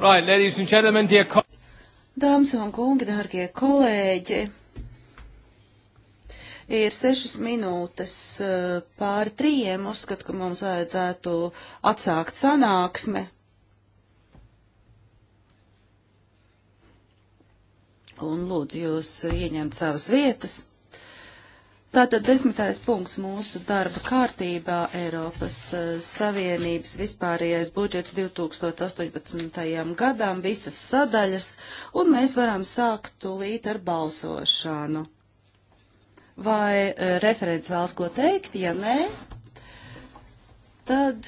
Right, ladies and gentlemen, dear Dāmas un kungi, dārgie kolēģi, ir sešas minūtes eh, pāri trījiem. Uzskatu, ka mums vajadzētu atsākt sanāksme. Un lūdzu jūs ieņemt savas vietas. Tātad desmitais punkts mūsu darba kārtībā Eiropas eh, Savienības vispārējais budžets 2018. gadām visas sadaļas, un mēs varam sākt tūlīt ar balsošanu. Vai eh, referents vēlas ko teikt? Ja nē, tad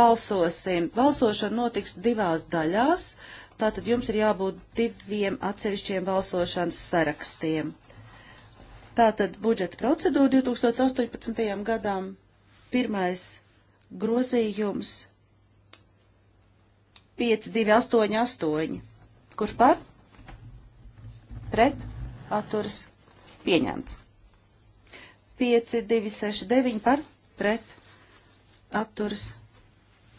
balsosim. Balsošana notiks divās daļās. Uh, tātad jums ir jābūt diviem atsevišķiem balsošanas sarakstiem. Tātad budžeta procedūra 2018. gadam pirmais grozījums 5288. Kurš par? Pret atturas pieņemts. 5269 par pret atturas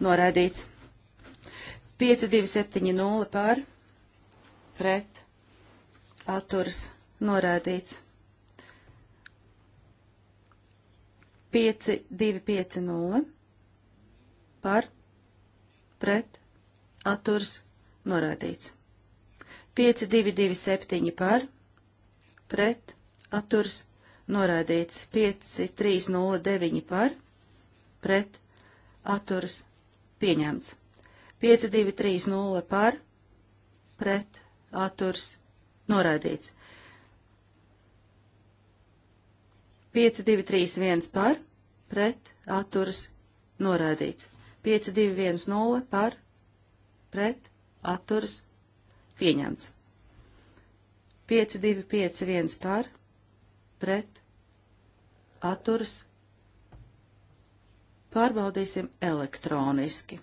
noraidīts. 5270 pār pret atturas norādīts. 5250 par pret atturs norādīts. 5227 par pret atturs norādīts. 5309 par pret atturs pieņemts. 5230 par pret atturs noraidīts. 5231 par pret atturs noraidīts. 5210 par pret atturs pieņemts. 5251 par pret atturs pārbaudīsim elektroniski.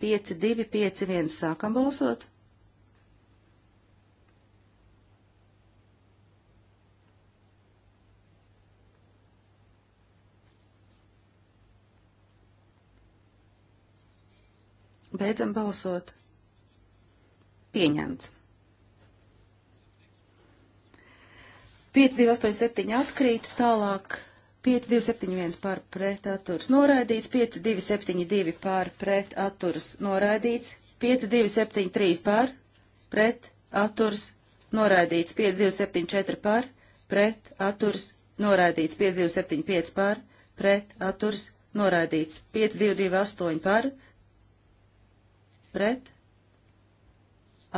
5, 2, 5, 1. Sākam balsot. Beidzam balsot. Pieņemts. 5, 2, 8, 7 atkrīt tālāk. 5271 pār pret atturas noraidīts, 5272 pār pret atturas noraidīts, 5273 pār pret atturas noraidīts, 5274 pār pret atturas noraidīts, 5275 pār pret atturas noraidīts, 5228 pār pret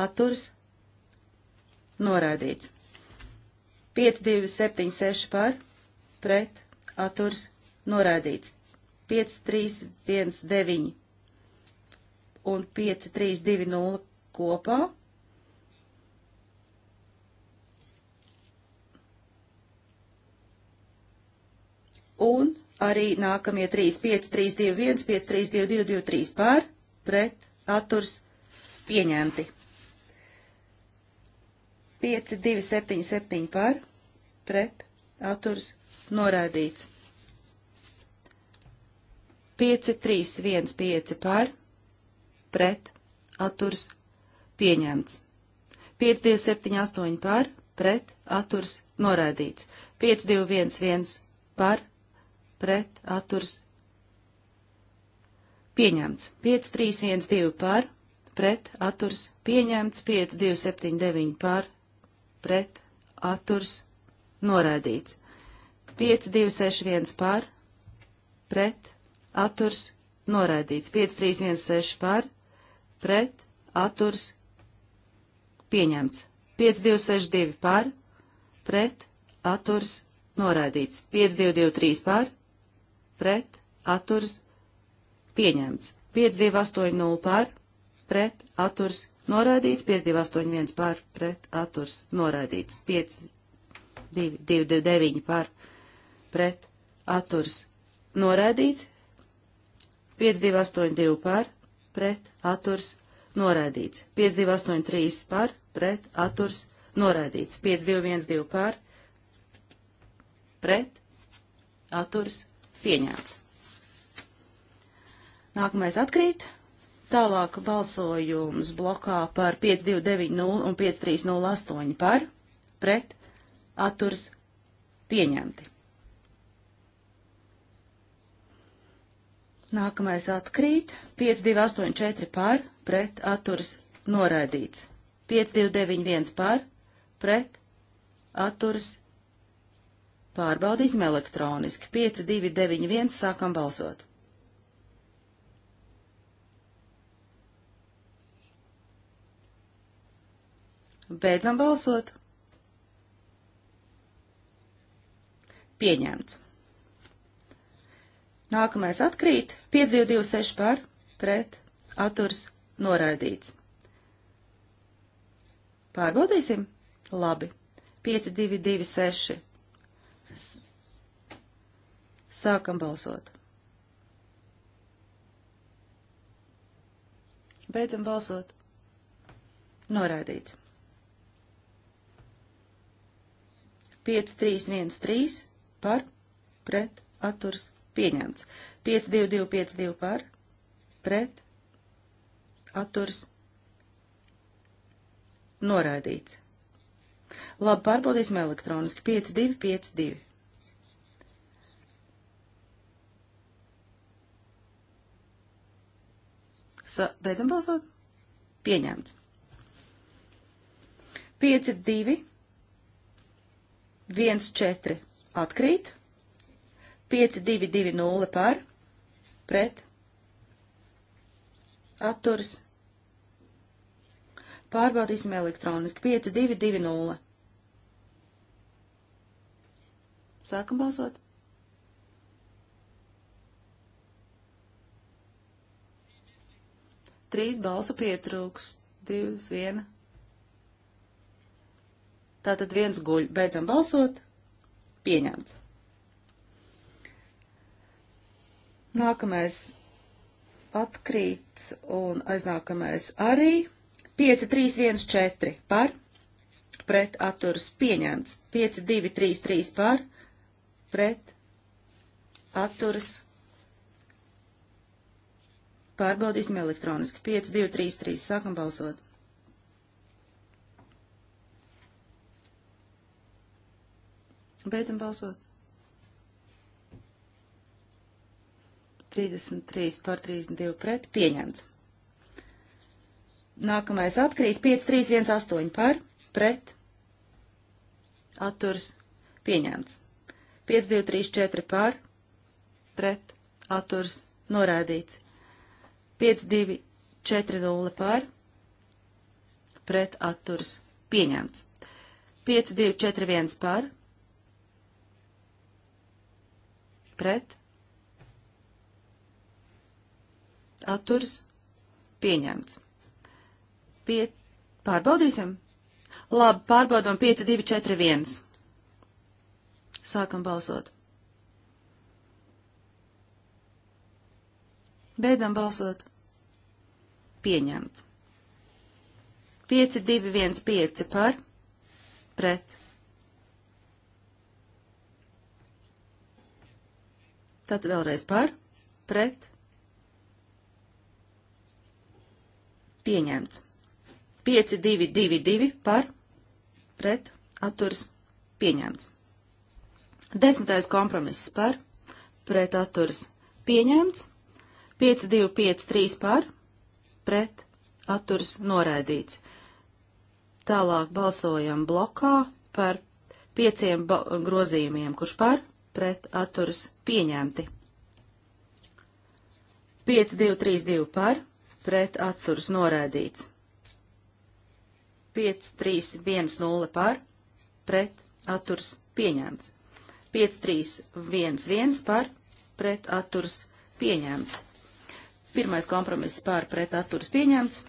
atturas noraidīts, 5276 pār pret atturs noraidīts. 5319 un 5320 kopā. Un arī nākamie 3, 5, 3, 2, 1, 5, 3, 2, 2, 2, 3 pār, pret, atturs, pieņemti. 5, 2, 7, 7 pār, pret, atturs, noraidīts. 5, 3, 1, 5 par, pret, atturs, pieņemts. 5, 2, 7, 8 par, pret, atturs, noraidīts. 5, 2, 1, 1 par, pret, atturs, pieņemts. 5, 3, 1, 2 par, pret, atturs, pieņemts. 5, 2, 7, 9 par, pret, atturs, noraidīts. 5261 par, pret, atturs, noraidīts. 5316 par, pret, atturs, pieņemts. 5262 par, pret, atturs, noraidīts. 5223 par, pret, atturs, pieņemts. 5280 par, pret, atturs, noraidīts. 5281 par, pret, atturs, noraidīts. 5229 par, pret, atturs, noraidīts. 5, 2, 2, 9 par pret atturs noraidīts, 5282 par pret atturs noraidīts, 5283 par pret atturs noraidīts, 5212 par pret atturs pieņemts. Nākamais atkrīt. Tālāk balsojums blokā par 5290 un 5308 par pret atturs pieņemti. Nākamais atkrīt. 5284 par, pret atturas noraidīts. 5291 par, pret atturas pārbaudīsim elektroniski. 5291 sākam balsot. Beidzam balsot. Pieņemts. Nākamais atkrīt 5226 par pret atturs noraidīts. Pārbaudīsim? Labi. 5226. Sākam balsot. Beidzam balsot. Noraidīts. 5, 3, 1, 3 par pret atturs pieņemts. 5-2-2-5-2 par, pret, atturs, noraidīts. Labi, pārbaudīsim elektroniski. 5-2-5-2. Sa beidzam balsot? Pieņemts. 5-2-1-4 atkrīt. 5220 par pret atturs. Pārbaudīsim elektroniski 5220. Sākam balsot. Trīs balsu pietrūks, divas, viena. Tātad viens guļ. Beidzam balsot. Pieņemts. Nākamais atkrīt un aiznākamais arī. 5, 3, 1, 4 par, pret atturas pieņemts. 5, 2, 3, 3 par, pret atturas pārbaudīsim elektroniski. 5, 2, 3, 3 sākam balsot. Beidzam balsot. 33 par 32 pret pieņemts. Nākamais atkrīt 5318 par pret atturs pieņemts. 5234 par pret atturs norādīts. 5240 par pret atturs pieņemts. 5241 par pret atturs pieņemts. Pie... Pārbaudīsim? Labi, pārbaudam 5, 2, 4, 1. Sākam balsot. Beidzam balsot. Pieņemts. 5, 2, 1, 5 par, pret. Tad vēlreiz par, pret, pieņemts. 5, 2, 2, 2 par pret atturas pieņemts. Desmitais kompromiss par pret atturas pieņemts. 5, 2, 5, 3 par pret atturas noraidīts. Tālāk balsojam blokā par pieciem grozījumiem, kurš par pret atturas pieņemti. 5, 2, 3, 2 par pret atturas norēdīts. 5, 3, 1, 0 par, pret atturas pieņemts. 5, 3, 1, 1 par, pret atturas pieņemts. Pirmais kompromiss par, pret atturas pieņemts.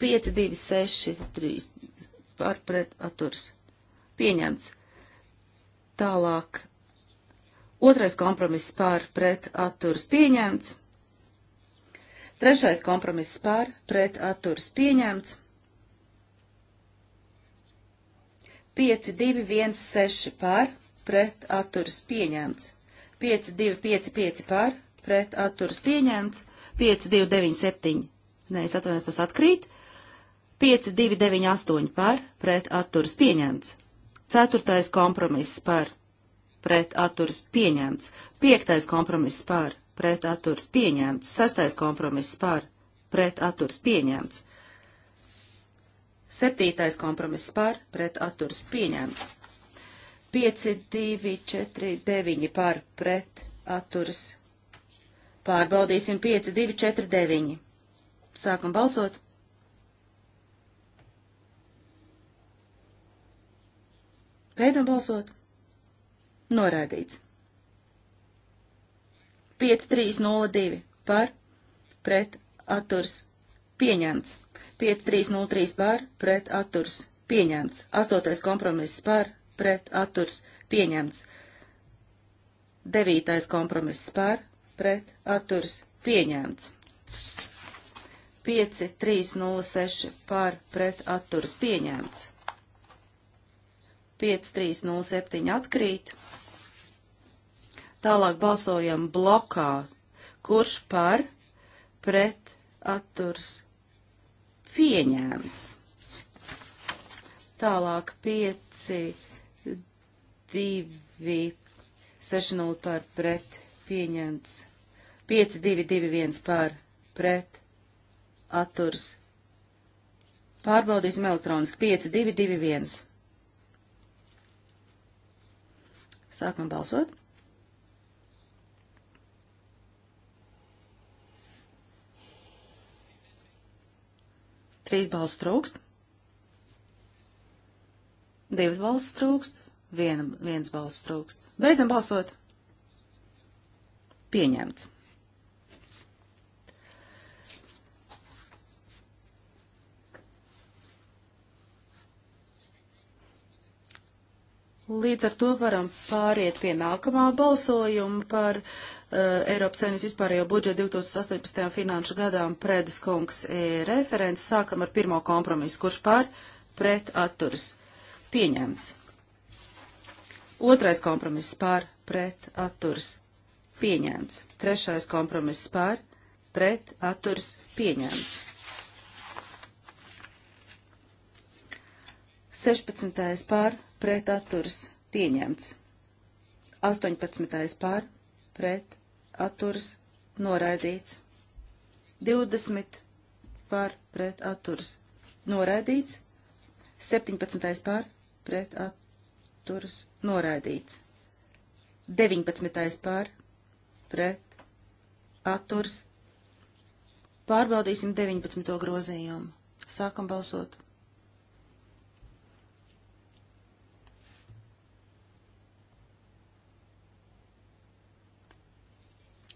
5, 2, 6, 3 par, pret atturas pieņemts. Tālāk. Otrais kompromiss par, pret atturas pieņemts. Trešais kompromiss par pret atturs pieņemts. 5, 2, 1, 6 par pret atturs pieņemts. 5, 2, 5, 5 par pret atturs pieņemts. 5, 2, 9, 7. Nē, es atvainojos, tas atkrīt. 5, 2, 9, 8 par pret atturs pieņemts. Ceturtais kompromiss par pret atturs pieņemts. Piektais kompromiss par pret atturs pieņemts. Sastais kompromiss par pret atturs pieņemts. Septītais kompromiss par pret atturs pieņemts. 5, 2, 4, 9 par pret atturs. Pārbaudīsim 5, 2, 4, 9. Sākam balsot. Beidzam balsot. Noraidīts. 5302 par pret atturs pieņemts. 5303 par pret atturs pieņemts. 8. kompromiss par pret atturs pieņemts. 9. kompromiss par pret atturs pieņemts. 5306 par pret atturs pieņemts. 5307 atkrīt. 5308 Tālāk balsojam blokā. Kurš par pret atturs pieņēmts? Tālāk 5, 2, 6, 0 par pret pieņemts. 5, 2, 2, 1 par pret atturs. Pārbaudīsim elektroniski 5, 2, 2, 1. Sākam balsot. Trīs balss trūkst. Divas balss trūkst. Viena, viens balss trūkst. Beidzam balsot. Pieņemts. Līdz ar to varam pāriet pie nākamā balsojuma par uh, Eiropas Savienības vispārējo budžetu 2018. finanšu gadām. Prēdas kungs e, referents. Sākam ar pirmo kompromisu, kurš pār pret atturas pieņemts. Otrais kompromiss pār pret atturas pieņemts. Trešais kompromiss pār pret atturas pieņemts. 16. pār pret atturas pieņemts. 18. pār pret atturas noraidīts. 20 pār pret atturas noraidīts. 17. pār pret atturas noraidīts. 19. pār pret atturas. Pārbaudīsim 19. grozījumu. Sākam balsot.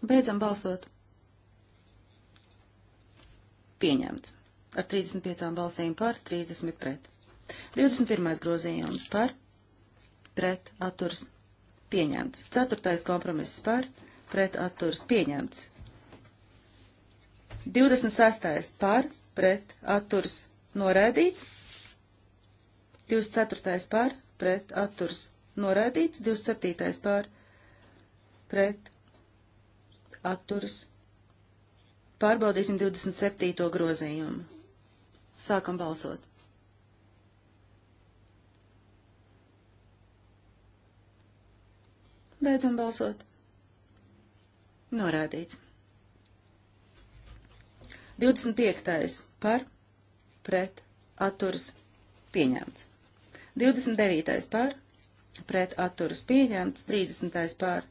Beidzam balsot. Pieņemts. Ar 35 balsīm par, 30 pret. 21. grozījums par, pret, atturs, pieņemts. 4. kompromiss par, pret, atturs, pieņemts. 26. par, pret, atturs, noraidīts. 24. par, pret, atturs, noraidīts. 27. par, pret, atturas. Pārbaudīsim 27. grozījumu. Sākam balsot. Beidzam balsot. Norādīts. 25. par, pret, atturas, pieņemts. 29. par, pret, atturas, pieņemts. 30. par,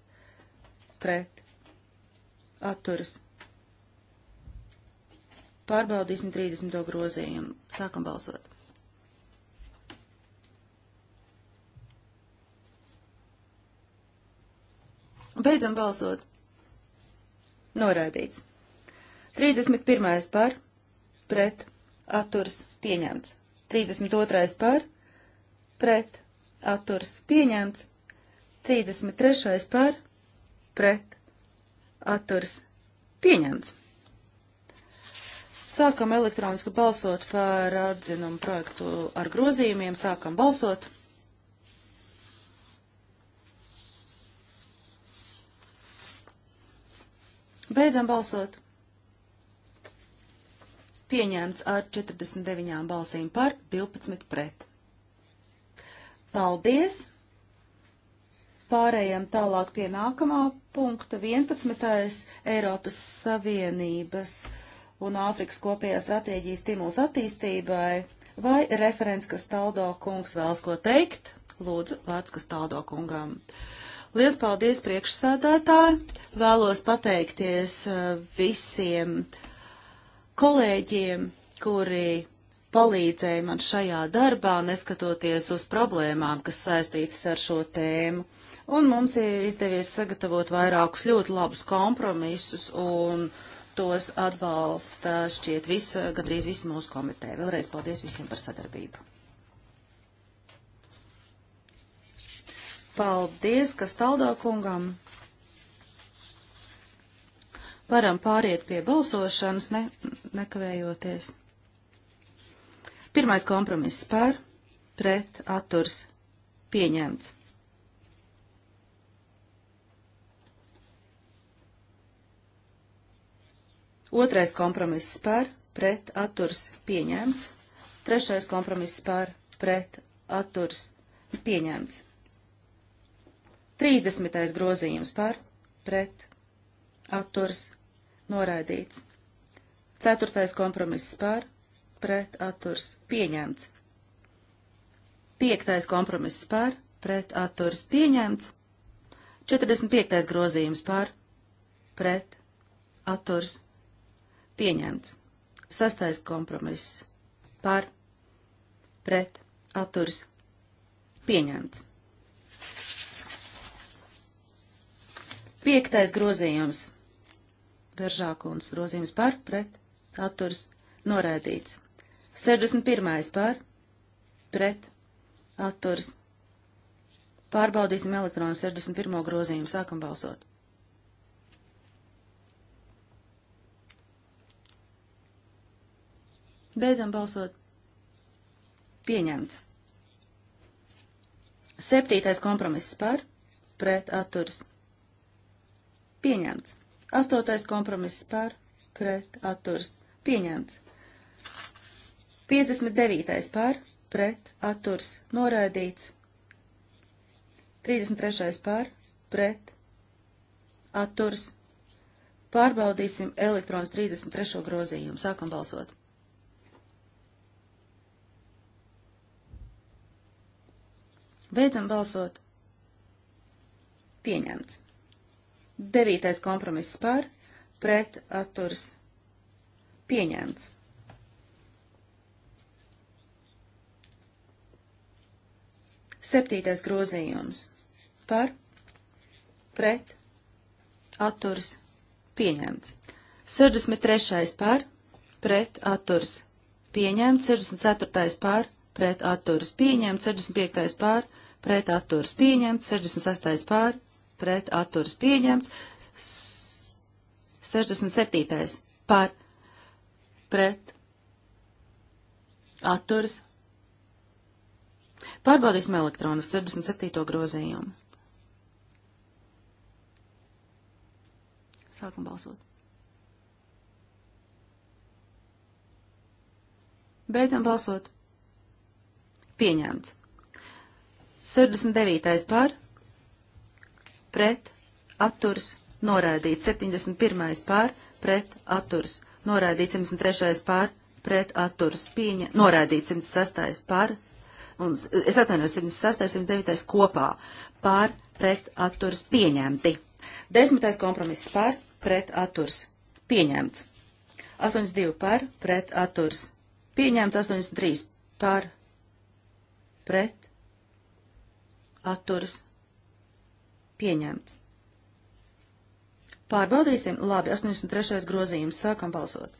pret, atturas. Pārbaudīsim 30. grozījumu. Sākam balsot. Beidzam balsot. Norādīts. 31. par, pret, atturs, pieņemts. 32. par, pret, atturs, pieņemts. 33. par, pret, atturas pieņemts. Sākam elektroniski balsot par atzinumu projektu ar grozījumiem. Sākam balsot. Beidzam balsot. Pieņemts ar 49 balsīm par, 12 pret. Paldies! Pārējām tālāk pie nākamā punkta 11. Eiropas Savienības un Āfrikas kopējā stratēģija stimuls attīstībai. Vai referents, kas taldo kungs vēlas ko teikt? Lūdzu, vārds, kas taldo kungam. Lies paldies priekšsēdētāji. Vēlos pateikties eh, visiem kolēģiem, kuri palīdzēja man šajā darbā, neskatoties uz problēmām, kas saistītas ar šo tēmu. Un mums ir izdevies sagatavot vairākus ļoti labus kompromisus, un tos atbalsta šķiet visa, gadrīz visa mūsu komiteja. Vēlreiz paldies visiem par sadarbību. Paldies, kas taldā kungam. Varam pāriet pie balsošanas, ne, nekavējoties. Pirmais kompromiss par, pret, atturs, pieņemts. Otrais kompromiss par, pret, atturs, pieņemts. Trešais kompromiss par, pret, atturs, pieņemts. 30. grozījums par, pret, atturs, noraidīts. Ceturtais kompromiss par, pret atturs pieņemts. Piektais kompromiss par pret atturs pieņemts. 45. grozījums par pret atturs pieņemts. Sastais kompromiss par pret atturs pieņemts. Piektais grozījums. Veržākums grozījums par pret atturs norēdīts. 61. pār, pret, atturs. Pārbaudīsim elektronu 61. grozījumu, sākam balsot. Beidzam balsot. Pieņemts. Septītais kompromiss par, pret atturs. Pieņemts. Astotais kompromiss par, pret atturs. Pieņemts. 59. par, pret, atturs, noraidīts. 33. par, pret, atturs. Pārbaudīsim elektrons 33. grozījumu. Sākam balsot. Beidzam balsot. Pieņemts. Devītais kompromiss par, pret, atturs. Pieņemts. Septītais grozījums par pret atturs pieņemts. 63. par pret atturs pieņemts, 64. par pret atturs pieņemts, 65. par pret atturs pieņemts, 68. par pret atturs pieņemts, 67. par pret atturs pieņemts Pārbaudīsim elektronu 67. grozījumu. Sākam balsot. Beidzam balsot. Pieņemts. 69. par, pret, atturs, noraidīts. 71. par, pret, atturs, noraidīts. 73. par, pret, atturs, pieņemts. Noraidīts. 106. par, un es atvainojos 76. un 9. kopā pār pret atturs pieņemti. Desmitais kompromiss pār pret atturs pieņemts. 82 pār pret atturs pieņemts. 83 pār pret atturs pieņemts. Pārbaudīsim, labi, 83. grozījums sākam balsot.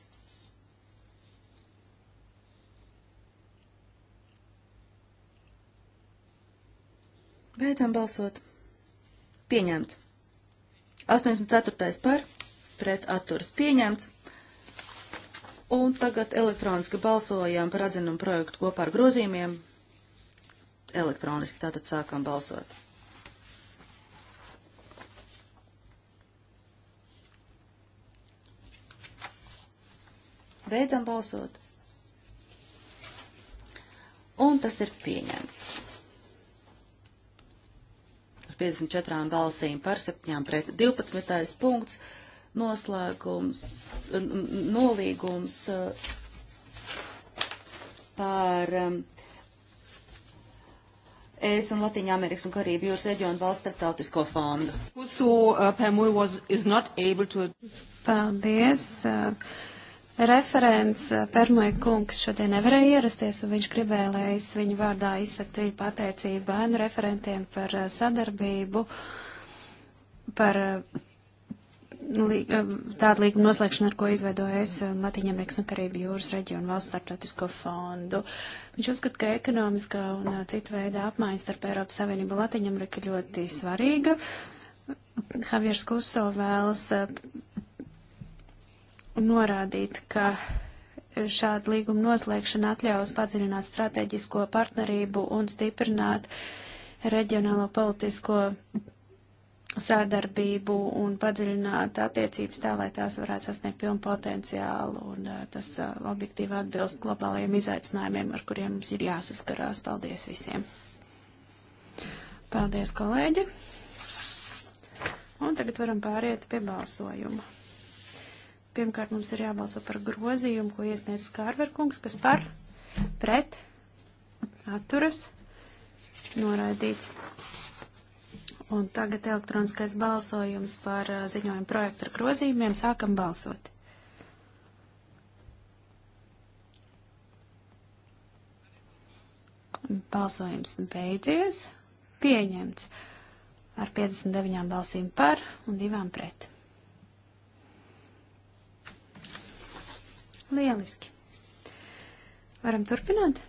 Beidzam balsot. Pieņemts. 84. par pret atturas pieņemts. Un tagad elektroniski balsojam par atzinumu projektu kopā ar grozījumiem. Elektroniski tātad sākam balsot. Beidzam balsot. Un tas ir pieņemts par 54 balsīm par 7 pret 12. punkts, noslēgums, nolīgums eh, par ES un Latīņa Amerikas un Karību jūras reģionu valsts starptautisko fondu. Eh, Paldies! Eh, Referents eh, Permoja kungs šodien nevarēja ierasties, un viņš gribēja, lai es viņu vārdā izsaka dziļu pateicību bērnu referentiem par eh, sadarbību, par eh, tādu līgumu noslēgšanu, ar ko izveidoja es Latīņamerikas un Karību jūras reģionu valsts starptautisko fondu. Viņš uzskata, ka ekonomiskā un cita veida apmaiņas starp Eiropas Savienību un Latīņameriku ļoti svarīga. Javieris Kuso vēlas norādīt, ka šāda līguma noslēgšana atļaus padziļināt strateģisko partnerību un stiprināt reģionālo politisko sadarbību un padziļināt attiecības tā, lai tās varētu sasniegt pilnu potenciālu un tas objektīvi atbilst globālajiem izaicinājumiem, ar kuriem mums ir jāsaskarās. Paldies visiem! Paldies, kolēģi! Un tagad varam pāriet pie balsojuma. Pirmkārt, mums ir jābalso par grozījumu, ko iesniedz Skārverkungs, kas par pret atturas noraidīts. Un tagad elektroniskais balsojums par ziņojumu projektu ar grozījumiem. Sākam balsot. Balsojums beidzies. Pieņemts ar 59 balsīm par un divām pret. Lieliski. Varam turpināt?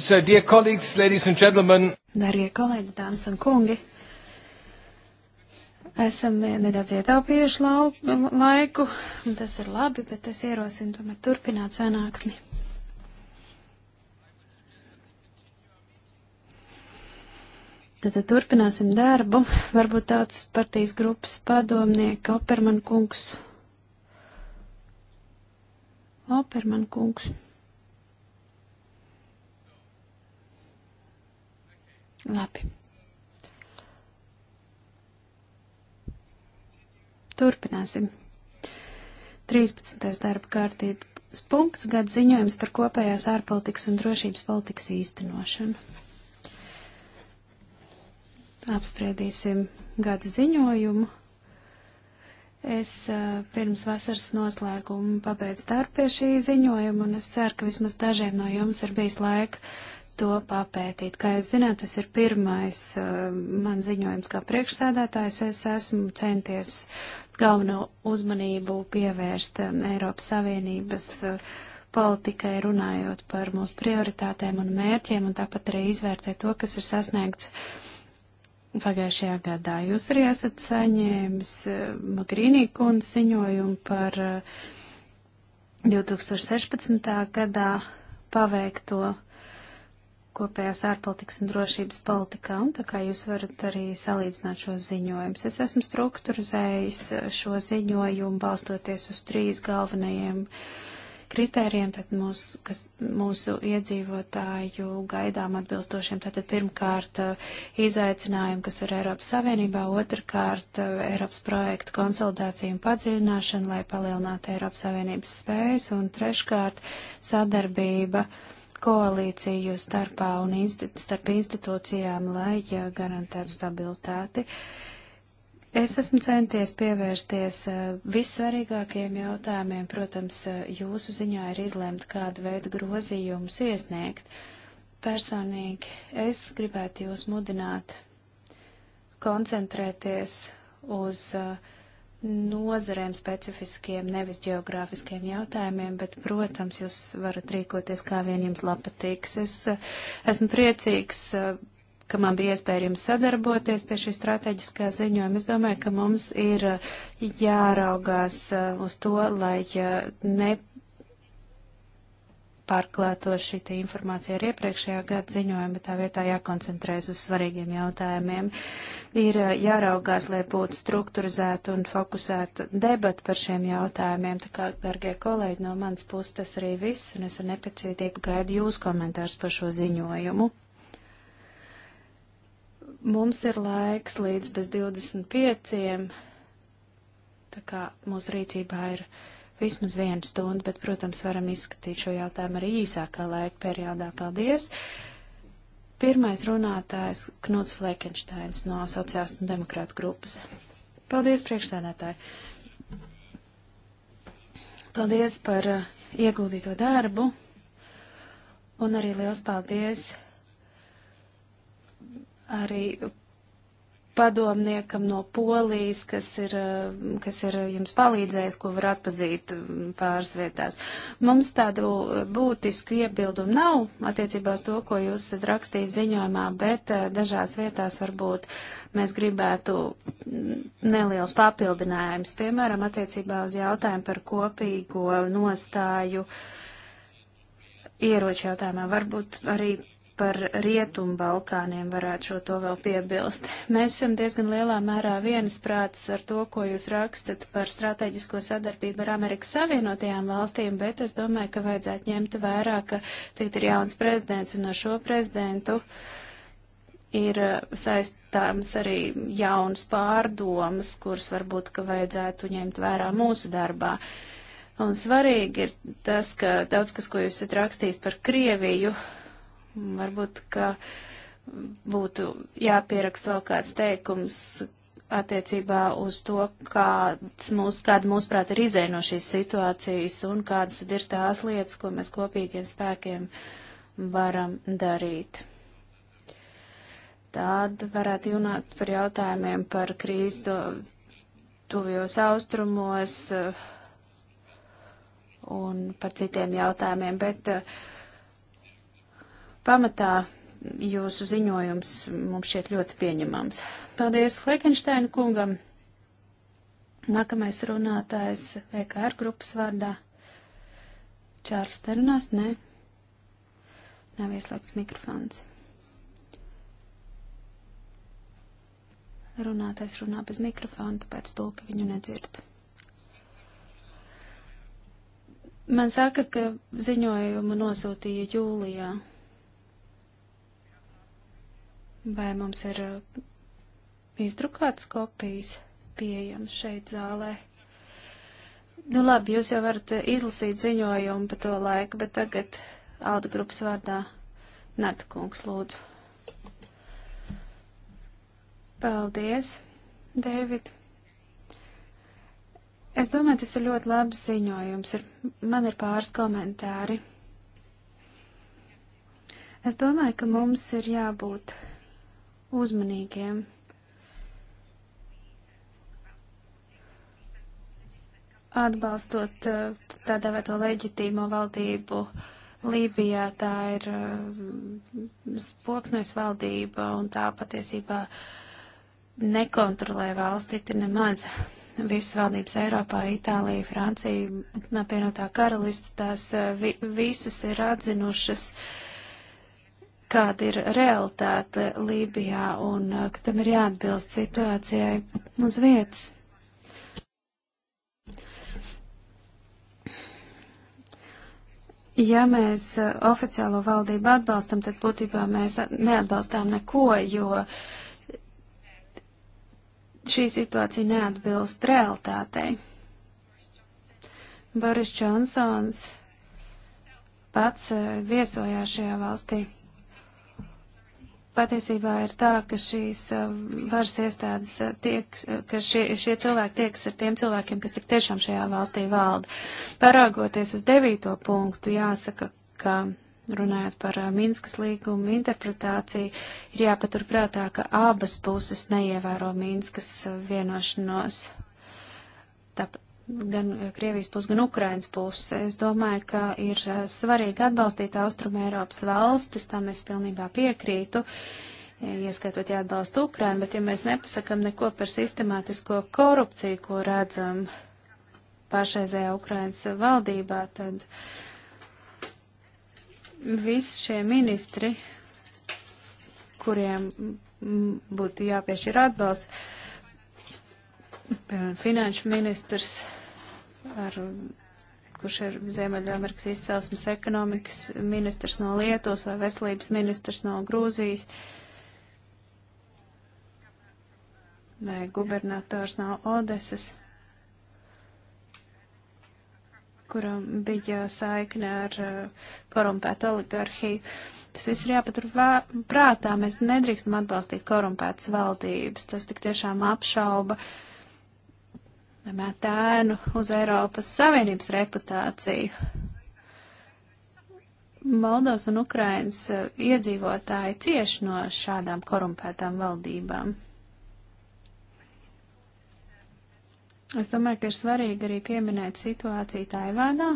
So, dear colleagues, ladies and gentlemen. Darbie kolēģi, dāmas un kungi. Esam nedaudz ietaupījuši lau, laiku, un tas ir labi, bet es ierosinu tomēr turpināt sanāksmi. Tad, tad turpināsim darbu. Varbūt tāds partijas grupas padomnieka Operman kungs. Operman kungs. bāzi. 13. darba kārtības punkts - gada ziņojums par kopējās ārpolitikas un drošības politikas īstenošanu. Apspriedīsim gada ziņojumu. Es pirms vasaras noslēguma pabeidzu darbu pie šī ziņojuma, un es ceru, ka vismaz dažiem no jums ir bijis laika to papētīt. Kā jūs zināt, tas ir pirmais uh, man ziņojums kā priekšsēdētājs. Es esmu centies galveno uzmanību pievērst um, Eiropas Savienības uh, politikai, runājot par mūsu prioritātēm un mērķiem, un tāpat arī izvērtēt to, kas ir sasniegts pagājušajā gadā. Jūs arī esat saņēmis uh, Magrīnī kundzi ziņojumu par uh, 2016. gadā paveikto kopējās ārpolitikas un drošības politikā, un tā kā jūs varat arī salīdzināt šos ziņojumus. Es esmu strukturizējis eh, šo ziņojumu balstoties uz trīs galvenajiem kritērijiem, tad mūs, kas, mūsu iedzīvotāju gaidām atbilstošiem. Tātad pirmkārt eh, izaicinājumi, kas ir Eiropas Savienībā, otrkārt eh, Eiropas projekta konsolidācija un padziļināšana, lai palielinātu Eiropas Savienības spējas, un treškārt sadarbība. Uh, koalīciju starpā un instit starp institūcijām, lai garantētu stabilitāti. Es esmu centies pievērsties eh, vissvarīgākajiem jautājumiem. Protams, eh, jūsu ziņā ir izlemt, kādu veidu grozījumus iesniegt. Personīgi es gribētu jūs mudināt koncentrēties uz uh, nozarēm specifiskiem, nevis geogrāfiskiem jautājumiem, bet, protams, jūs varat rīkoties, kā vien jums labpatīks. Es esmu priecīgs, ka man bija iespēja jums sadarboties pie šī strateģiskā ziņojuma. Es domāju, ka mums ir jāraugās uh, uz to, lai uh, ne pārklāto šī informācija ar iepriekšējā gada ziņojumu, bet tā vietā jākoncentrēs uz svarīgiem jautājumiem. Ir eh, jāraugās, lai būtu struktūrizēta un fokusēta debata par šiem jautājumiem. Tā kā, dargie kolēģi, no manas puses tas arī viss, un es ar nepacietību gaidu jūs komentārs par šo ziņojumu. Mums ir laiks līdz bez 25. Tā kā mūsu rīcībā ir vismaz vienu stundu, bet, protams, varam izskatīt šo jautājumu arī īsākā laika periodā. Paldies! Pirmais runātājs Knuts Flekensteins no Sociālistu un Demokrātu grupas. Paldies, priekšsēdētāji! Paldies par uh, ieguldīto darbu un arī liels paldies arī padomniekam no Polijas, kas ir, eh, kas ir jums palīdzējis, ko var atpazīt mm, pāris vietās. Mums tādu eh, būtisku iebildumu nav attiecībās to, ko jūs esat rakstījis ziņojumā, bet eh, dažās vietās varbūt mēs gribētu mm, neliels papildinājums, piemēram, attiecībā uz jautājumu par kopīgo nostāju ieroču jautājumā. Varbūt arī par Rietumu Balkāniem varētu šo to vēl piebilst. Mēs esam diezgan lielā mērā viensprāts ar to, ko jūs rakstat par strateģisko sadarbību ar Amerikas Savienotajām valstīm, bet es domāju, ka vajadzētu ņemt vērā, ka tagad ir jauns prezidents un ar šo prezidentu ir uh, saistāms arī jauns pārdomas, kuras varbūt, ka vajadzētu ņemt vērā mūsu darbā. Un svarīgi ir tas, ka daudz kas, ko jūs esat rakstījis par Krieviju, Varbūt, ka būtu jāpierakst vēl kāds teikums attiecībā uz to, kāds mūs, kāda mūsuprāt ir izēja no šīs situācijas un kādas tad ir tās lietas, ko mēs kopīgiem spēkiem varam darīt. Tad varētu runāt par jautājumiem par krīzi to, tuvijos austrumos uh, un par citiem jautājumiem, bet uh, pamatā jūsu ziņojums mums šķiet ļoti pieņemams. Paldies Flekensteina kungam. Nākamais runātājs VKR e grupas vārdā. Čārs te runās? Nē. Nav ieslēgts mikrofons. Runātais runā bez mikrofona, tāpēc tulki viņu nedzird. Man saka, ka ziņojumu nosūtīja jūlijā. Vai mums ir uh, izdrukāts kopijas pieejams šeit zālē? Nu labi, jūs jau varat uh, izlasīt ziņojumu pa to laiku, bet tagad Alda grupas vārdā Narta kungs lūdzu. Paldies, Dēvid. Es domāju, tas ir ļoti labs ziņojums. Ir, man ir pāris komentāri. Es domāju, ka mums ir jābūt uzmanīgiem. Atbalstot eh, tādā vai to leģitīmo valdību Lībijā, tā ir eh, spoksnes valdība un tā patiesībā nekontrolē valsti te nemaz. Visas valdības Eiropā, Itālija, Francija, apvienotā karalista, tās eh, vi visas ir atzinušas uh, kāda ir realitāte Lībijā un uh, ka tam ir jāatbilst situācijai uz vietas. Ja mēs uh, oficiālo valdību atbalstam, tad būtībā mēs neatbalstām neko, jo šī situācija neatbilst realitātei. Boris Džonsons pats uh, viesojās šajā valstī patiesībā ir tā, ka šīs um, varas iestādes uh, tiek, uh, ka šie, šie cilvēki tieks ar tiem cilvēkiem, kas tik tiešām šajā valstī valda. Parāgoties uz devīto punktu, jāsaka, ka runājot par uh, Minskas līgumu interpretāciju, ir jāpaturprātā, ka abas puses neievēro Minskas vienošanos. Tāpat gan eh, Krievijas puses, gan Ukrainas puses. Es domāju, ka ir eh, svarīgi atbalstīt Austrum Eiropas valstis, tam es pilnībā piekrītu, eh, ieskaitot jāatbalsta Ukraina, bet ja mēs nepasakam neko par sistemātisko korupciju, ko redzam pašreizējā Ukrainas valdībā, tad visi šie ministri, kuriem būtu jāpiešķir atbalsts, piemēram, finanšu ministrs, ar, kurš ir Ziemeļamerikas izcelsmes ekonomikas ministrs no Lietuvas vai veselības ministrs no Grūzijas, vai gubernators no Odesas, kuram bija saikne ar uh, korumpētu oligarhiju. Tas viss ir jāpatur prātā. Mēs nedrīkstam atbalstīt korumpētas valdības. Tas tik tiešām apšauba uh, mētā ēnu uz Eiropas Savienības reputāciju. Moldovas un Ukrainas eh, iedzīvotāji cieši no šādām korumpētām valdībām. Es domāju, ka ir svarīgi arī pieminēt situāciju Taivānā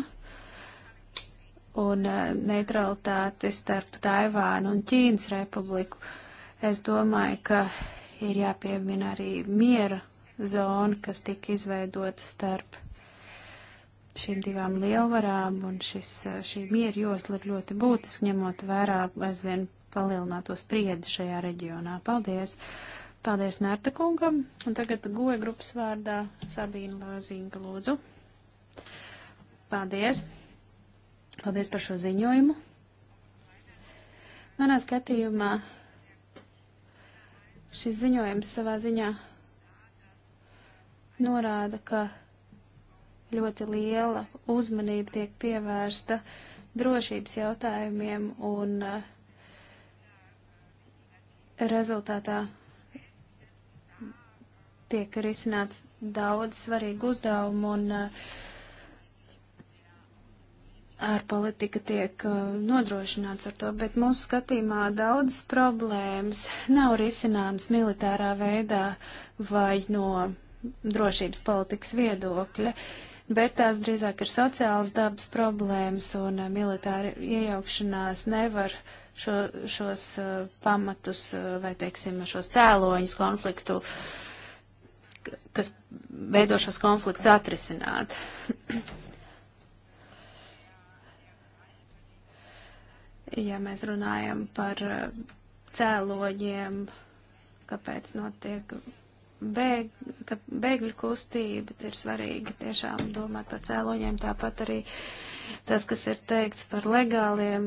un eh, neutralitāti starp Taivānu un Ķīnas republiku. Es domāju, ka ir jāpiemina arī miera zona, kas tika izveidota starp šīm divām lielvarām, un šis, šī miera josla ir ļoti būtiski, ņemot vērā aizvien palielināto spriedzi šajā reģionā. Paldies! Paldies Nērta kungam, un tagad goja grupas vārdā Sabīna Lāzīnga lūdzu. Paldies! Paldies par šo ziņojumu. Manā skatījumā šis ziņojums savā ziņā norāda, ka ļoti liela uzmanība tiek pievērsta drošības jautājumiem un eh, rezultātā tiek risināts daudz svarīgu uzdevumu un eh, ārpolitika tiek eh, nodrošināts ar to, bet mūsu skatījumā daudzas problēmas nav risināmas militārā veidā vai no drošības politikas viedokļa, bet tās drīzāk ir sociāls dabas problēmas un eh, militāra iejaukšanās nevar šo, šos eh, pamatus eh, vai, teiksim, šos cēloņus konfliktu, kas veido šos konfliktus atrisināt. ja mēs runājam par cēloņiem, kāpēc notiek bēg, ka bēgļu kustība ir svarīga tiešām domāt par cēloņiem, tāpat arī tas, kas ir teikts par legāliem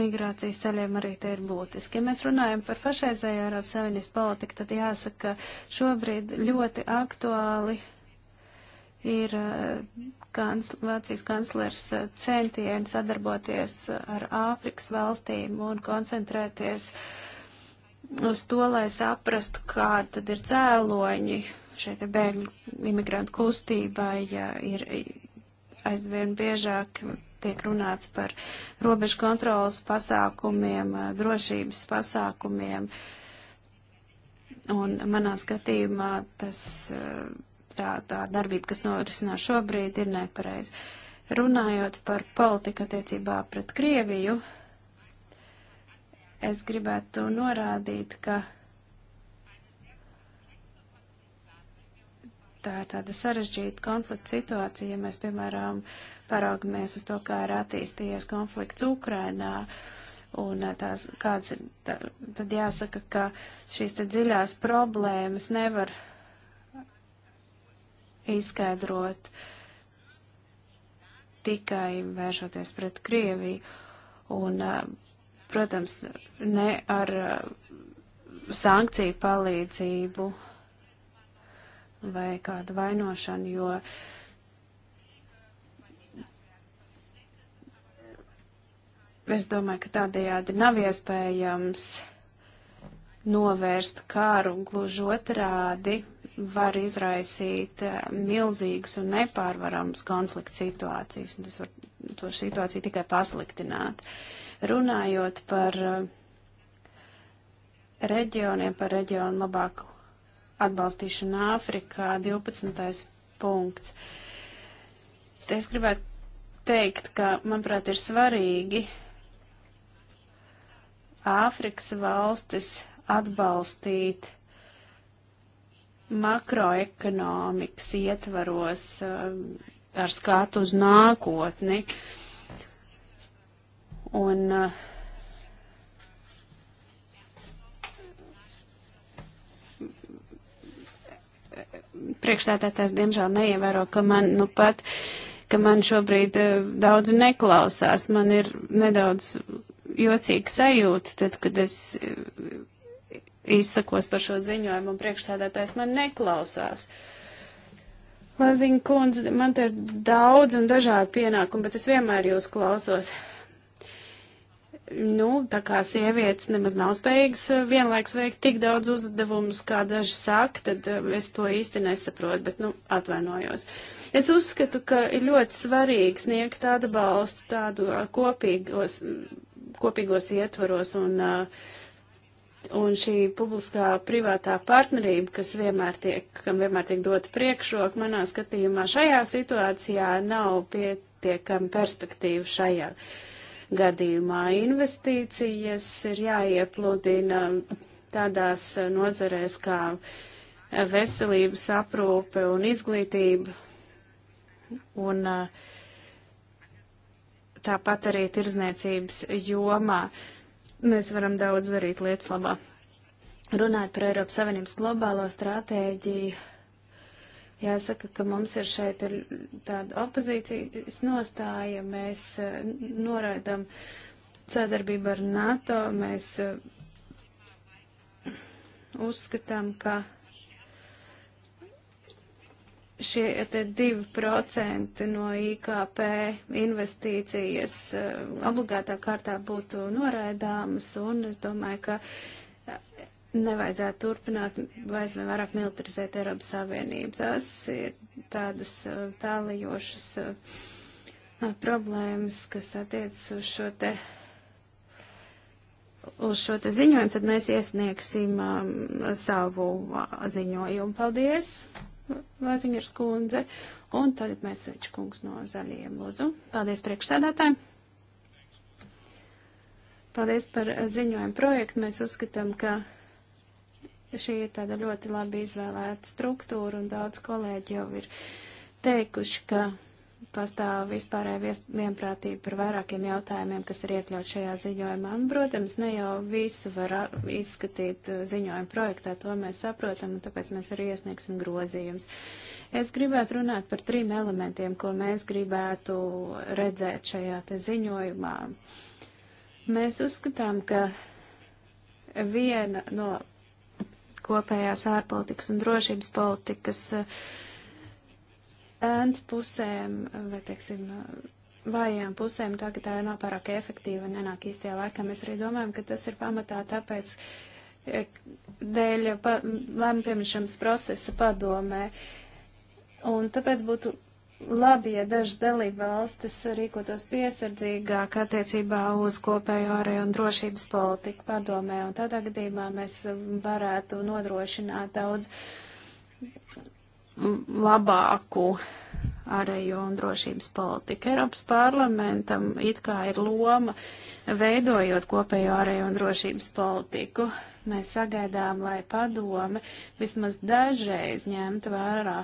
migrācijas ceļiem, arī te ir būtiski. Ja mēs runājam par pašreizējo Eiropas Savienības politiku, tad jāsaka, ka šobrīd ļoti aktuāli ir eh, kancl Vācijas kanclers eh, centieni sadarboties ar Āfrikas valstīm un koncentrēties uh, uz to, lai saprastu, kā tad ir cēloņi šai te bēgļu imigrantu kustībai, ja ir aizvien biežāk tiek runāts par robežu kontrolas pasākumiem, drošības pasākumiem. Un manā skatījumā tas, tā, tā darbība, kas norisinās šobrīd, ir nepareiza. Runājot par politiku attiecībā pret Krieviju, uh, es gribētu norādīt, ka tā ir tāda sarežģīta konflikta situācija, ja mēs, piemēram, paraugamies uz to, kā ir attīstījies konflikts Ukrainā. Un tās, kāds ir, tā, tad jāsaka, ka šīs te dziļās problēmas nevar izskaidrot tikai vēršoties pret Krieviju. Un uh, Protams, ne ar uh, sankciju palīdzību vai kādu vainošanu, jo uh, es domāju, ka tādējādi nav iespējams novērst kāru, gluži otrādi var izraisīt uh, milzīgas un nepārvarams konflikts situācijas, un tas var to situāciju tikai pasliktināt. Uh, Runājot par eh, reģioniem, par reģionu labāku atbalstīšanu Āfrikā, 12. punkts. Te es gribētu teikt, ka, manuprāt, ir svarīgi Āfrikas valstis atbalstīt makroekonomikas ietvaros eh, ar skatu uz nākotni. Uh, Un uh, priekšsēdētājs diemžēl neievēro, ka man nu pat, ka man šobrīd uh, daudz neklausās. Man ir nedaudz jocīga sajūta, tad, kad es uh, izsakos par šo ziņojumu un priekšsēdētājs man neklausās. Laziņa kundze, man te ir daudz un dažādi pienākumi, bet es vienmēr jūs klausos nu, tā kā sievietes nemaz nav spējīgas eh, vienlaiks veikt tik daudz uzdevumus, kā daži saka, tad eh, es to īsti nesaprotu, bet, nu, atvainojos. Es uzskatu, ka ir ļoti svarīgi sniegt tādu balstu, tādu eh, kopīgos, kopīgos ietvaros un, un šī publiskā privātā partnerība, kas vienmēr tiek, kam vienmēr tiek dota priekšroka, manā skatījumā šajā situācijā nav pietiekami perspektīva šajā. Uh, gadījumā. Investīcijas ir jāiepludina tādās nozarēs kā veselības aprūpe un izglītība. Un uh, tāpat arī tirzniecības jomā mēs varam daudz darīt lietas labā. Runāt par Eiropas Savienības globālo stratēģiju Jāsaka, ka mums ir šeit ir tāda opozīcijas nostāja, mēs eh, noraidam sadarbību ar NATO, mēs eh, uzskatām, ka šie te 2% no IKP investīcijas eh, obligātā kārtā būtu noraidāmas, un es domāju, ka nevajadzētu turpināt aizvien vairāk militarizēt Eiropas Savienību. Tas ir tādas uh, tālajošas uh, uh, problēmas, kas attiecas uz šo te. Uz šo te ziņojumu tad mēs iesniegsim um, savu uh, ziņojumu. Paldies, Lazingers kundze. Un tagad mēs seči kungs no zaļiem lūdzu. Paldies priekšsēdētājiem. Paldies par ziņojumu projektu. Mēs uzskatām, ka šī ir tāda ļoti labi izvēlēta struktūra, un daudz kolēģi jau ir teikuši, ka pastāv vispārēja vienprātība par vairākiem jautājumiem, kas ir iekļaut šajā ziņojumā. Un, protams, ne jau visu var izskatīt uh, ziņojuma projektā, to mēs saprotam, un tāpēc mēs arī iesniegsim grozījums. Es gribētu runāt par trim elementiem, ko mēs gribētu redzēt šajā te ziņojumā. Mēs uzskatām, ka viena no kopējās ārpolitikas un drošības politikas eh, ēns pusēm, eh, vai, teiksim, eh, vājām pusēm, tā ka tā nav pārāk efektīva un nenāk īstajā laikā. Mēs arī domājam, ka tas ir pamatā tāpēc, dēļ pa, lēmumu pieņemšanas procesa padomē. Un tāpēc būtu labi, ja dažas dalība valstis rīkotos piesardzīgāk attiecībā uz kopējo ārēju un drošības politiku padomē, un tādā gadījumā mēs varētu nodrošināt daudz labāku ārējo un drošības politiku. Eiropas parlamentam it kā ir loma veidojot kopējo ārējo un drošības politiku. Mēs sagaidām, lai padome vismaz dažreiz ņemtu vērā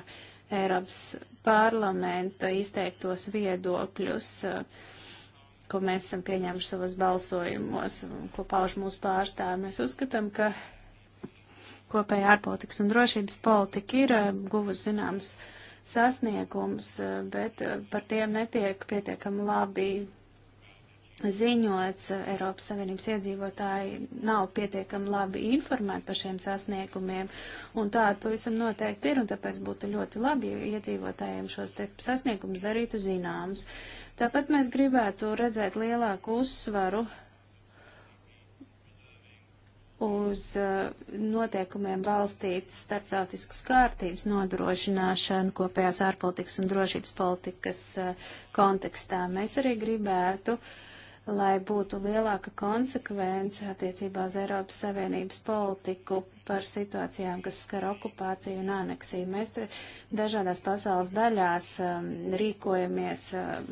Eiropas parlamenta izteiktos viedokļus, eh, ko mēs esam pieņēmuši savos balsojumos, ko pauž mūsu pārstāvi. Mēs uzskatām, ka kopēja ārpolitikas un drošības politika ir eh, guvusi zināms sasniegums, eh, bet par tiem netiek pietiekami labi ziņots, eh, Eiropas Savienības iedzīvotāji nav pietiekami labi informēti par šiem sasniegumiem, un tā pavisam noteikti ir, un tāpēc būtu ļoti labi, ja iedzīvotājiem šos te sasniegumus darītu zināms. Tāpat mēs gribētu redzēt lielāku uzsvaru uz eh, noteikumiem balstītas starptautiskas kārtības nodrošināšanu kopējās ārpolitikas un drošības politikas eh, kontekstā. Mēs arī gribētu uh, lai būtu lielāka konsekvence attiecībā uz Eiropas Savienības politiku par situācijām, kas skar okupāciju un aneksiju. Mēs dažādās pasaules daļās um, rīkojamies um,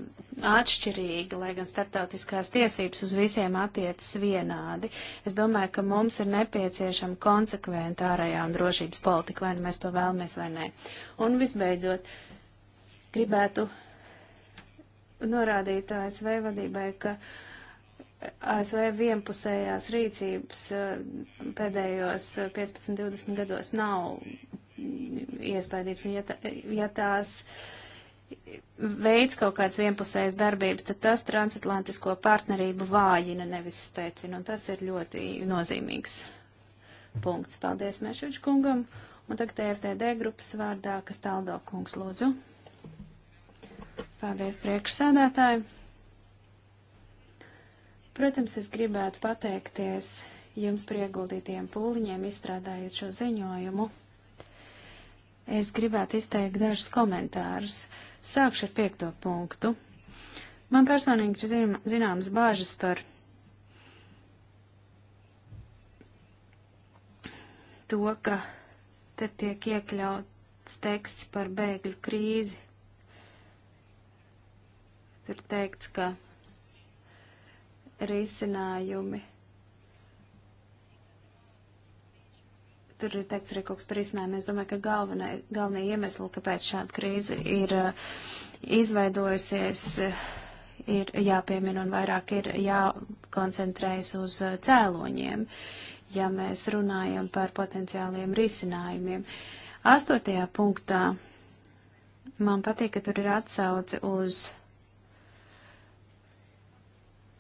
atšķirīgi, lai gan starptautiskās tiesības uz visiem attiecas vienādi. Es domāju, ka mums ir nepieciešama konsekventa ārējā un drošības politika, vai nu mēs to vēlamies vai nē. Un visbeidzot, gribētu norādīt ASV vadībai, ka uh, ASV vienpusējās rīcības eh, pēdējos 15-20 eh, gados nav iespējams, un ja, tā, ja tās veids kaut kāds vienpusējas darbības, tad tas transatlantisko partnerību vājina, nevis spēcina, un tas ir ļoti nozīmīgs punkts. Paldies Mešuģ kungam, un tagad FTD e grupas vārdā, kas taldo kungs lūdzu. Paldies priekšsēdētāji. Protams, es gribētu pateikties jums par ieguldītiem pūliņiem, izstrādājot šo ziņojumu. Es gribētu izteikt dažus komentārus. Sākšu ar piekto punktu. Man personīgi ir zināmas bāžas par to, ka te tiek iekļauts teksts par bēgļu krīzi. Tur teikts, ka risinājumi. Tur ir teikts arī kaut kas par risinājumu. Es domāju, ka galvenai, galvenie iemesli, kāpēc šāda krīze ir eh, izveidojusies, ir jāpiemina un vairāk ir jākoncentrējas uz eh, cēloņiem, ja mēs runājam par potenciāliem risinājumiem. Astotajā punktā man patīk, ka tur ir atsauce uz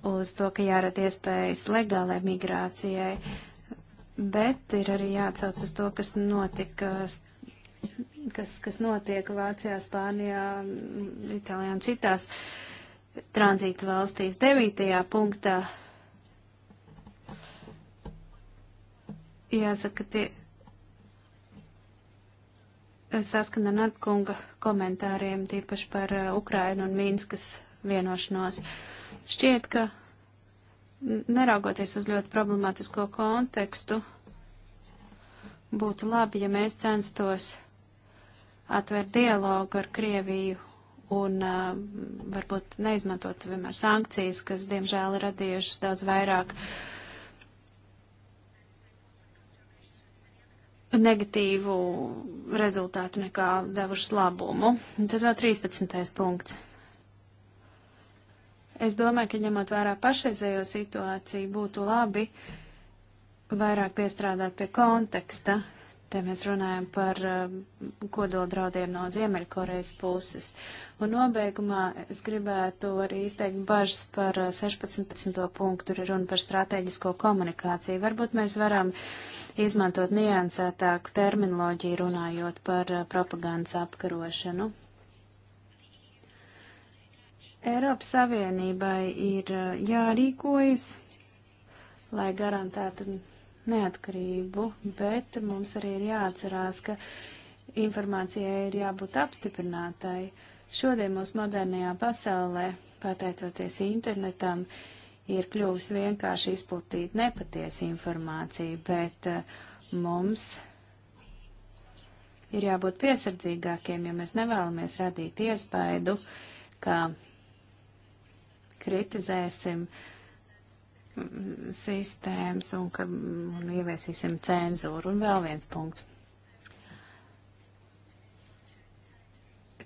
uz to, ka jārada iespējas legālai migrācijai, bet ir arī jāatsauc uz to, kas notika, kas, kas notiek Vācijā, Spānijā, Itālijā un citās tranzīta valstīs. Devītajā punktā jāsaka, tie saskana ar Natkunga komentāriem, tīpaši par uh, Ukrainu un Mīnskas vienošanos. Uh, Šķiet, ka neraugoties uz ļoti problemātisko kontekstu, būtu labi, ja mēs censtos atvērt dialogu ar Krieviju un uh, varbūt neizmantot vienmēr sankcijas, kas diemžēl ir radījušas daudz vairāk negatīvu rezultātu nekā devušas labumu. Un tad vēl 13. punkts. Es domāju, ka ņemot vērā pašreizējo situāciju, būtu labi vairāk piestrādāt pie konteksta. Te mēs runājam par um, kodoldraudiem no Ziemeļkorejas puses. Un nobeigumā es gribētu arī izteikt bažas par 16. Uh, punktu, tur ir runa par strateģisko komunikāciju. Varbūt mēs varam izmantot niansētāku terminoloģiju runājot par uh, propagandas apkarošanu. Eiropas Savienībai ir uh, jārīkojas, lai garantētu neatkarību, bet mums arī ir jāatcerās, ka informācijai ir jābūt apstiprinātai. Šodien mūsu modernajā pasaulē, pateicoties internetam, ir kļuvis vienkārši izplatīt nepatiesu informāciju, bet uh, mums ir jābūt piesardzīgākiem, ja mēs nevēlamies radīt iespaidu, ka kritizēsim sistēmas un, ka, un ieviesīsim cenzūru. Un vēl viens punkts.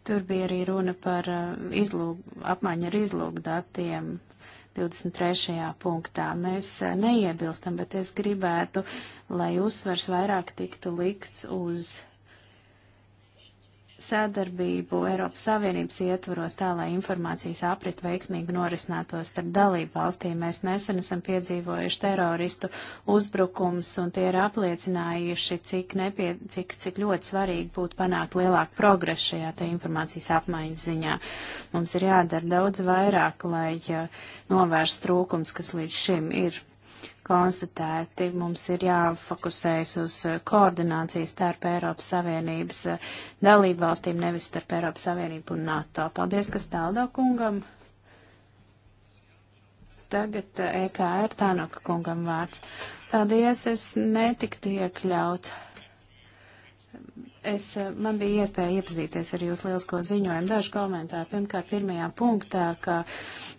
Tur bija arī runa par uh, izlūg, apmaiņu ar izlūgdatiem 23. punktā. Mēs uh, neiebilstam, bet es gribētu, lai uzsvers vairāk tiktu likts uz sadarbību Eiropas Savienības ietvaros tā, lai informācijas aprit veiksmīgi norisinātos starp dalību valstīm. Mēs nesen esam piedzīvojuši teroristu uzbrukums un tie ir apliecinājuši, cik, nepie, cik, cik ļoti svarīgi būtu panākt lielāku progresu šajā te informācijas apmaiņas ziņā. Mums ir jādara daudz vairāk, lai novērst trūkums, kas līdz šim ir konstatēti. Mums ir jāfokusējas uz eh, koordināciju starp Eiropas Savienības eh, dalību valstīm, nevis starp Eiropas Savienību un NATO. Paldies, kas tāldo kungam. Tagad EKR eh, e Tānoka kungam vārds. Paldies, es netiktu iekļauts Es, eh, man bija iespēja iepazīties ar jūsu lielisko ziņojumu. Daži komentāri. Pirmkārt, pirmajā punktā, ka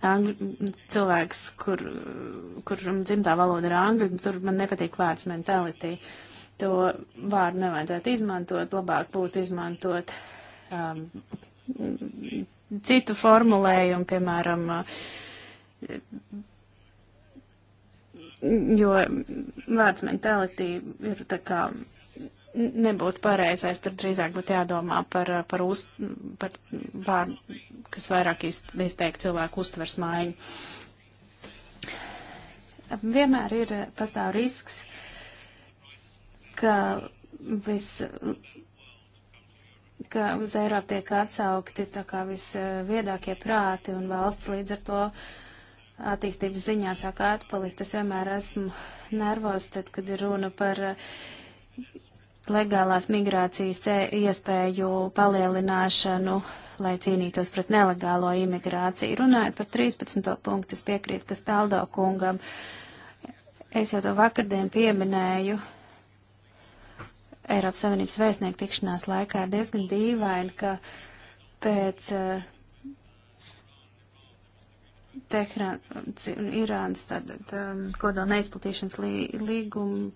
angļu, mm, cilvēks, kur, kur dzimtā valoda ir angļu, tur man nepatīk vārds mentality. To vārdu nevajadzētu izmantot, labāk būtu izmantot um, citu formulējumu, piemēram, uh, jo vārds mentality ir tā kā nebūtu pareizais, tad drīzāk būtu jādomā par, par, uz, par vārdu, kas vairāk izteikt cilvēku uztvers mājiņu. Vienmēr ir pastāv risks, ka vis ka uz Eiropu tiek atsaukti tā kā visviedākie prāti un valsts līdz ar to attīstības ziņā sāk atpalīst. Es vienmēr esmu nervos, tad, kad ir runa par uh, legālās migrācijas e, iespēju palielināšanu, lai cīnītos pret nelegālo imigrāciju. Runājot par 13. punktu, es piekrītu, kas taldo kungam. Es jau to vakardien pieminēju. Eiropas Savienības vēstnieku tikšanās laikā ir diezgan dīvaini, ka pēc uh, e, Tehrāns, Irāns, tātad um, kodola neizplatīšanas lī, līguma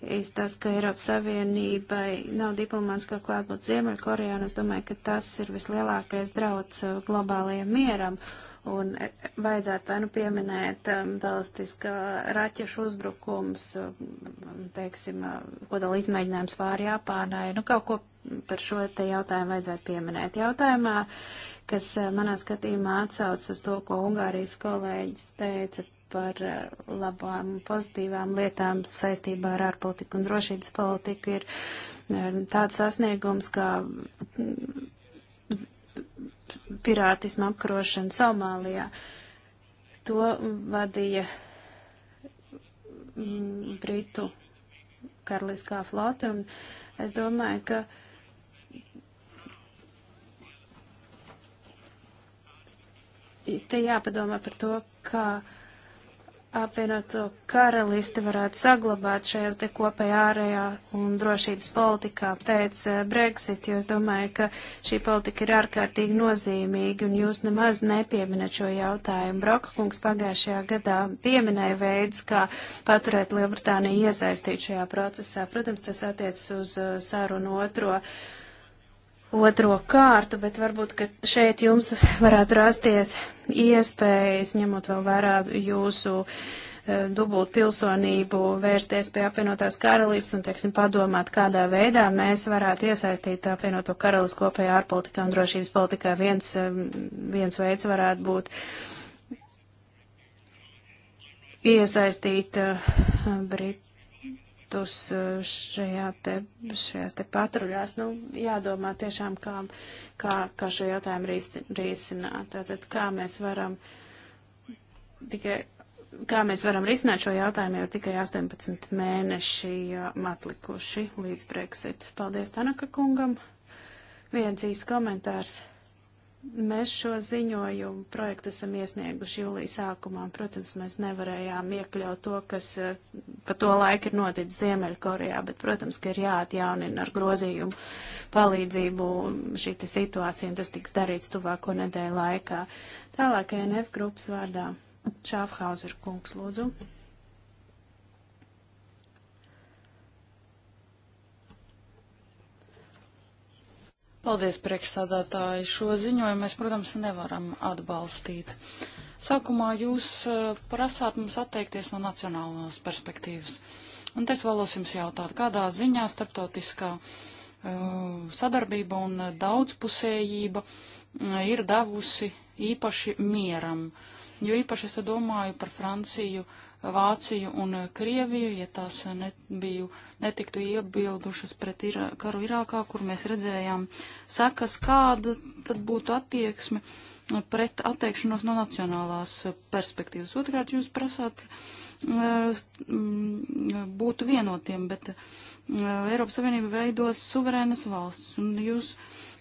Es tas, ka Eiropas Savienībai nav diplomātiskā klātbūt Ziemeļkorejā, un es domāju, ka tas ir vislielākais drauds uh, globālajiem mieram. Un e, vajadzētu vai nu pieminēt um, balistiskā raķešu uzbrukums, um, teiksim, uh, kodola izmēģinājums pāri Japānai, nu kaut ko par šo te jautājumu vajadzētu pieminēt. Jautājumā, kas uh, manā skatījumā atsauc uz to, ko Ungārijas kolēģis teica par eh, labām, pozitīvām lietām saistībā ar ārpolitiku un drošības politiku ir eh, tāds sasniegums, kā mm, pirātismu apkarošana Somālijā. To vadīja mm, Britu karaliskā flote, un es domāju, ka te jāpadomā par to, kā. Ka apvienoto karalisti varētu saglabāt šajās te kopējā ārējā un drošības politikā pēc eh, Brexit, jo es domāju, ka šī politika ir ārkārtīgi nozīmīga un jūs nemaz nepieminat šo jautājumu. Broka kungs pagājušajā gadā pieminēja veids, kā paturēt Lielbritāniju iesaistīt šajā procesā. Protams, tas attiecas uz eh, sarunu otro. Uh, otro kārtu, bet varbūt, ka šeit jums varētu rasties iespējas, ņemot vēl vērā jūsu e, dubult pilsonību, vērsties pie apvienotās karalīs un, teiksim, padomāt, kādā veidā mēs varētu iesaistīt apvienoto karalis kopējā ārpolitikā un drošības politikā. Viens, e, viens veids varētu būt iesaistīt e, Brit ekspertus eh, šajā te, šajās te patruļās. Nu, jādomā tiešām, kā, kā, kā šo jautājumu rīs, risināt. Tātad, kā mēs varam tikai. Kā mēs varam risināt šo jautājumu, jau tikai 18 mēneši atlikuši līdz Brexit. Paldies Tanaka kungam. Viens īs komentārs Mēs šo ziņojumu projektu esam iesnieguši jūlijas sākumā. Protams, mēs nevarējām iekļaut to, kas pa eh, to laiku ir noticis Ziemeļkorejā, bet, protams, ka ir jāatjaunina ar grozījumu palīdzību šī situācija, un tas tiks darīts tuvāko nedēļu laikā. Tālāk ENF grupas vārdā Šāfhauser kungs, lūdzu. Paldies, priekšsādātāji. Šo ziņojumu mēs, protams, nevaram atbalstīt. Sākumā jūs eh, prasāt mums atteikties no nacionālās perspektīvas. Un es vēlos jums jautāt, kādā ziņā starptautiskā uh, sadarbība un daudzpusējība mm, ir devusi īpaši mieram. Jo īpaši es domāju par Franciju Vāciju un Krieviju, ja tās nebiju, netiktu iebildušas pret ir, karu Irākā, kur mēs redzējām sekas, kāda tad būtu attieksme pret atteikšanos no nacionālās perspektīvas. Otrkārt, jūs prasāt eh, būt vienotiem, bet eh, Eiropas Savienība veidos suverēnas valsts, un jūs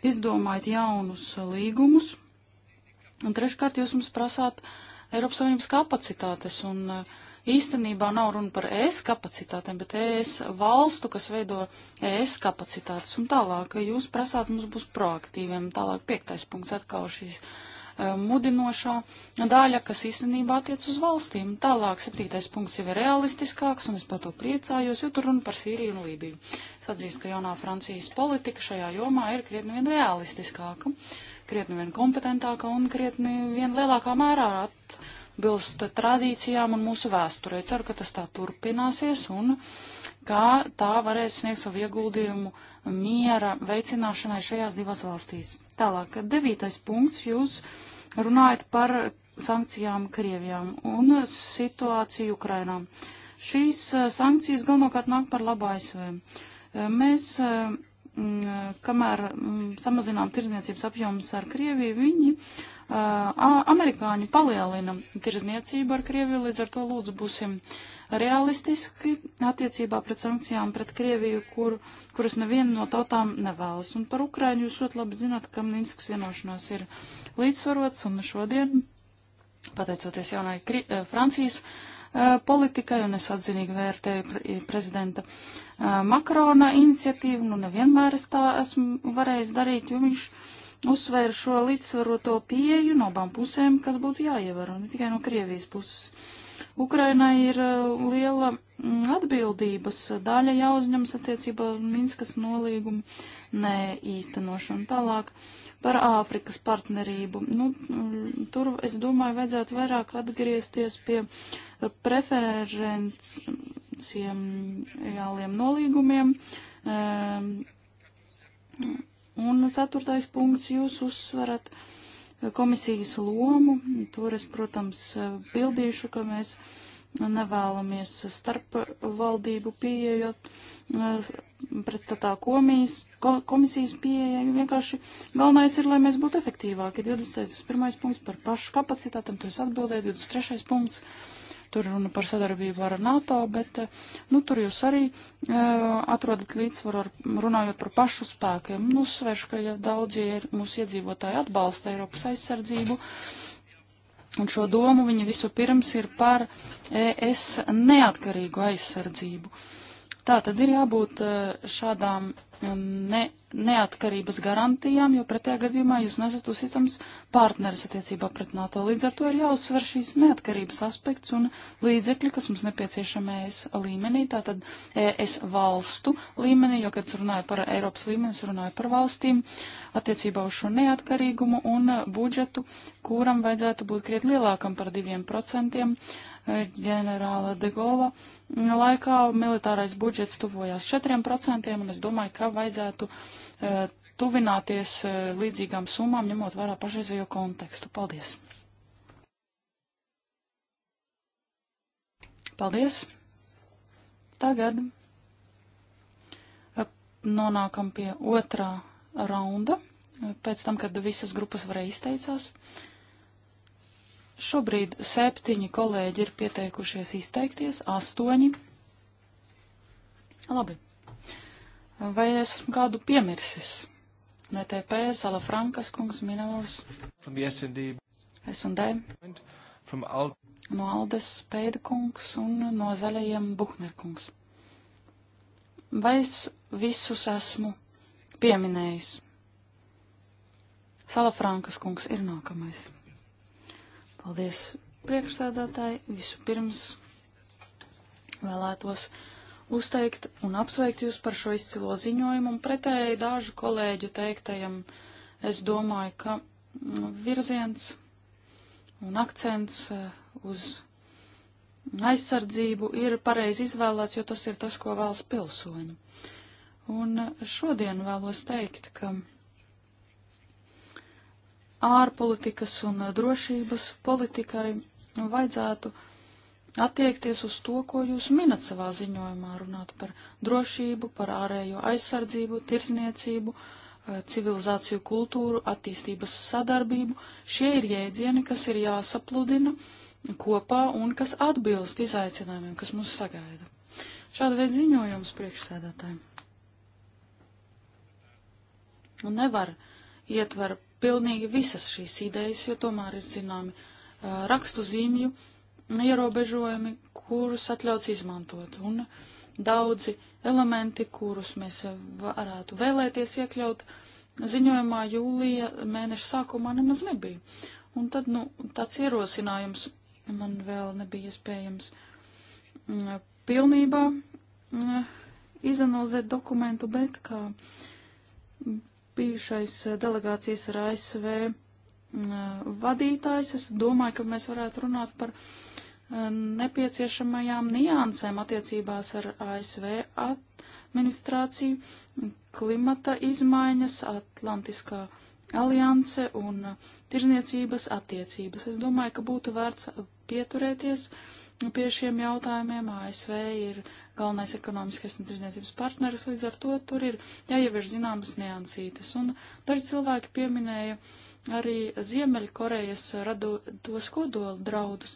izdomājat jaunus līgumus, un treškārt jūs mums prasāt Eiropas Savienības kapacitātes, un uh, īstenībā nav runa par ES kapacitātēm, bet ES valstu, kas veido ES kapacitātes. Un tālāk, jūs prasāt, mums būs proaktīviem. Tālāk piektais punkts atkal šīs e, mudinošā daļa, kas īstenībā attiec uz valstīm. Tālāk septītais punkts jau ir realistiskāks, un es par to priecājos, jo tur runa par Sīriju un Lībiju. Sadzīst, ka jaunā Francijas politika šajā jomā ir krietni vien realistiskāka, krietni vien kompetentāka un krietni vien lielākā mērā at, uh, bilst tradīcijām un mūsu vēsturē. Ceru, ka tas tā turpināsies un kā tā varēs sniegt savu ieguldījumu miera veicināšanai šajās divās valstīs. Tālāk, devītais punkts, jūs runājat par sankcijām Krievijām un situāciju Ukrainā. Šīs eh, sankcijas galvenokārt nāk par labu ASV. Eh, mēs eh, Mm, kamēr mm, samazinām tirzniecības apjomus ar Krieviju, viņi, amerikāņi, palielina tirzniecību ar Krieviju, līdz ar to lūdzu būsim realistiski attiecībā pret sankcijām pret Krieviju, kur, kuras neviena no tautām nevēlas. Un par Ukraiņu jūs ļoti labi zināt, ka Minskas vienošanās ir līdzsvarots un šodien, pateicoties jaunai Kri Francijas uh, Uh, politikai, un es atzinīgi vērtēju pre prezidenta uh, Makrona iniciatīvu, nu nevienmēr es tā esmu varējis darīt, jo viņš uzsvēra šo līdzsvaroto pieju no abām pusēm, kas būtu jāievēro, ne tikai no Krievijas puses. Ukrainai ir uh, liela mm, atbildības daļa jāuzņemas attiecībā Minskas nolīguma neīstenošanu tālāk. Uh, par Āfrikas partnerību. Nu, tur, es domāju, vajadzētu vairāk atgriezties pie preferenciāliem nolīgumiem. Ehm, un ceturtais punkts jūs uzsverat komisijas lomu. Tur es, protams, bildīšu, ka mēs. Uh, nevēlamies starpvaldību pieeju eh, pretstatā komijas, komisijas pieeja. Vienkārši galvenais ir, lai mēs būtu efektīvāki. 21. punkts par pašu kapacitātam, tur es atbildēju, 23. punkts. Tur runa par sadarbību ar NATO, bet eh, nu, tur jūs arī e, atrodat līdzsvaru ar, runājot par pašu spēkiem. Nu, svērš, ka ja daudzie mūsu iedzīvotāji atbalsta Eiropas aizsardzību, e, Un šo domu viņi visu pirms ir par ES neatkarīgu aizsardzību. Uh, Tā tad ir jābūt e, šādām e, ne, neatkarības garantijām, jo pretējā gadījumā jūs nesat uzticams partneris attiecībā pret NATO. Līdz ar to ir jāuzsver šīs neatkarības aspekts un līdzekļi, kas mums nepieciešami ES līmenī, tātad ES valstu līmenī, jo, kad runāju par Eiropas līmeni, es runāju par valstīm attiecībā uz šo neatkarīgumu un budžetu, kuram vajadzētu būt kriet lielākam par diviem procentiem ģenerāla de Gola laikā militārais budžets tuvojās 4%, un es domāju, ka vajadzētu e, tuvināties e, līdzīgām summām, ņemot vērā pašreizējo kontekstu. Paldies! Paldies! Tagad e, nonākam pie otrā raunda, pēc tam, kad visas grupas varēja izteicās. Uh, Šobrīd septiņi kolēģi ir pieteikušies izteikties, astoņi. Labi. Vai esmu kādu piemirsis? NTP, Sala Frankas kungs, Minavs. Es un D. Al no Aldes Spēda kungs un no Zaļajiem Buhner kungs. Vai es visus esmu pieminējis? Sala Frankas kungs ir nākamais. Paldies, priekšsēdētāji. Vispirms vēlētos uzteikt un apsveikt jūs par šo izcilo ziņojumu un pretēji dažu kolēģu teiktajam. Es domāju, ka nu, virziens un akcents eh, uz aizsardzību ir pareizi izvēlēts, jo tas ir tas, ko vēlas pilsoņi. Un eh, šodien vēlos teikt, ka ārpolitikas un drošības politikai vajadzētu attiekties uz to, ko jūs minat savā ziņojumā, runāt par drošību, par ārējo aizsardzību, tirzniecību, eh, civilizāciju kultūru, attīstības sadarbību. Šie ir jēdzieni, kas ir jāsapludina kopā un kas atbilst izaicinājumiem, kas mūs sagaida. Šāda veida ziņojums priekšsēdētājiem. Un nevar ietver pilnīgi visas šīs idejas, jo tomēr ir zināmi rakstu zīmju ierobežojumi, kurus atļauts izmantot, un daudzi elementi, kurus mēs varētu vēlēties iekļaut ziņojumā jūlija mēneša sākumā nemaz nebija. Un tad, nu, tāds ierosinājums man vēl nebija iespējams pilnībā izanalizēt dokumentu, bet kā bijušais eh, delegācijas ar ASV mm, eh, vadītājs. Es domāju, ka mēs varētu runāt par eh, nepieciešamajām niansēm attiecībās ar ASV administrāciju, klimata izmaiņas, Atlantiskā alianse un tirzniecības attiecības. Es domāju, ka būtu vērts pieturēties pie šiem jautājumiem. ASV ir galvenais ekonomiskais un tirdzniecības partneris, līdz ar to tur ir jāievieš zināmas niansītes. Un daži cilvēki pieminēja arī Ziemeļkorejas radotos kodola draudus.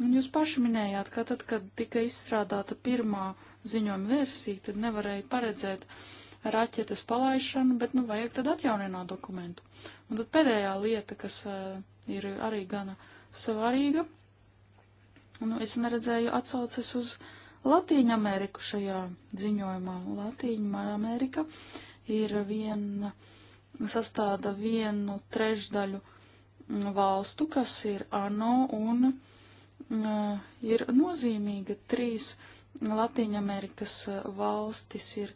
Un jūs paši minējāt, ka tad, kad tika izstrādāta pirmā ziņojuma versija, tad nevarēja paredzēt raķetes palaišanu, bet nu vajag tad atjaunināt dokumentu. Un tad pēdējā lieta, kas uh, ir arī gana svarīga, nu es neredzēju atsauces uz uh, Latīņa Ameriku šajā ziņojumā. Latīņa Amerika ir viena, sastāda vienu trešdaļu valstu, kas ir ANO un uh, ir nozīmīga. Trīs Latīņa Amerikas valstis ir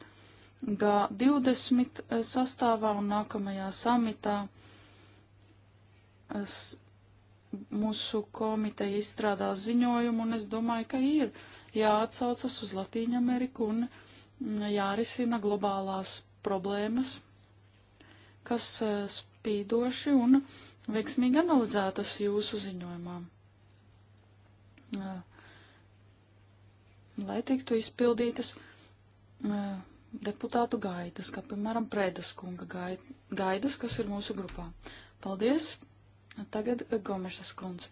G20 sastāvā un nākamajā samitā es, mūsu komiteja izstrādās ziņojumu, un es domāju, ka ir jāatsaucas uz Latīņu Ameriku un jārisina globālās problēmas, kas e, spīdoši un veiksmīgi analizētas jūsu ziņojumā. E, lai tiktu izpildītas e, deputātu gaidas, kā piemēram Prēdas kunga gaidas, kas ir mūsu grupā. Paldies! Tagad Gomešas kundze.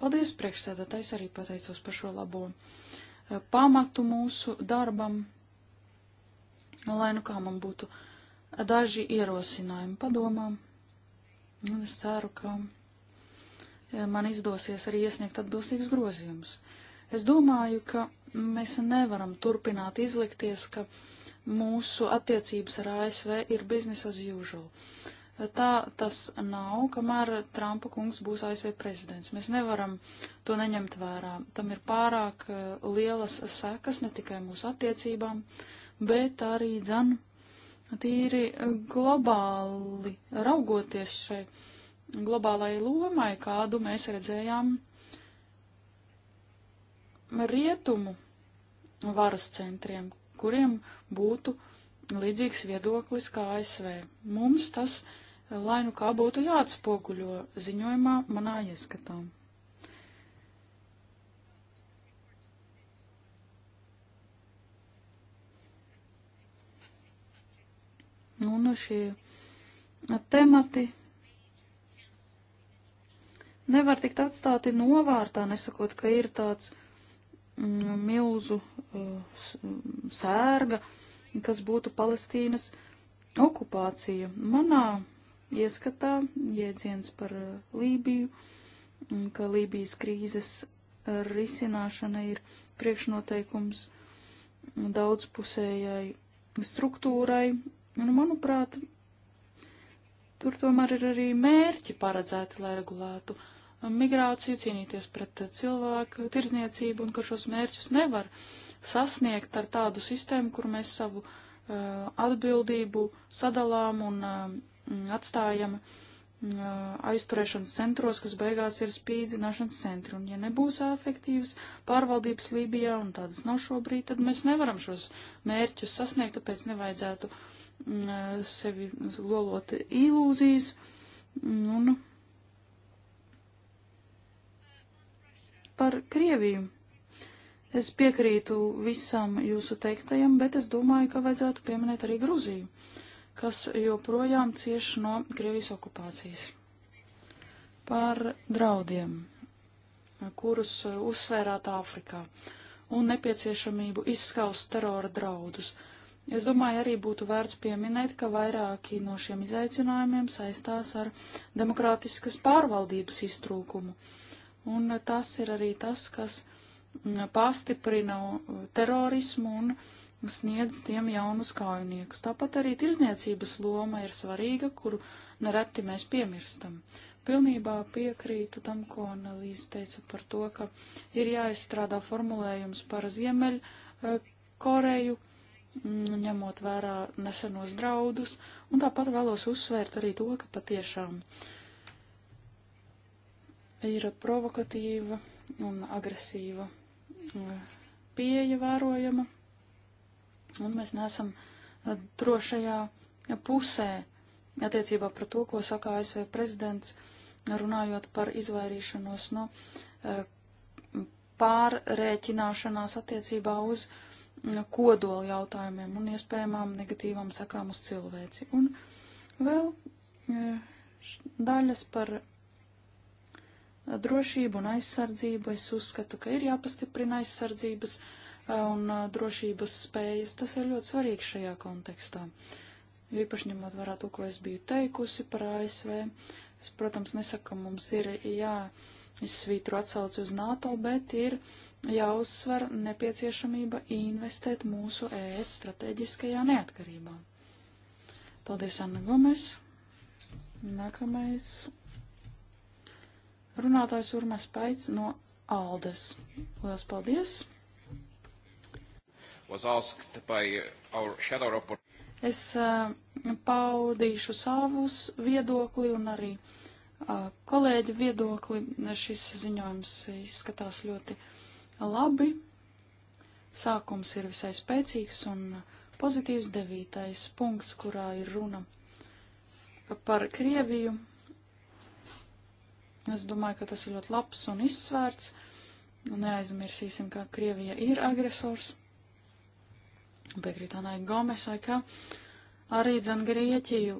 Paldies priekšsēdētājs arī pateicos par šo labo. Uh, pamatu mūsu darbam, lai nu kā man būtu daži ierosinājumi padomām. Un es ceru, ka man izdosies arī iesniegt atbilstīgus grozījumus. Es domāju, ka mēs nevaram turpināt izlikties, ka mūsu attiecības ar ASV ir business as usual. Tā tas nav, kamēr Trumpa kungs būs ASV prezidents. Mēs nevaram to neņemt vērā. Tam ir pārāk eh, lielas sekas ne tikai mūsu attiecībām, bet arī dzan tīri eh, globāli raugoties šai globālai lomai, kādu mēs redzējām rietumu varas centriem, kuriem būtu līdzīgs viedoklis kā ASV. Mums tas ir lai nu kā būtu jāatspoguļo ziņojumā manā ieskatā. Nu, un šie temati nevar tikt atstāti novārtā, nesakot, ka ir tāds mm, milzu uh, sērga, kas būtu Palestīnas okupācija. Manā ieskatā jēdziens par uh, Lībiju, ka Lībijas krīzes uh, risināšana ir priekšnoteikums daudzpusējai struktūrai. Un, manuprāt, tur tomēr ir arī mērķi paredzēti, lai regulētu migrāciju, cīnīties pret cilvēku tirzniecību, un ka šos mērķus nevar sasniegt ar tādu sistēmu, kur mēs savu uh, atbildību sadalām un uh, Mm, atstājam mm, aizturēšanas centros, kas beigās ir spīdzināšanas centri. Un ja nebūs efektīvas pārvaldības Lībijā, un tādas nav šobrīd, tad mēs nevaram šos mērķus sasniegt, tāpēc nevajadzētu mm, sevi lolot ilūzijas. Un par Krieviju. Es piekrītu visam jūsu teiktajam, bet es domāju, ka vajadzētu pieminēt arī Gruziju. Uh, kas joprojām cieš no Krievijas okupācijas. Par draudiem, kurus uzsvērāt Āfrikā, un nepieciešamību izskaust terora draudus. Es domāju, arī būtu vērts pieminēt, ka vairāki no šiem izaicinājumiem saistās ar demokrātiskas pārvaldības iztrūkumu. Un tas ir arī tas, kas pastiprina terorismu un uh, sniedz tiem jaunus kaujiniekus. Tāpat arī tirzniecības loma ir svarīga, kuru nereti mēs piemirstam. Pilnībā piekrītu tam, ko Annelīze teica par to, ka ir jāizstrādā formulējums par Ziemeļu eh, Koreju, mm, ņemot vērā nesenos draudus, un tāpat vēlos uzsvērt arī to, ka patiešām ir provokatīva un agresīva eh, pieeja vērojama Un mēs nesam eh, drošajā pusē attiecībā par to, ko saka ASV prezidents, runājot par izvairīšanos no eh, pārrēķināšanās attiecībā uz mm, kodola jautājumiem un iespējamām negatīvām sakām uz cilvēci. Un vēl eh, daļas par drošību un aizsardzību. Es uzskatu, ka ir jāpastiprina aizsardzības uh, un uh, drošības spējas. Tas ir ļoti svarīgi šajā kontekstā. Jo īpaši ņemot vērā to, ko es biju teikusi par ASV, es, protams, nesaku, ka mums ir jāizsvītro atsauci uz NATO, bet ir jāuzsver nepieciešamība investēt mūsu ES strateģiskajā neatkarībā. Paldies, Anna Gomes. Nākamais runātājs Urmas Paits no Aldes. Lielas paldies! was asked by our shadow report. Es uh, paudīšu savus viedokli un arī uh, kolēģi viedokli. Šis ziņojums izskatās ļoti labi. Sākums ir visai spēcīgs un pozitīvs devītais punkts, kurā ir runa par Krieviju. Es domāju, ka tas ir ļoti labs un izsvērts. Neaizmirsīsim, ka Krievija ir agresors piekrīt Anai Gomesai, ka arī dzen Grieķiju,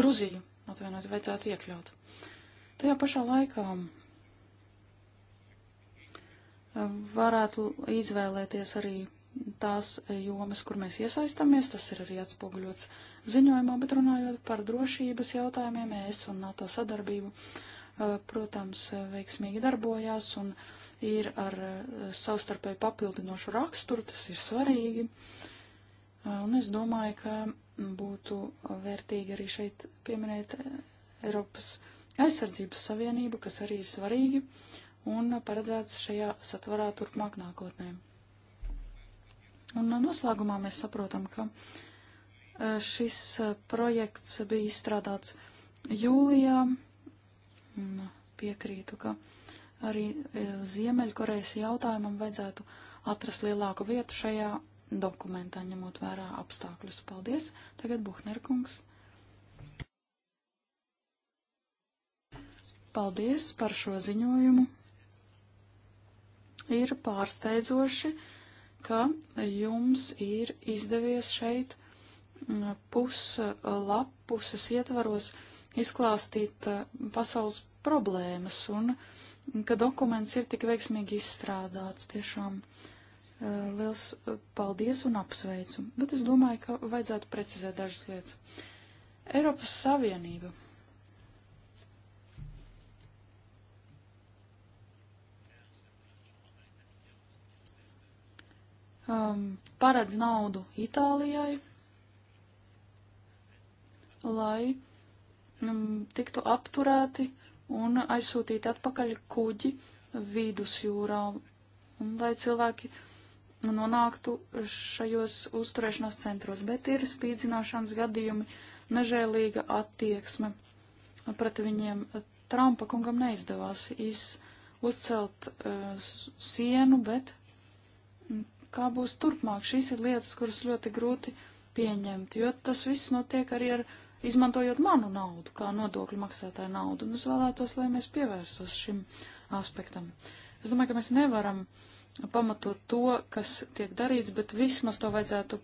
Gruziju, atvienot, vajadzētu iekļaut. Tajā pašā laikā um, varētu izvēlēties arī tās jomas, kur mēs iesaistamies, tas ir arī atspoguļots ziņojumā, bet runājot par drošības jautājumiem, ES un NATO sadarbību, uh, protams, veiksmīgi darbojās un ir ar uh, savstarpēju papildinošu raksturu, tas ir svarīgi. Uh, Un es domāju, ka būtu vērtīgi arī šeit pieminēt Eiropas aizsardzības savienību, kas arī ir svarīgi un paredzēts šajā satvarā turpmāk nākotnē. Un noslēgumā mēs saprotam, ka šis projekts bija izstrādāts jūlijā. Piekrītu, ka arī Ziemeļkorejas jautājumam vajadzētu atrast lielāku vietu šajā dokumentā, ņemot vērā apstākļus. Paldies! Tagad Buhnerkungs. Paldies par šo ziņojumu. Ir pārsteidzoši, ka jums ir izdevies šeit mm, puslapuses ietvaros izklāstīt mm, pasaules problēmas un ka dokuments ir tik veiksmīgi izstrādāts tiešām. Uh, Eh, liels eh, paldies un apsveicu, bet es domāju, ka vajadzētu precizēt dažas lietas. Eiropas Savienība. Um, paredz naudu Itālijai, lai um, tiktu apturēti un aizsūtīti atpakaļ kuģi vidusjūrā, un lai cilvēki uh, nonāktu šajos uzturēšanās centros, bet ir spīdzināšanas gadījumi, nežēlīga attieksme pret viņiem. Trumpa kungam neizdevās iz, uzcelt uh, sienu, bet kā būs turpmāk, šīs ir lietas, kuras ļoti grūti pieņemt, jo tas viss notiek arī ar izmantojot manu naudu, kā nodokļu maksātāju naudu, un es vēlētos, lai mēs pievērstos šim aspektam. Es domāju, ka mēs nevaram uh, pamatot to, kas tiek darīts, bet vismaz to vajadzētu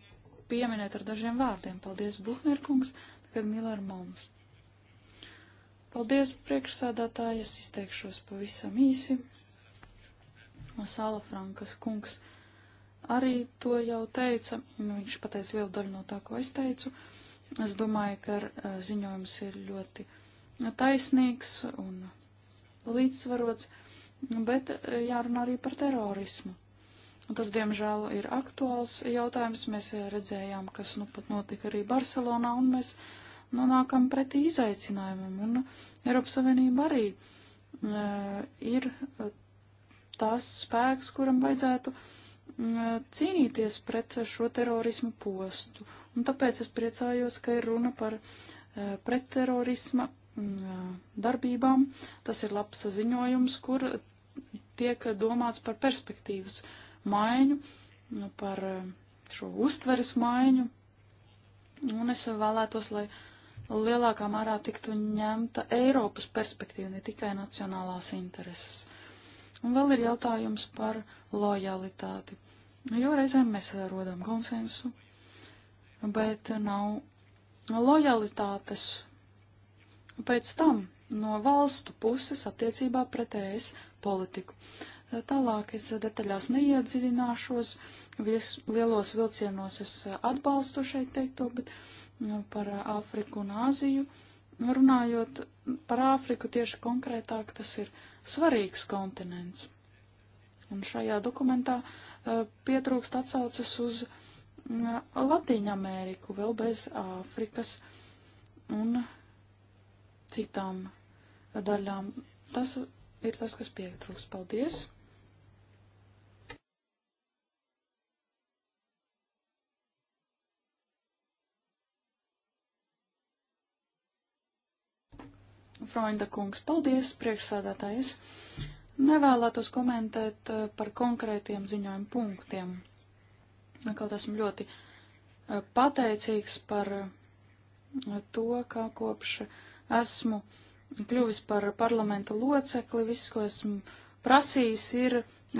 pieminēt ar dažiem vārdiem. Paldies, Buhner kungs, tagad Miller Mons. Paldies, priekšsādātāji, es izteikšos pavisam īsi. Sāla Frankas kungs arī to jau teica, nu, viņš pateica lielu daļu no tā, ko es teicu. Es domāju, ka ziņojums ir ļoti taisnīgs un līdzsvarots bet e, jārunā arī par terorismu. Tas, diemžēl, ir aktuāls jautājums. Mēs e, redzējām, kas nu pat notika arī Barcelonā, un mēs nonākam pretī izaicinājumam. Un Eiropas Savienība arī uh, ir tas spēks, kuram vajadzētu uh, cīnīties pret šo terorismu postu. Un tāpēc es priecājos, ka ir runa par uh, pretterorisma Mm, darbībām. Tas ir labs ziņojums, kur tiek domāts par perspektīvas maiņu, nu, par eh, šo uztveres maiņu. Un es vēlētos, lai lielākā mērā tiktu ņemta Eiropas perspektīva, ne tikai nacionālās intereses. Un vēl ir jautājums par lojalitāti. Jo reizēm mēs rodam konsensu, bet nav lojalitātes pēc tam no valstu puses attiecībā pret ES politiku. Tālāk es detaļās neiedziļināšos, vies, lielos vilcienos es atbalstu šeit teikto, bet nu, par Āfriku un Āziju runājot par Āfriku tieši konkrētāk, tas ir svarīgs kontinents. Un šajā dokumentā e, pietrūkst atsaucas uz Latīņu Ameriku, vēl bez Āfrikas. Un citām daļām. Tas ir tas, kas pietrūks. Paldies! Freunda kungs, paldies, priekšsādātājs. Nevēlētos komentēt eh, par konkrētiem ziņojumu punktiem. Kaut esmu ļoti eh, pateicīgs par eh, to, kā kopš uh, esmu kļuvis par parlamenta locekli, viss, ko esmu prasījis, ir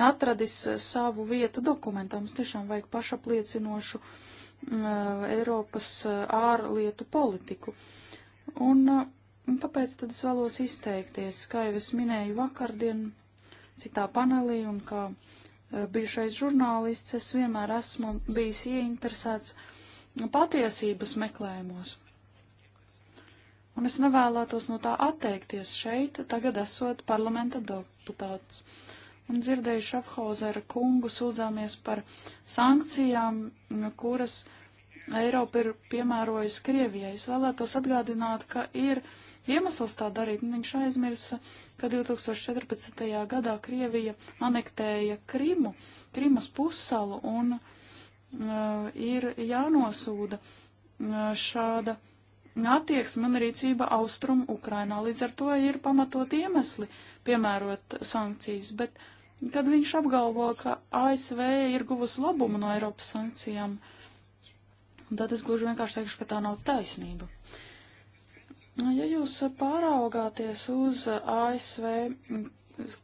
atradis savu vietu dokumentā. Mums tiešām vajag pašapliecinošu uh, Eiropas eh, ārlietu politiku. Un uh, kāpēc tad es vēlos izteikties, kā jau es minēju vakardien citā panelī un kā bijušais žurnālists, es vienmēr esmu bijis ieinteresēts patiesības meklējumos. Un es nevēlētos no tā atteikties šeit, tagad esot parlamenta deputāts. Un dzirdēju Šafhauzera kungu sūdzāmies par sankcijām, kuras Eiropa ir piemērojusi Krievijai. Es vēlētos atgādināt, ka ir iemesls tā darīt, un viņš aizmirsa, ka 2014. gadā Krievija anektēja Krimu, Krimas pussalu, un uh, ir jānosūda uh, šāda attieksme un rīcība austrumu Ukrainā. Līdz ar to ir pamatot iemesli piemērot sankcijas, bet kad viņš apgalvo, ka ASV ir guvusi labumu no Eiropas sankcijām, tad es gluži vienkārši teikšu, ka tā nav taisnība. Ja jūs pāraugāties uz ASV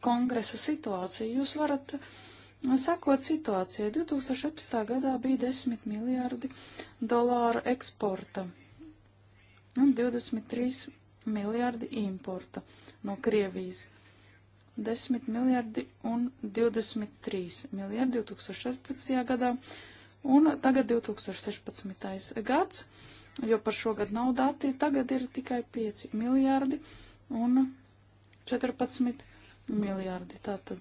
kongresa situāciju, jūs varat sekot situācijai. 2017. gadā bija 10 miljārdi dolāru eksporta un 23 miljardi importa no Krievijas. 10 miljardi un 23 miljardi 2016. gadā un tagad 2016. gads, jo par šo gadu nav dati, tagad ir tikai 5 miljardi un 14 miljardi. Tātad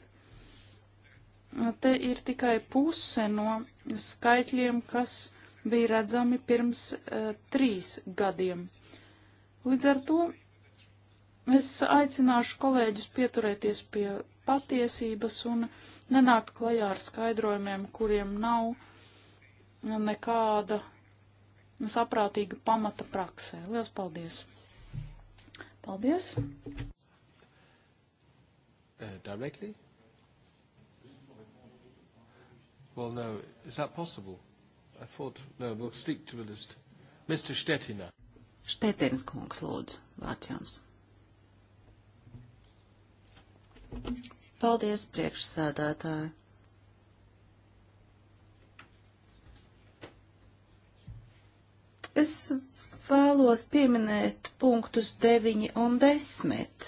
te ir tikai puse no skaitļiem, kas bija redzami pirms uh, trīs gadiem. Līdz ar to es aicināšu kolēģus pieturēties pie patiesības un nenākt klajā ar skaidrojumiem, kuriem nav nekāda saprātīga pamata praksē. Lielas paldies! Paldies! Uh, directly? Well, no. Is that possible? I thought, no, we'll stick to the list. Mr. Stettina. Štetins kungs, lūdzu, vārds jums. Paldies, priekšsēdētāji. Es vēlos pieminēt punktus 9 un 10,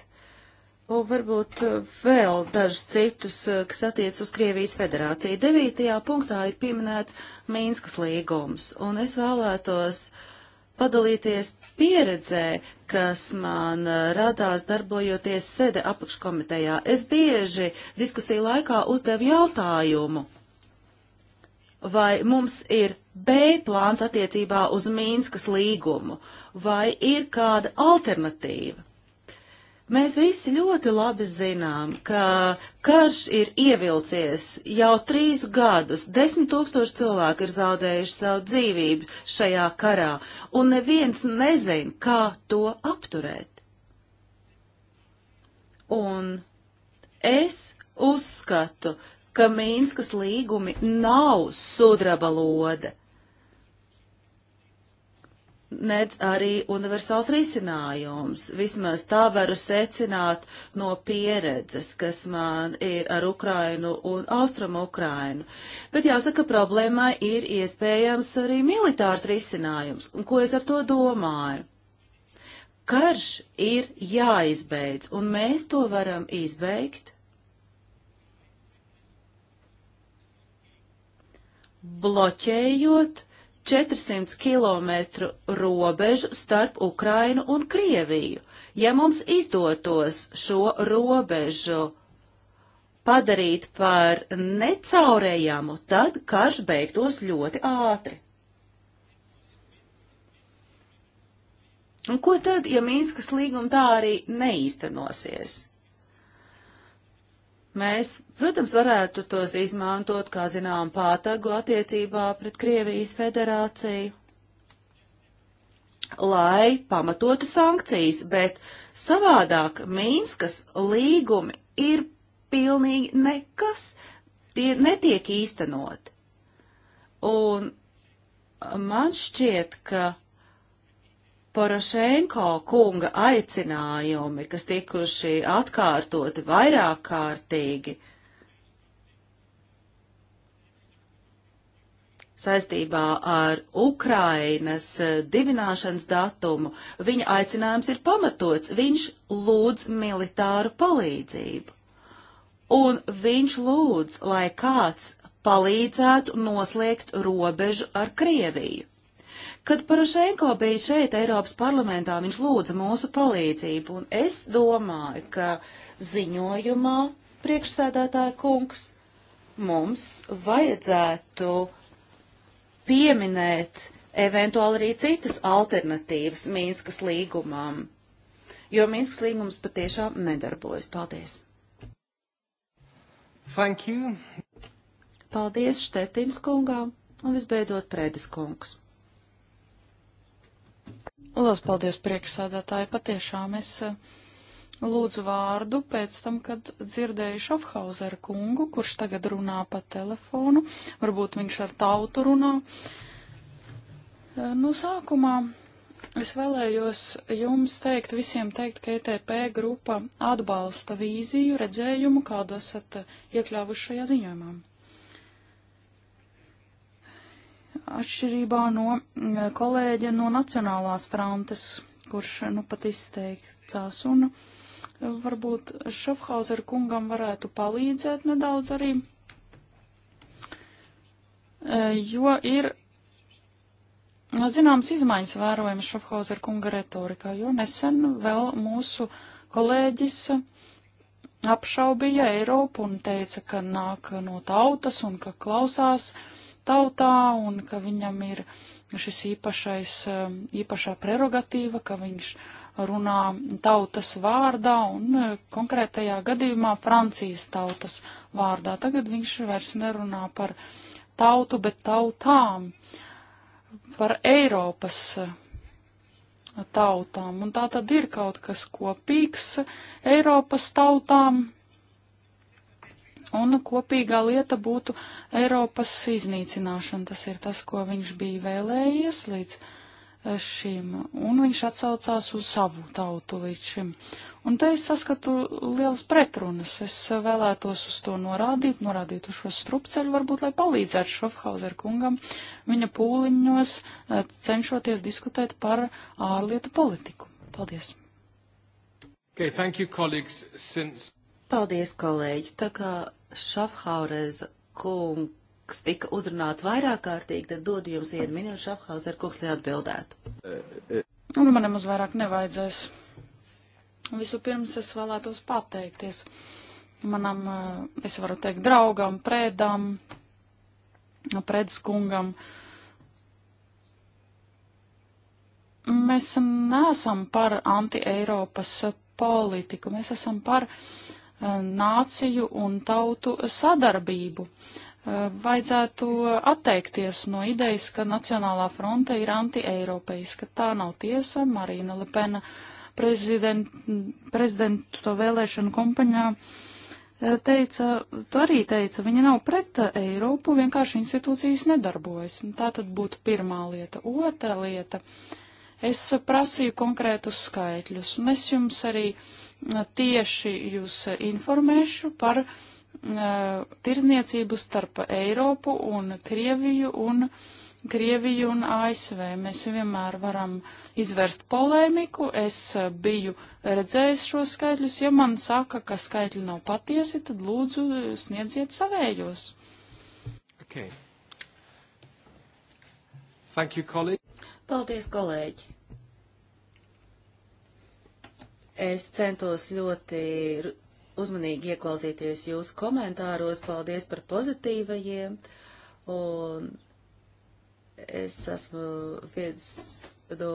un varbūt vēl dažus citus, kas attiec uz Krievijas federāciju. 9. punktā ir pieminēts Mīnskas līgums, un es vēlētos uh, padalīties pieredzē, kas man radās darbojoties sede apakškomitejā. Es bieži diskusiju laikā uzdevu jautājumu, vai mums ir B plāns attiecībā uz Mīnskas līgumu, vai ir kāda alternatīva. Mēs visi ļoti labi zinām, ka karš ir ievilcies jau trīs gadus. Desmit tūkstoši cilvēku ir zaudējuši savu dzīvību šajā karā, un neviens nezin, kā to apturēt. Un es uzskatu, ka Mīnskas līgumi nav sudraba lode nedz arī universāls risinājums. Vismaz tā varu secināt no pieredzes, kas man ir ar Ukrainu un Austrumu Ukrainu. Bet jāsaka, problēmai ir iespējams arī militārs risinājums. Un ko es ar to domāju? Karš ir jāizbeidz, un mēs to varam izbeigt. Bloķējot 400 km robežu starp Ukrainu un Krieviju. Ja mums izdotos šo robežu padarīt par necaurējamu, tad karš beigtos ļoti ātri. Un ko tad, ja Mīnskas līguma tā arī neīstenosies? Mēs, protams, varētu tos izmantot, kā zinām, pātagu attiecībā pret Krievijas federāciju, lai pamatotu sankcijas, bet savādāk Mīnskas līgumi ir pilnīgi nekas, tie netiek īstenoti. Un man šķiet, ka Porošenko kunga aicinājumi, kas tikuši atkārtoti vairāk kārtīgi saistībā ar Ukrainas divināšanas datumu, viņa aicinājums ir pamatots. Viņš lūdz militāru palīdzību. Un viņš lūdz, lai kāds palīdzētu noslēgt robežu ar Krieviju. Kad Porošenko bija šeit Eiropas parlamentā, viņš lūdza mūsu palīdzību, un es domāju, ka ziņojumā priekšsēdētāja kungs mums vajadzētu pieminēt eventuāli arī citas alternatīvas Mīnskas līgumam, jo Mīnskas līgums patiešām nedarbojas. Paldies! Thank you! Paldies Štetins kungām un visbeidzot Prēdes kungs. Lielas paldies priekšsādātāji. Patiešām es eh, lūdzu vārdu pēc tam, kad dzirdēju Šofhauseru kungu, kurš tagad runā pa telefonu. Varbūt viņš ar tautu runā. Eh, nu, sākumā es vēlējos jums teikt, visiem teikt, ka ETP grupa atbalsta vīziju, redzējumu, kādu esat eh, iekļāvuši šajā ziņojumā. atšķirībā no mm, kolēģa no Nacionālās frontes, kurš nu pat izteicās. Un e, varbūt Šafhauser kungam varētu palīdzēt nedaudz arī, e, jo ir e, zināmas izmaiņas vērojamas Šafhauser kunga retorikā, jo nesen vēl mūsu kolēģis apšaubīja Eiropu un teica, ka nāk no tautas un ka klausās uh, tautā un ka viņam ir šis īpašais, um, īpašā prerogatīva, ka viņš runā tautas vārdā un uh, konkrētajā gadījumā Francijas tautas vārdā. Tagad viņš vairs nerunā par tautu, bet tautām, par Eiropas uh, tautām. Un tā tad ir kaut kas kopīgs Eiropas tautām un kopīgā lieta būtu Eiropas iznīcināšana. Tas ir tas, ko viņš bija vēlējies līdz eh, šim, un viņš atsaucās uz savu tautu līdz šim. Un te es saskatu liels pretrunas. Es vēlētos uz to norādīt, norādīt uz šo strupceļu, varbūt, lai palīdzētu Šofhauser kungam viņa pūliņos eh, cenšoties diskutēt par ārlietu politiku. Paldies! Okay, thank you, colleagues, since... Paldies, kolēģi! Tā kā Šafhaurēza kungs tika uzrunāts vairāk kārtīgi, tad dodu jums vienu minūti Šafhaurēza kungs, lai atbildētu. Un nu, nu, man nemaz vairāk nevajadzēs. Vispirms es vēlētos pateikties manam, eh, es varu teikt, draugam, prēdam, prēdas kungam. Mēs neesam par anti-Eiropas politiku, mēs esam par uh, Eh, nāciju un tautu sadarbību. Eh, vajadzētu atteikties no idejas, ka Nacionālā fronte ir anti-eiropeiska. Tā nav tiesa. Marīna Lepena prezident, prezidentu vēlēšanu kompaņā eh, teica, tu arī teica, viņa nav pret Eiropu, vienkārši institūcijas nedarbojas. Tā tad būtu pirmā lieta. Otra lieta. Es prasīju konkrētus skaitļus, un es jums arī tieši jūs informēšu par uh, tirzniecību starp Eiropu un Krieviju un Krieviju un ASV. Mēs vienmēr varam izvērst polēmiku. Es biju redzējis šos skaitļus. Ja man saka, ka skaitļi nav patiesi, tad lūdzu sniedziet savējos. Okay. Thank you, colleague. Paldies, kolēģi. Es centos ļoti uzmanīgi ieklausīties jūsu komentāros. Paldies par pozitīvajiem. Un es esmu viens no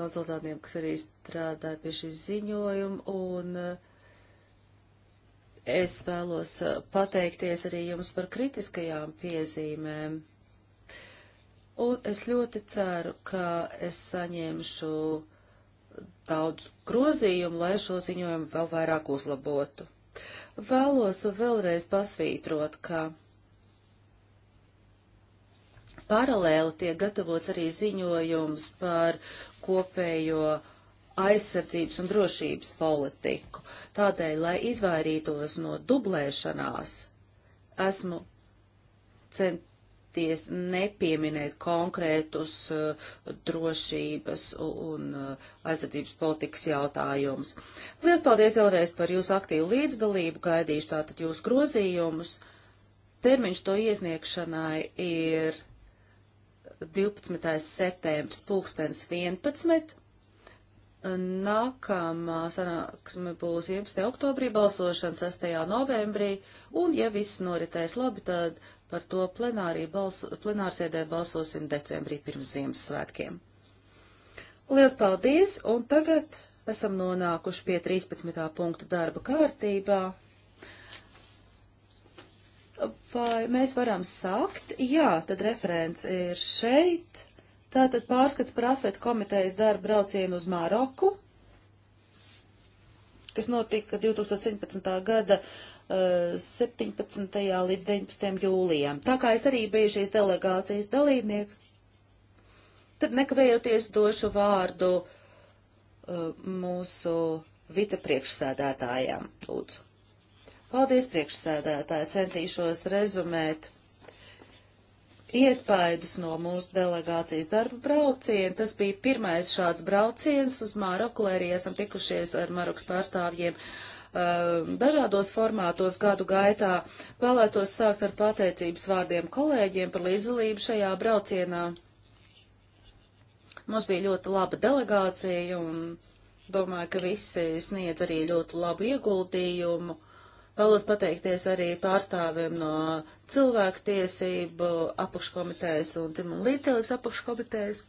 konsultantiem, kas arī strādāja pie šī ziņojuma. Un eh, es vēlos eh, pateikties arī jums par kritiskajām piezīmēm. Un es ļoti ceru, ka es saņemšu daudz grozījumu, lai šo ziņojumu vēl vairāk uzlabotu. Vēlos vēlreiz pasvītrot, ka paralēli tiek gatavots arī ziņojums par kopējo aizsardzības un drošības politiku. Tādēļ, lai izvairītos no dublēšanās, esmu cent cenšaties nepieminēt konkrētus uh, drošības un uh, aizsardzības politikas jautājumus. Lielas paldies vēlreiz par jūsu aktīvu līdzdalību, gaidīšu tātad jūsu grozījumus. Termiņš to iesniegšanai ir 12. septembris, pulkstens 11. Nākamā sanāksme būs 11. oktobrī, balsošana 6. novembrī, un ja viss noritēs labi, tad Par to balso, plenārsēdē balsosim decembrī pirms Ziemassvētkiem. Lielas paldies, un tagad esam nonākuši pie 13. punktu darba kārtībā. Vai mēs varam sākt? Jā, tad referents ir šeit. Tātad pārskats par afetu komitejas darbu braucienu uz Maroku, kas notika 2017. gada uh, 17. Eh, līdz 19. jūlijam. Tā kā es arī biju šīs delegācijas dalībnieks, tad nekavējoties došu vārdu eh, mūsu vicepriekšsēdētājām. Lūdzu. Paldies, priekšsēdētāji. Centīšos rezumēt iespaidus no mūsu delegācijas darba brauciena. Tas bija pirmais šāds brauciens uz Maroku, lai arī esam tikušies ar Marokas pārstāvjiem uh, Um, dažādos formātos gadu gaitā. Vēlētos sākt ar pateicības vārdiem kolēģiem par līdzdalību šajā braucienā. Mums bija ļoti laba delegācija un domāju, ka visi sniedz arī ļoti labu ieguldījumu. Vēlos pateikties arī pārstāvjiem no cilvēktiesību apakškomitejas un dzimumu līdzdalības apakškomitejas.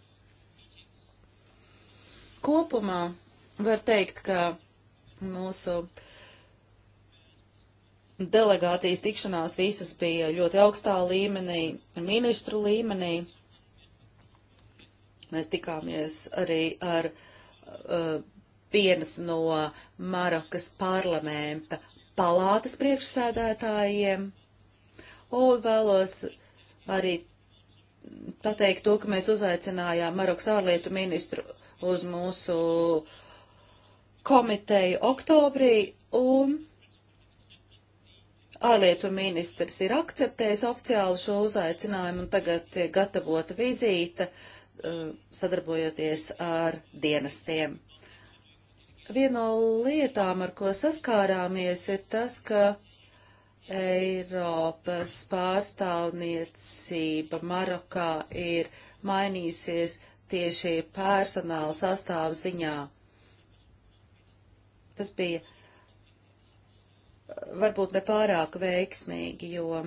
Kopumā var teikt, ka mūsu delegācijas tikšanās visas bija ļoti augstā līmenī, ministru līmenī. Mēs tikāmies arī ar uh, vienas no Marokas parlamenta palātas priekšsēdētājiem. Un vēlos arī pateikt to, ka mēs uzaicinājām Marokas ārlietu ministru uz mūsu komiteju oktobrī, un Ārlietu ministrs ir akceptējis oficiāli šo uzaicinājumu un tagad tiek gatavota vizīte, uh, sadarbojoties ar dienestiem. Viena no lietām, ar ko saskārāmies, ir tas, ka Eiropas pārstāvniecība Marokā ir mainījusies tieši personāla sastāvziņā. Tas bija varbūt ne pārāk veiksmīgi, jo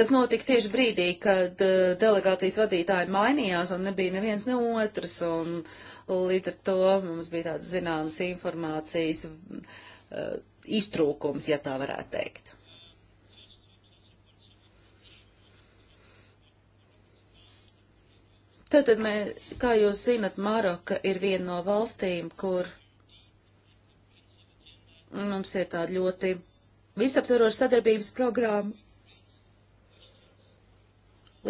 Tas notika tieši brīdī, kad uh, delegācijas vadītāji mainījās un nebija neviens ne otrs, un līdz ar to mums bija tāds zināms informācijas uh, iztrūkums, ja tā varētu teikt. Tātad, mē, kā jūs zinat, Maroka ir viena no valstīm, kur mums ir tāda ļoti visaptvaroša sadarbības programma.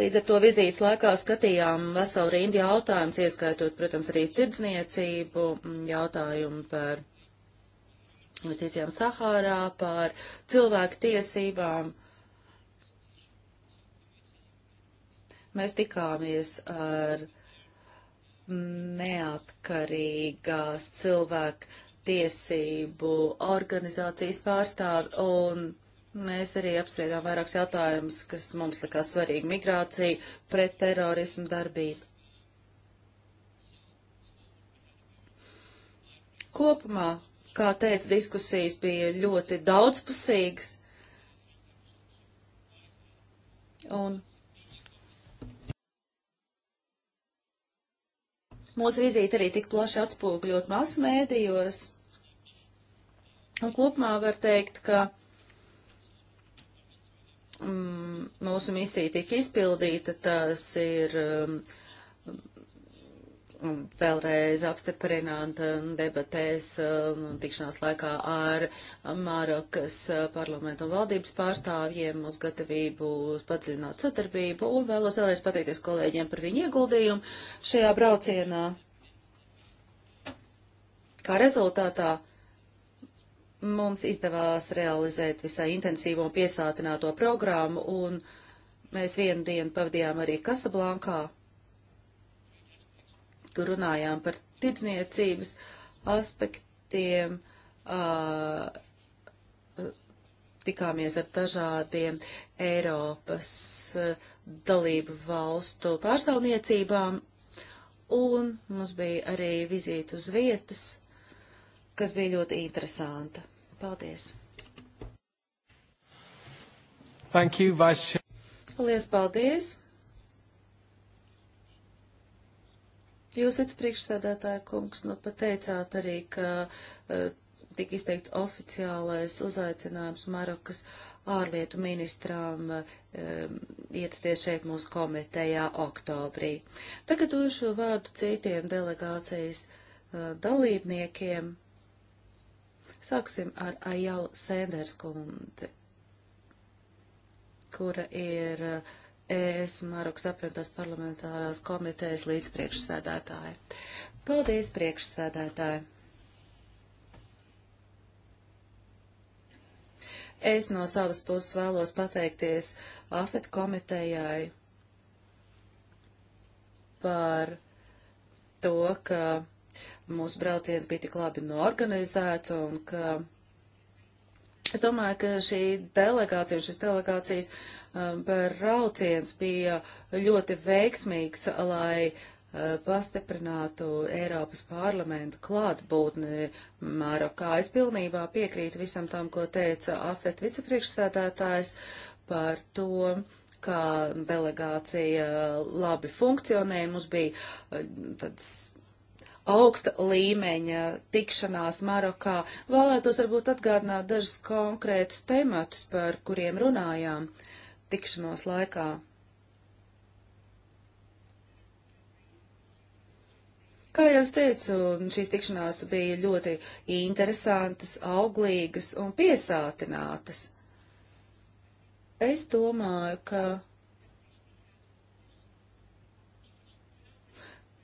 Līdz ar to vizītes laikā skatījām veselu rindu jautājumus, ieskaitot, protams, arī tirdzniecību, jautājumu par investīcijām Sahārā, par cilvēku tiesībām Mēs tikāmies ar neatkarīgās cilvēku tiesību organizācijas pārstāvi, un mēs arī apspriedām vairākus jautājumus, kas mums likās svarīgi - migrācija, pret terorismu darbību. Kopumā, kā teicu, diskusijas bija ļoti daudzpusīgas, un Mūsu vizīte arī tik plaši atspūgļot masmēdījos. Un kopumā var teikt, ka mm, mūsu misija tika izpildīta, tas ir mm, vēlreiz apstiprināt um, debatēs un um, tikšanās laikā ar Marokas uh, parlamentu un valdības pārstāvjiem uz gatavību padziļināt sadarbību un vēlos vēlreiz pateikties kolēģiem par viņu ieguldījumu šajā braucienā. Kā rezultātā mums izdevās realizēt visai intensīvo un piesātināto programmu un mēs vienu dienu pavadījām arī Kasablankā tur runājām par tirdzniecības aspektiem, uh, tikāmies ar dažādiem Eiropas uh, dalību valstu pārstāvniecībām, un mums bija arī vizīte uz vietas, kas bija ļoti interesanta. Paldies! Thank you, Vice Chair. Lielas paldies! Jūs vicepriekšsēdētāja kungs, nu pateicāt arī, ka uh, tika izteikts oficiālais uzaicinājums Marokas ārlietu ministrām uh, e, ierasties šeit mūsu komitejā oktobrī. Tagad došu vārdu citiem delegācijas uh, dalībniekiem. Sāksim ar Ajalu Sēnders kundzi, kura ir uh, es Marokas apvienotās parlamentārās komitejas līdzpriekšsēdētāja. Paldies, priekšsēdētāji! Es no savas puses vēlos pateikties AFET komitejai par to, ka mūsu brauciens bija tik labi norganizēts un ka Es domāju, ka šī delegācija, šis delegācijas um, brauciens bija ļoti veiksmīgs, lai uh, pastiprinātu Eiropas parlamentu klātbūtni Marokā. Es pilnībā piekrītu visam tam, ko teica AFET vicepriekšsēdētājs par to, kā delegācija uh, labi funkcionē. Mums bija uh, tāds augsta līmeņa tikšanās Marokā. Vēlētos varbūt atgādināt dažus konkrētus tematus, par kuriem runājām tikšanos laikā. Kā jau es teicu, šīs tikšanās bija ļoti interesantas, auglīgas un piesātinātas. Es domāju, ka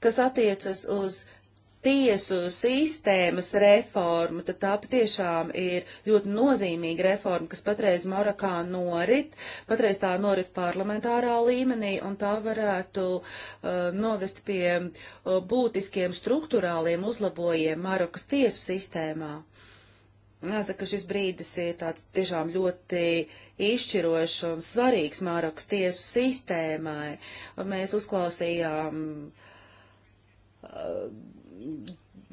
kas attiecas uz tiesu sistēmas reformu, tad tā patiešām ir ļoti nozīmīga reforma, kas patreiz Marokā norit, patreiz tā norit parlamentārā līmenī, un tā varētu uh, novest pie uh, būtiskiem struktūrāliem uzlabojiem Marokas tiesu sistēmā. Jāsaka, šis brīdis ir tāds tiešām ļoti izšķirošs un svarīgs Marokas tiesu sistēmai. Mēs uzklausījām uh,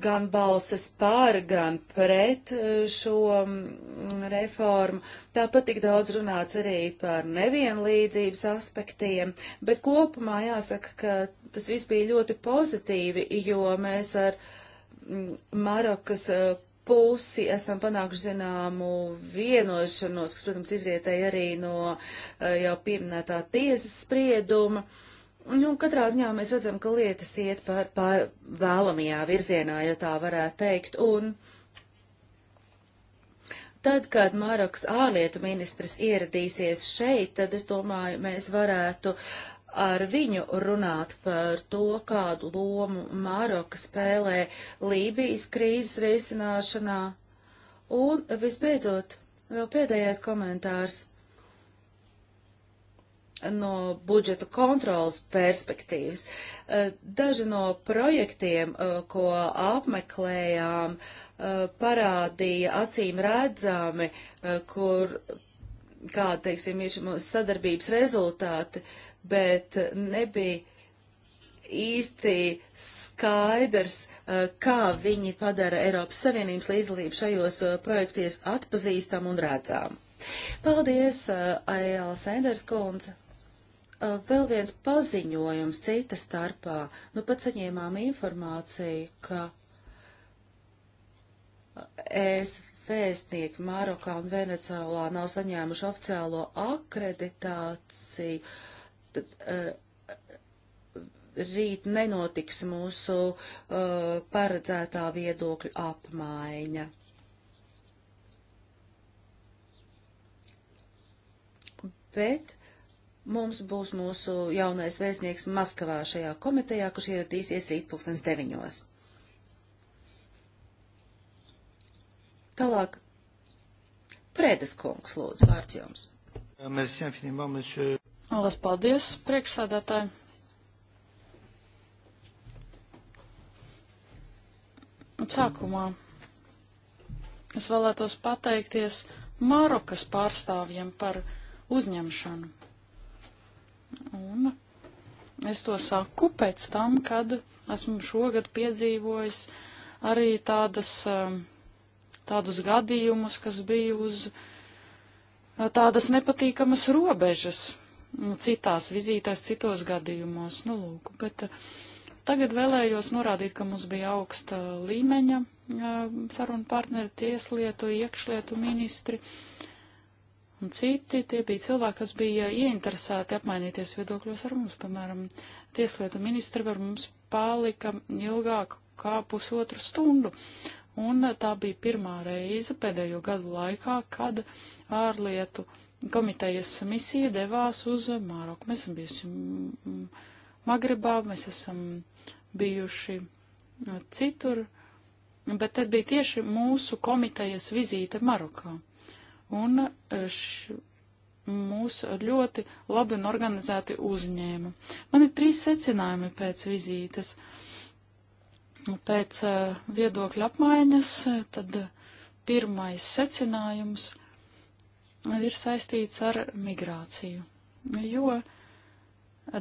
gan balses pār, gan pret eh, šo mm, reformu. Tāpat tik daudz runāts arī par nevienlīdzības aspektiem, bet kopumā jāsaka, ka tas viss bija ļoti pozitīvi, jo mēs ar mm, Marokas eh, pusi esam panākuši zināmu vienošanos, kas, protams, izrietēja arī no eh, jau pieminētā tiesas sprieduma. Uh, Nu, katrā ziņā mēs redzam, ka lietas iet par, par vēlamajā virzienā, ja tā varētu teikt, un tad, kad Maroks ārlietu ministrs ieradīsies šeit, tad es domāju, mēs varētu ar viņu runāt par to, kādu lomu Maroka spēlē Lībijas krīzes risināšanā. Un visbeidzot, vēl pēdējais komentārs no budžeta kontrolas perspektīvas. Eh, daži no projektiem, eh, ko apmeklējām, eh, parādīja acīm redzami, kur, kā, teiksim, ir mūsu sadarbības rezultāti, bet nebija īsti skaidrs, kā viņi padara Eiropas Savienības līdzdalību šajos projekties atpazīstam un redzām. Paldies, Ariela Sanders kundze! Uh, vēl viens paziņojums cita starpā. Nu, pat saņēmām informāciju, ka es vēstnieki Marokā un Venecijolā nav saņēmuši oficiālo akreditāciju, tad uh, rīt nenotiks mūsu uh, paredzētā viedokļa apmaiņa. Bet Mums būs mūsu jaunais vēstnieks Maskavā šajā komitejā, kurš ieradīsies rīt pulkstens deviņos. Tālāk. Prēdes kungs, lūdzu, vārds jums. Merci infiniment, monsieur. Lielas paldies, priekšsādātāji. Sākumā es vēlētos pateikties Marokas pārstāvjiem par uzņemšanu. Un es to saku pēc tam, kad esmu šogad piedzīvojis arī tādas, um, tādus gadījumus, kas bija uz uh, tādas nepatīkamas robežas citās vizītēs, citos gadījumos. Nu, lūk, bet uh, tagad vēlējos norādīt, ka mums bija augsta līmeņa uh, saruna partneri, tieslietu, iekšlietu ministri Un citi tie bija cilvēki, kas bija ieinteresēti apmainīties viedokļos ar mums. Piemēram, tieslietu ministra ar mums palika ilgāk kā pusotru stundu. Un tā bija pirmā reize pēdējo gadu laikā, kad ārlietu komitejas misija devās uz Māroku. Mēs esam bijuši Magribā, mēs esam bijuši citur, bet tad bija tieši mūsu komitejas vizīte Marokā un eh, š, mūs ļoti labi un organizēti uzņēma. Man ir trīs secinājumi pēc vizītes. Pēc uh, viedokļa apmaiņas, eh, tad pirmais secinājums ir saistīts ar migrāciju, jo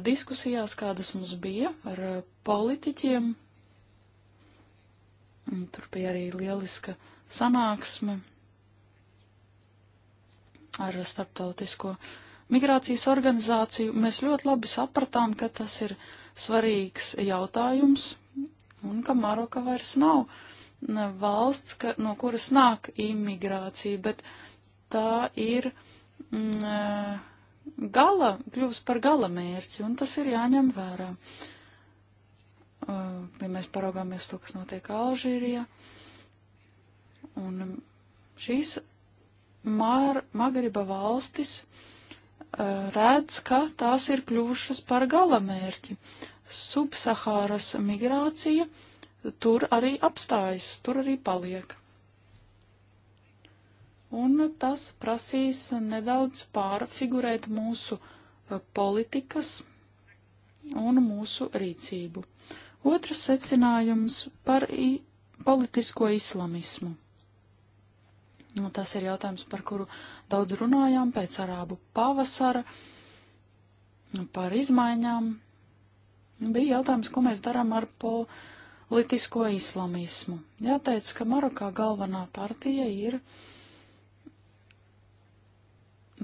diskusijās, kādas mums bija ar politiķiem, tur bija arī lieliska sanāksme ar starptautisko migrācijas organizāciju, mēs ļoti labi sapratām, ka tas ir svarīgs jautājums un ka Maroka vairs nav valsts, ka, no kuras nāk imigrācija, bet tā ir mm, eh, gala, kļūst par gala mērķi, un tas ir jāņem vērā. Uh, ja mēs paraugāmies to, kas notiek Alžīrijā, un šīs Mār, Magriba valstis uh, redz, ka tās ir kļuvušas par galamērķi. Subsahāras migrācija tur arī apstājas, tur arī paliek. Un tas prasīs nedaudz pārfigurēt mūsu eh, politikas un mūsu rīcību. Otrs secinājums par i, politisko islamismu. Nu, tas ir jautājums, par kuru daudz runājām pēc arābu pavasara, nu, par izmaiņām. Nu, bija jautājums, ko mēs darām ar politisko islamismu. Jāteic, ka Marokā galvenā partija ir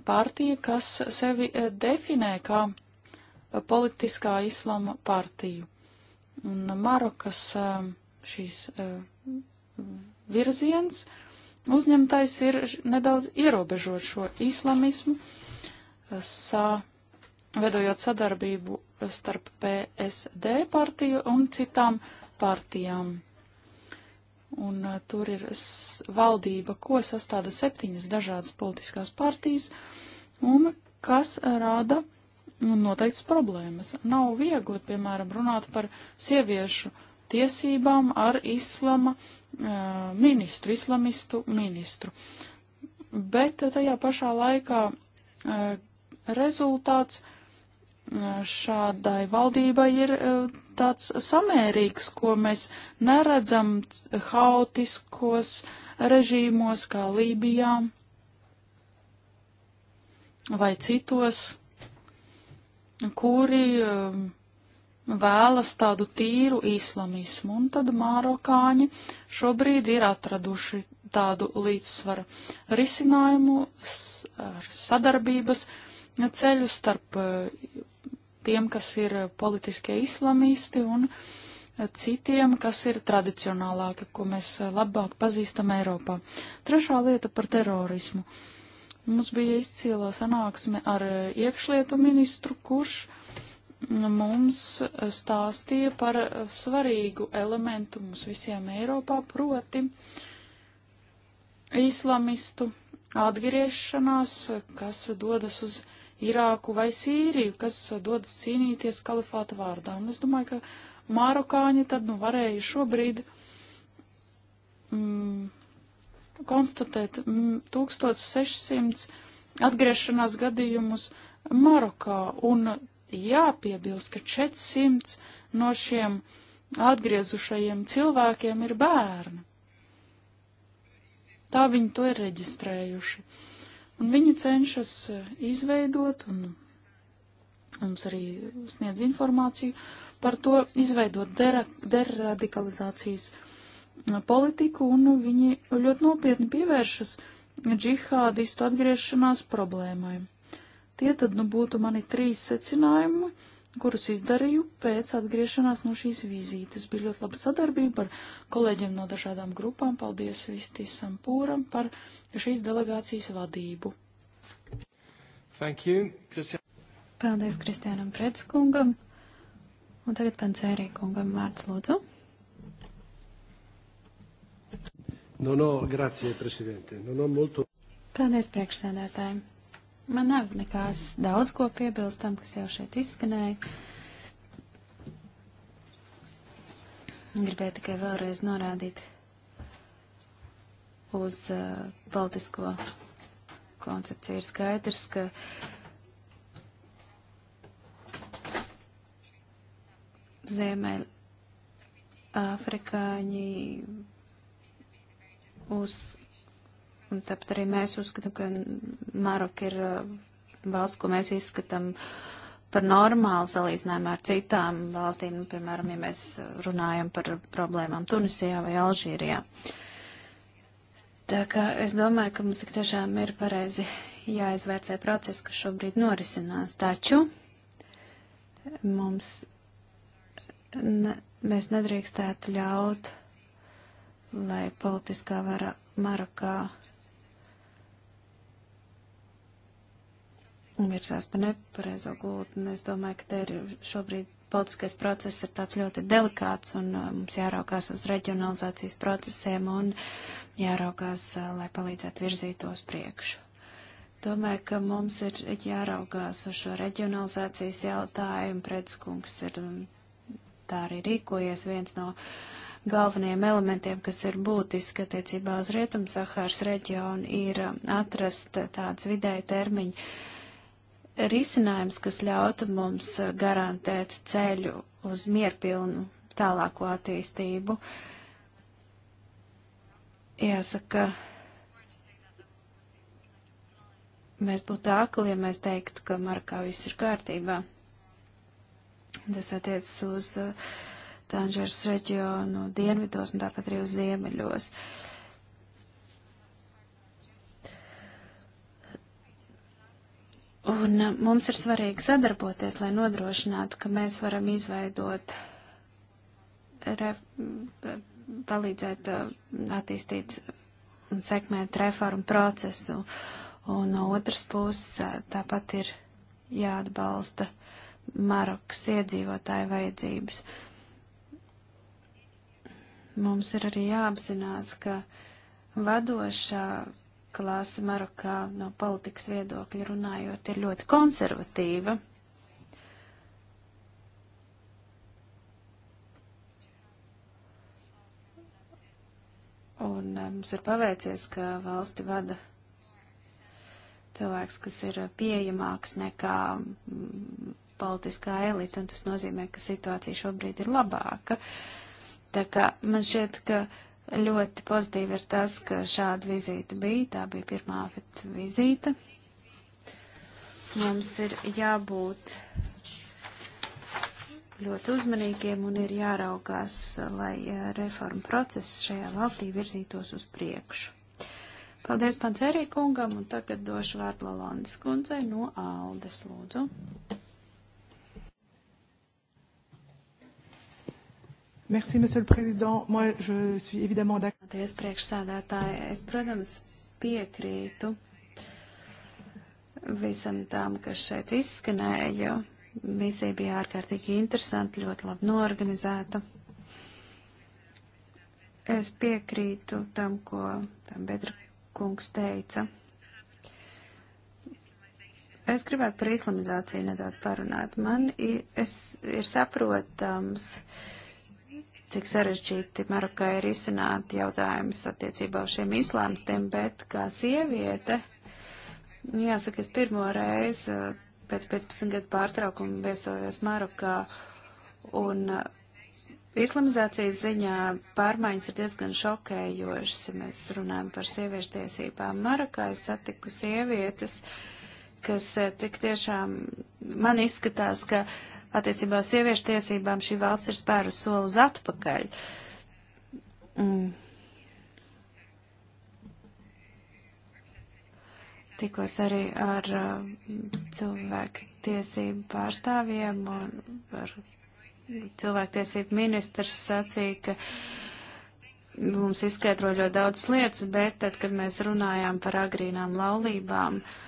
partija, kas sevi eh, definē kā politiskā islama partiju. Un Marokas eh, šīs eh, virziens. Uh, uzņemtais ir nedaudz ierobežot šo islamismu, sā, vedojot sadarbību starp PSD partiju un citām partijām. Un uh, tur ir valdība, ko sastāda septiņas dažādas politiskās partijas, un kas rada nu, noteikts problēmas. Nav viegli, piemēram, runāt par sieviešu tiesībām ar islama ministru, islamistu ministru. Bet tajā pašā laikā rezultāts šādai valdībai ir tāds samērīgs, ko mēs neredzam haotiskos režīmos kā Lībijā vai citos, kuri vēlas tādu tīru islamismu, un tad mārokāņi šobrīd ir atraduši tādu līdzsvaru risinājumu ar sadarbības ceļu starp eh, tiem, kas ir politiskie islamisti un eh, citiem, kas ir tradicionālāki, ko mēs eh, labāk pazīstam Eiropā. Trešā lieta par terorismu. Mums bija izcīlā sanāksme ar iekšlietu ministru, kurš Nu, mums stāstīja par svarīgu elementu mums visiem Eiropā, proti islamistu atgriešanās, kas dodas uz Irāku vai Sīriju, kas dodas cīnīties kalifāta vārdā. Un es domāju, ka marokāņi tad nu varēja šobrīd mm, konstatēt mm, 1600 atgriešanās gadījumus Marokā, un jāpiebilst, ka 400 no šiem atgriezušajiem cilvēkiem ir bērni. Tā viņi to ir reģistrējuši. Un viņi cenšas eh, izveidot, un mums arī sniedz informāciju par to, izveidot dera, deradikalizācijas eh, politiku, un viņi ļoti nopietni pievēršas džihādistu atgriešanās problēmai. Tie tad nu būtu mani trīs secinājumi, kurus izdarīju pēc atgriešanās no šīs vizītes. Bija ļoti laba sadarbība ar kolēģiem no dažādām grupām. Paldies Vistisam Pūram par šīs delegācijas vadību. Thank you, Christian. Paldies Kristiānam Pretskungam. Un tagad Pancērī kungam vārds lūdzu. No, no, grazie, prezidente. No, no, molto... Paldies priekšsēdētājiem. Man nav nekās daudz ko piebilst tam, kas jau šeit izskanēja. Gribēju tikai vēlreiz norādīt uz uh, politisko koncepciju. Ir skaidrs, ka Ziemēļ Afrikāņi uz Un tāpat arī mēs uzskatām, ka Maroka ir uh, valsts, ko mēs izskatām par normālu salīdzinājumā ar citām valstīm, nu, piemēram, ja mēs runājam par problēmām Tunisijā vai Alžīrijā. Tā kā es domāju, ka mums tik tiešām ir pareizi jāizvērtē process, kas šobrīd norisinās. Taču mums, ne, mēs nedrīkstētu ļaut, lai politiskā vara Marokā virsās pa nepareizo gultni. Es domāju, ka te ir šobrīd politiskais process ir tāds ļoti delikāts un uh, mums jāraukās uz reģionalizācijas procesiem un jāraukās, uh, lai palīdzētu virzītos priekšu. Domāju, ka mums ir jāraugās uz šo reģionalizācijas jautājumu. Pretskungs ir um, tā arī rīkojies viens no galvenajiem elementiem, kas ir būtiski attiecībā uz Rietum Sahāras reģionu, ir um, atrast tāds vidēji termiņu risinājums, kas ļautu mums eh, garantēt ceļu uz mierpilnu tālāko attīstību. Jāsaka, mēs būtu akli, ja mēs teiktu, ka Markā viss ir kārtībā. Tas attiecas uz eh, Tanžers reģionu dienvidos un tāpat arī uz ziemeļos. Uh, Un uh, mums ir svarīgi sadarboties, lai nodrošinātu, ka mēs varam izveidot, re, palīdzēt uh, attīstīt un sekmēt reformu procesu. Un no otras puses uh, tāpat ir jāatbalsta Marokas iedzīvotāju vajadzības. Mums ir arī jāapzinās, ka vadošā klāsa Marokā no politikas viedokļa runājot ir ļoti konservatīva. Un eh, mums ir paveicies, ka valsti vada cilvēks, kas ir pieejamāks nekā mm, politiskā elita, un tas nozīmē, ka situācija šobrīd ir labāka. Tā kā man šķiet, ka uh, Ļoti pozitīvi ir tas, ka šāda vizīte bija, tā bija pirmā afet vizīte. Mums ir jābūt ļoti uzmanīgiem un ir jāraugās, lai eh, reforma process šajā valstī virzītos uz priekšu. Paldies Pancerī kungam, un tagad došu vārdu Lalandes kundzei no Aldes, lūdzu. Merci, monsieur le président. Moi, je suis évidemment d'accord. Paldies, priekšsēdētāji. Es, protams, piekrītu visam tam, kas šeit izskanēja. Misija bija ārkārtīgi interesanta, ļoti labi norganizēta. Es piekrītu tam, ko tam Bedra kungs teica. Es gribētu par islamizāciju nedaudz parunāt. Man ir, es, ir saprotams. Um, cik sarežģīti Marokai ir izsināt jautājumus attiecībā uz šiem islāmistiem, bet kā sieviete, jāsaka, es pirmo reizi uh, pēc 15 gadu pārtraukuma viesojos Marokā un uh, Islamizācijas ziņā pārmaiņas ir diezgan šokējošas, ja mēs runājam par sieviešu tiesībām. Marokā es satiku sievietes, kas uh, tik tiešām man izskatās, ka uh, attiecībā uz sieviešu tiesībām šī valsts ir spērus soli uz atpakaļ. Mm. Tikos arī ar uh, cilvēku tiesību pārstāvjiem un ar cilvēku tiesību ministrs sacīja, ka mums izskaidro ļoti daudz lietas, bet tad, kad mēs runājām par agrīnām laulībām, uh,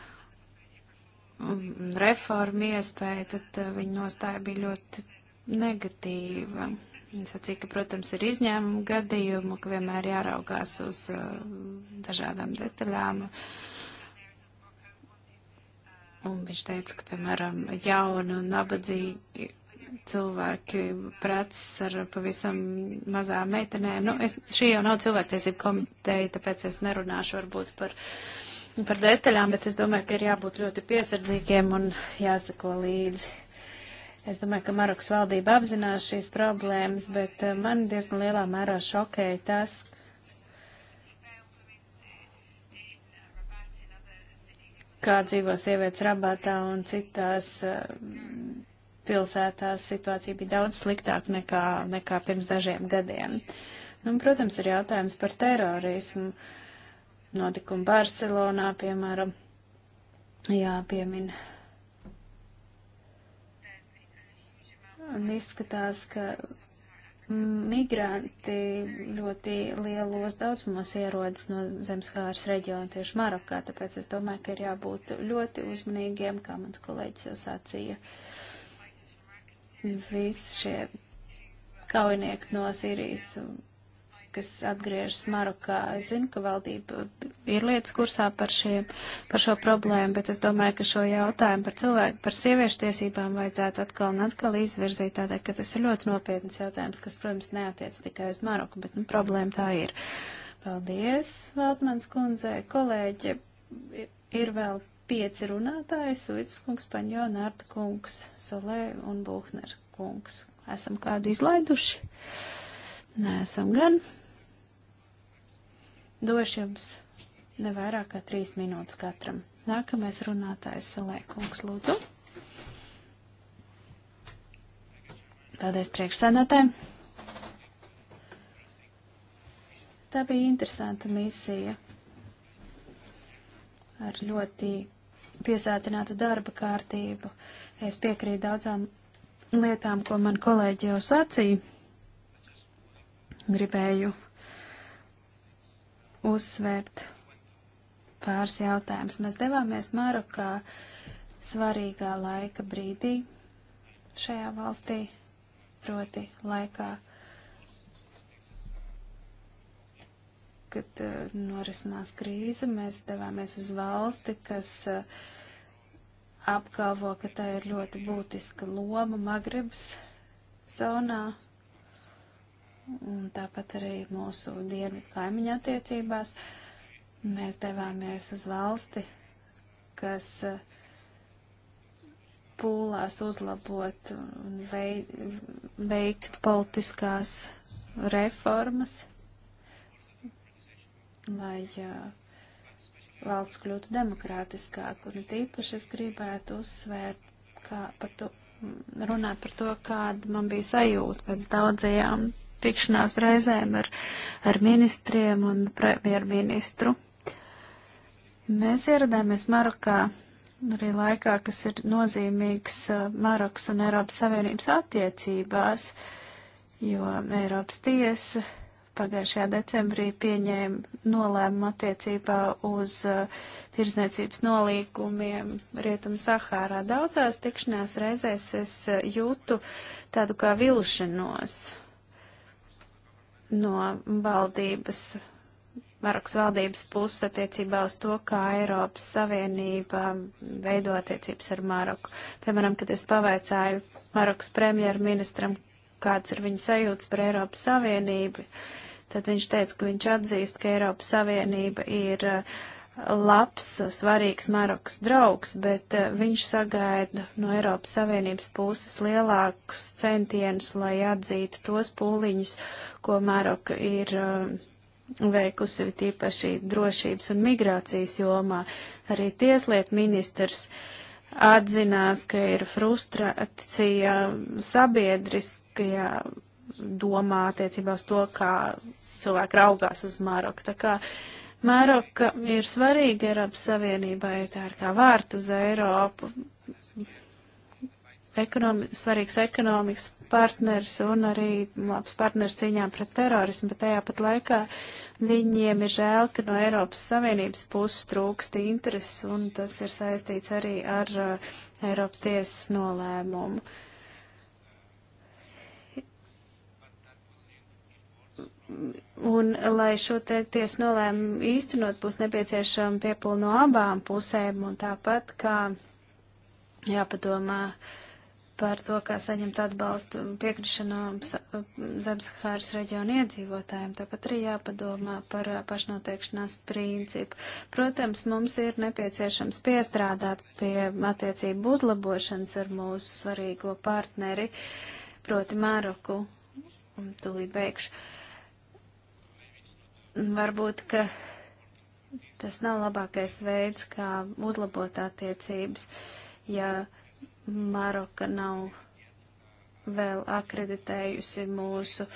reformu iespēju, tad eh, viņa nostāja bija ļoti negatīva. Viņa sacīja, ka, protams, ir izņēmuma gadījumu, ka vienmēr jāraugās uz eh, dažādām detaļām. Un viņš teica, ka, piemēram, jauni un nabadzīgi cilvēki precis ar pavisam mazām meitenēm. Nu, es, šī jau nav cilvēktiesība komiteja, tāpēc es nerunāšu varbūt par uh, par detaļām, bet es domāju, ka ir jābūt ļoti piesardzīgiem un jāsako līdzi. Es domāju, ka Marokas valdība apzinās šīs problēmas, bet eh, man diezgan lielā mērā šokēja tas, kā dzīvo sievietes Rabatā un citās eh, pilsētās situācija bija daudz sliktāka nekā, nekā pirms dažiem gadiem. Nu, un, protams, ir jautājums par terorismu. Uh, notikumi Barcelonā, piemēram, jāpiemin. Un izskatās, ka migranti ļoti lielos daudzumos ierodas no Zemeskāras reģiona tieši Marokā, tāpēc es domāju, ka ir jābūt ļoti uzmanīgiem, kā mans kolēģis jau sacīja. Visi šie kaujinieki no Sīrijas kas atgriežas Marokā. Es zinu, ka valdība ir lietas kursā par, šiem, par šo problēmu, bet es domāju, ka šo jautājumu par cilvēku, par sieviešu tiesībām vajadzētu atkal un atkal izvirzīt tādēļ, ka tas ir ļoti nopietnas jautājums, kas, protams, neatiec tikai uz Maroku, bet nu, problēma tā ir. Paldies, Veltmans kundze, kolēģi. Ir vēl pieci runātāji, Suits kungs, Paņo, Nārta kungs, Solē un Buhner kungs. Esam kādu izlaiduši? Nē, esam gan. Došu jums nevairāk kā trīs minūtes katram. Nākamais runātājs Salēkungs, lūdzu. Paldies priekšsēdētājiem. Tā bija interesanta misija ar ļoti piesātinātu darba kārtību. Es piekrītu daudzām lietām, ko man kolēģi jau sacīja. Gribēju uzsvērt pāris jautājumus. Mēs devāmies Marokā svarīgā laika brīdī šajā valstī, proti laikā, kad uh, norisinās krīze, mēs devāmies uz valsti, kas uh, apgalvo, ka tā ir ļoti būtiska loma Magrebs zonā, un tāpat arī mūsu dienvidu kaimiņa attiecībās. Mēs devāmies uz valsti, kas eh, pūlās uzlabot un vei, veikt politiskās reformas, lai eh, valsts kļūtu demokrātiskāk. Un tīpaši es gribētu uzsvērt kā par to, runāt par to, kāda man bija sajūta pēc daudzajām tikšanās reizēm ar, ar ministriem un premjerministru. Mēs ieradāmies Marokā arī laikā, kas ir nozīmīgs uh, Marokas un Eiropas Savienības attiecībās, jo Eiropas tiesa pagājušajā decembrī pieņēma nolēmumu attiecībā uz uh, tirzniecības nolīgumiem Rietumu Sahārā. Daudzās tikšanās reizēs es uh, jūtu tādu kā vilšanos no valdības, Marokas valdības puses attiecībā uz to, kā Eiropas Savienība veido attiecības ar Maroku. Piemēram, kad es pavaicāju Marokas premjerministram, kāds ir viņa sajūtas par Eiropas Savienību, tad viņš teica, ka viņš atzīst, ka Eiropas Savienība ir uh, labs, svarīgs Marokas draugs, bet eh, viņš sagaida no Eiropas Savienības puses lielākus centienus, lai atzītu tos pūliņus, ko Maroka ir eh, veikusi tīpaši drošības un migrācijas jomā. Arī tieslietu ministrs atzinās, ka ir frustrācija sabiedriskajā domā attiecībā uz to, kā cilvēki raugās uz Maroku. Tā kā uh, Maroka ir svarīga Eiropas Savienībai, tā ir kā vārtu uz Eiropu, ekonomi, svarīgs ekonomikas partners un arī labs partners cīņā pret terorismu, bet tajā pat laikā viņiem ir žēl, ka no Eiropas Savienības puses trūkst interesi, un tas ir saistīts arī ar uh, Eiropas tiesas nolēmumu. Uh, Un, lai šo te tiesu nolēmu īstenot, būs nepieciešama piepūle no abām pusēm, un tāpat kā jāpadomā par to, kā saņemt atbalstu piekrišanu no Zemsahāras reģiona iedzīvotājiem, tāpat arī jāpadomā par uh, pašnoteikšanās principu. Protams, mums ir nepieciešams piestrādāt pie attiecību uzlabošanas ar mūsu svarīgo partneri, proti Maroku, un tūlīt beigšu. Uh, varbūt, ka tas nav labākais veids, kā uzlabot attiecības, ja Maroka nav vēl akreditējusi mūsu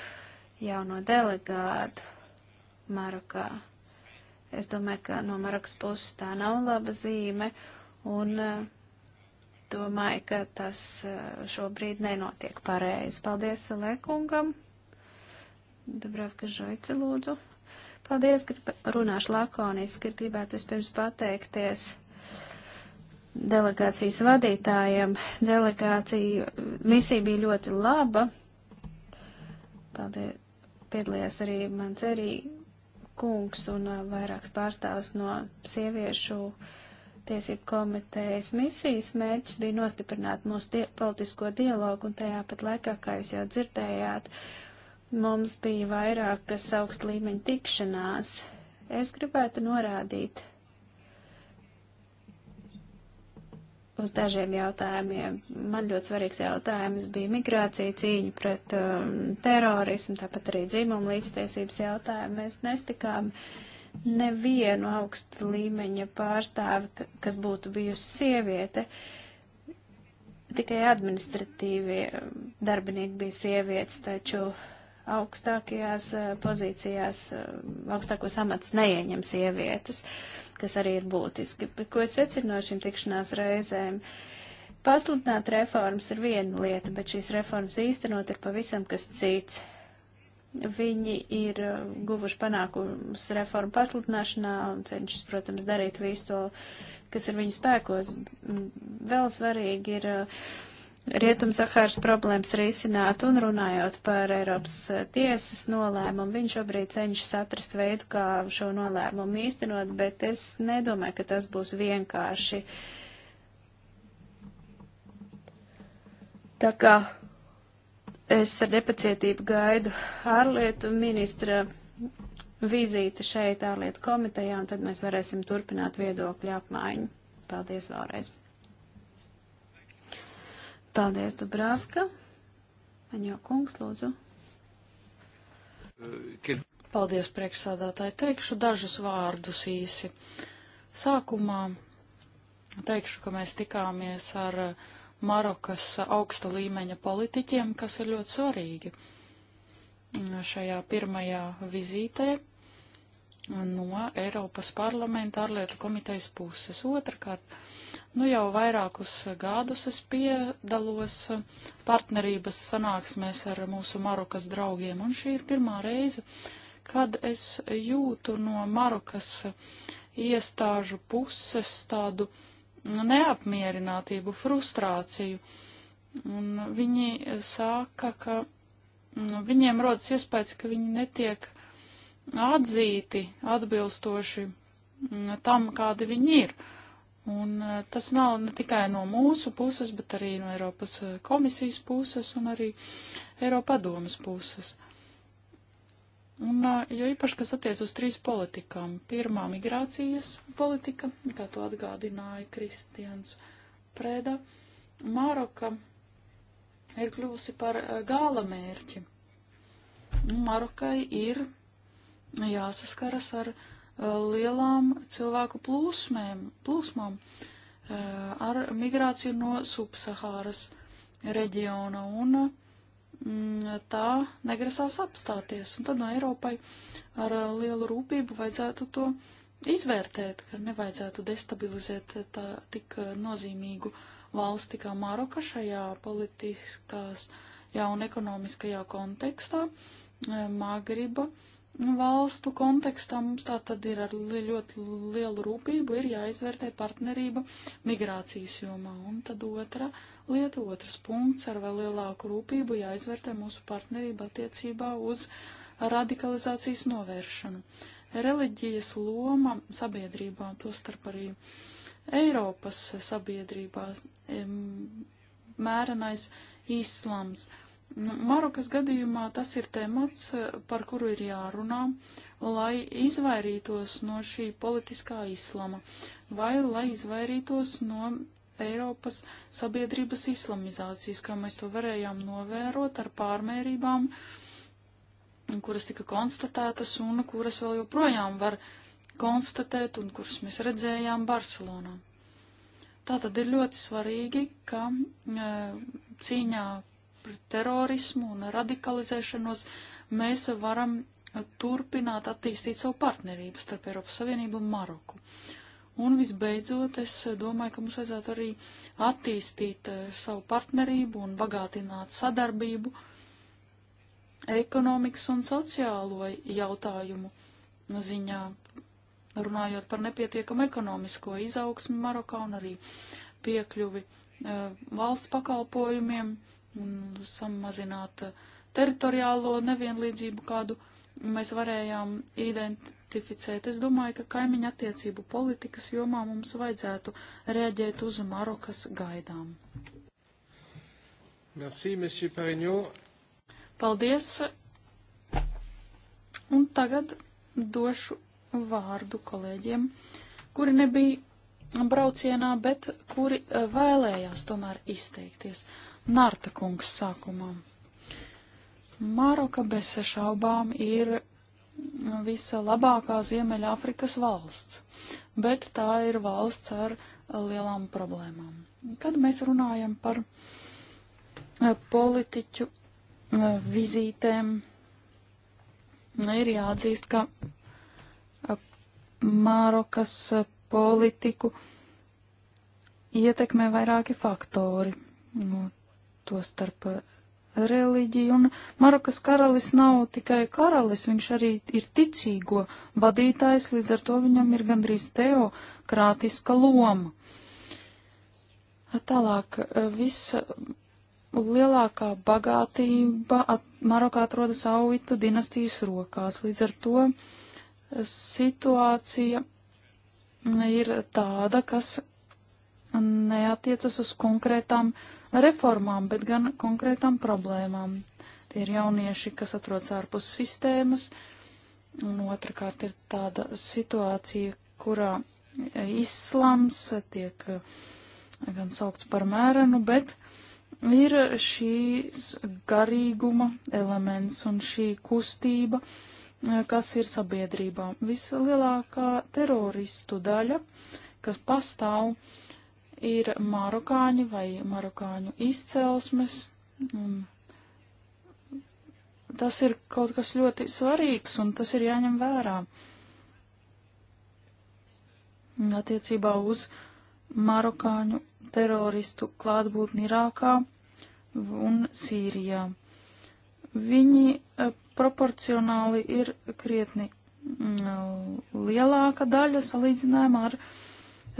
jauno delegātu Marokā. Es domāju, ka no Marokas puses tā nav laba zīme, un eh, domāju, ka tas eh, šobrīd nenotiek pareizi. Paldies Lekungam! Dubravka Žoice, lūdzu. Paldies, grib, runāšu lakoniski, gribētu vispirms pateikties delegācijas vadītājiem. Delegācija misija bija ļoti laba. Paldies, piedalījās arī mans arī kungs un uh, vairāks pārstāvs no sieviešu tiesību komitejas misijas. Mērķis bija nostiprināt mūsu die politisko dialogu un tajā pat laikā, kā jūs jau dzirdējāt, uh, Mums bija vairākas augst līmeņa tikšanās. Es gribētu norādīt uz dažiem jautājumiem. Man ļoti svarīgs jautājums bija migrācija, cīņa pret um, terorismu, tāpat arī dzimuma līdztiesības jautājumi. Mēs nestikām nevienu augstu līmeņa pārstāvi, kas būtu bijusi sieviete. Tikai administratīvie darbinieki bija sievietes, taču augstākajās eh, pozīcijās, eh, augstākos amats neieņem sievietes, kas arī ir būtiski. Bet ko es secinu no šīm tikšanās reizēm? Pasludināt reformas ir viena lieta, bet šīs reformas īstenot ir pavisam kas cits viņi ir eh, guvuši panākumus reformu pasludināšanā un cenšas, protams, darīt visu to, kas ir viņu spēkos. Vēl svarīgi ir uh, Rietumsahāras problēmas risināt un runājot par Eiropas eh, tiesas nolēmumu, viņš šobrīd cenšas atrast veidu, kā šo nolēmumu īstenot, bet es nedomāju, ka tas būs vienkārši. Tā kā es ar nepacietību gaidu ārlietu ministra vizīti šeit ārlietu komitejā, un tad mēs varēsim turpināt viedokļu apmaiņu. Paldies vēlreiz! Paldies, Dubrāvka. Aņo kungs, lūdzu. Paldies, priekšsādātāji. Teikšu dažus vārdus īsi. Sākumā teikšu, ka mēs tikāmies ar Marokas augsta līmeņa politiķiem, kas ir ļoti svarīgi šajā pirmajā vizītē no Eiropas parlamenta ārlietu komitejas puses. Otrakārt, Nu jau vairākus gadus es piedalos partnerības sanāksmēs ar mūsu Marokas draugiem, un šī ir pirmā reize, kad es jūtu no Marokas iestāžu puses tādu neapmierinātību, frustrāciju. Un viņi saka, ka nu, viņiem rodas iespējas, ka viņi netiek atzīti atbilstoši mm, tam, kādi viņi ir. Un eh, tas nav ne tikai no mūsu puses, bet arī no Eiropas eh, komisijas puses un arī Eiropadomas puses. Un, eh, jo īpaši, kas attiec uz trīs politikām. Pirmā migrācijas politika, kā to atgādināja Kristians Prēda, Maroka ir kļuvusi par gāla mērķi. Marokai ir jāsaskaras ar uh, lielām cilvēku plūsmēm, plūsmām eh, ar migrāciju no subsahāras reģiona, un mm, tā negrasās apstāties. Un tad no Eiropai ar lielu rūpību vajadzētu to izvērtēt, ka nevajadzētu destabilizēt tā tik nozīmīgu valsti kā Maroka šajā politiskās, jā, un ekonomiskajā kontekstā, eh, Magriba valstu kontekstā mums tā tad ir ar li ļoti lielu rūpību ir jāizvērtē partnerība migrācijas jomā. Un tad otra lieta, otrs punkts ar vēl lielāku rūpību jāizvērtē mūsu partnerība attiecībā uz radikalizācijas novēršanu. Reliģijas loma sabiedrībā, to starp arī Eiropas sabiedrībā, mērenais īslams. Um, Nu, Marokas gadījumā tas ir temats, par kuru ir jārunā, lai izvairītos no šī politiskā islama vai lai izvairītos no Eiropas sabiedrības islamizācijas, kā mēs to varējām novērot ar pārmērībām, kuras tika konstatētas un kuras vēl joprojām var konstatēt un kuras mēs redzējām Barcelonā. Tā tad ir ļoti svarīgi, ka e, cīņā pret terorismu un radikalizēšanos, mēs varam turpināt attīstīt savu partnerību starp Eiropas Savienību un Maroku. Un visbeidzot, es domāju, ka mums vajadzētu arī attīstīt eh, savu partnerību un bagātināt sadarbību ekonomikas un sociālo jautājumu ziņā, runājot par nepietiekamu ekonomisko izaugsmu Marokā un arī piekļuvi e, valsts pakalpojumiem, un samazināt teritoriālo nevienlīdzību, kādu mēs varējām identificēt. Es domāju, ka kaimiņa attiecību politikas jomā mums vajadzētu rēģēt uz Marokas gaidām. Merci, monsieur Pariņo. Paldies. Un tagad došu vārdu kolēģiem, kuri nebija braucienā, bet kuri eh, vēlējās tomēr izteikties. Uh, Nārta kungs sākumā. Maroka bez šaubām ir visa labākā Ziemeļāfrikas valsts, bet tā ir valsts ar lielām problēmām. Kad mēs runājam par eh, politiķu eh, vizītēm, ir jāatzīst, ka eh, Mārokas politiku ietekmē vairāki faktori. Nu, to starp eh, reliģiju, un Marokas karalis nav tikai karalis, viņš arī ir ticīgo vadītājs, līdz ar to viņam ir gandrīz teokrātiska loma. Tālāk, eh, visa lielākā bagātība at Marokā atrodas Auitu dinastijas rokās, līdz ar to eh, situācija mm, ir tāda, kas neatiecas uz konkrētām uh, reformām, bet gan konkrētām problēmām. Tie ir jaunieši, kas atrodas ārpus sistēmas, un otrkārt ir tāda situācija, kurā islams tiek eh, gan saukts par mērenu, bet ir šīs garīguma elements un šī kustība, eh, kas ir sabiedrībā. Vislielākā teroristu daļa, kas pastāv, uh, ir marokāņi vai marokāņu izcelsmes. Un tas ir kaut kas ļoti svarīgs, un tas ir jāņem vērā. Attiecībā uz marokāņu teroristu klātbūtni Irākā un Sīrijā. Viņi eh, proporcionāli ir krietni mm, lielāka daļa salīdzinājumā ar uh,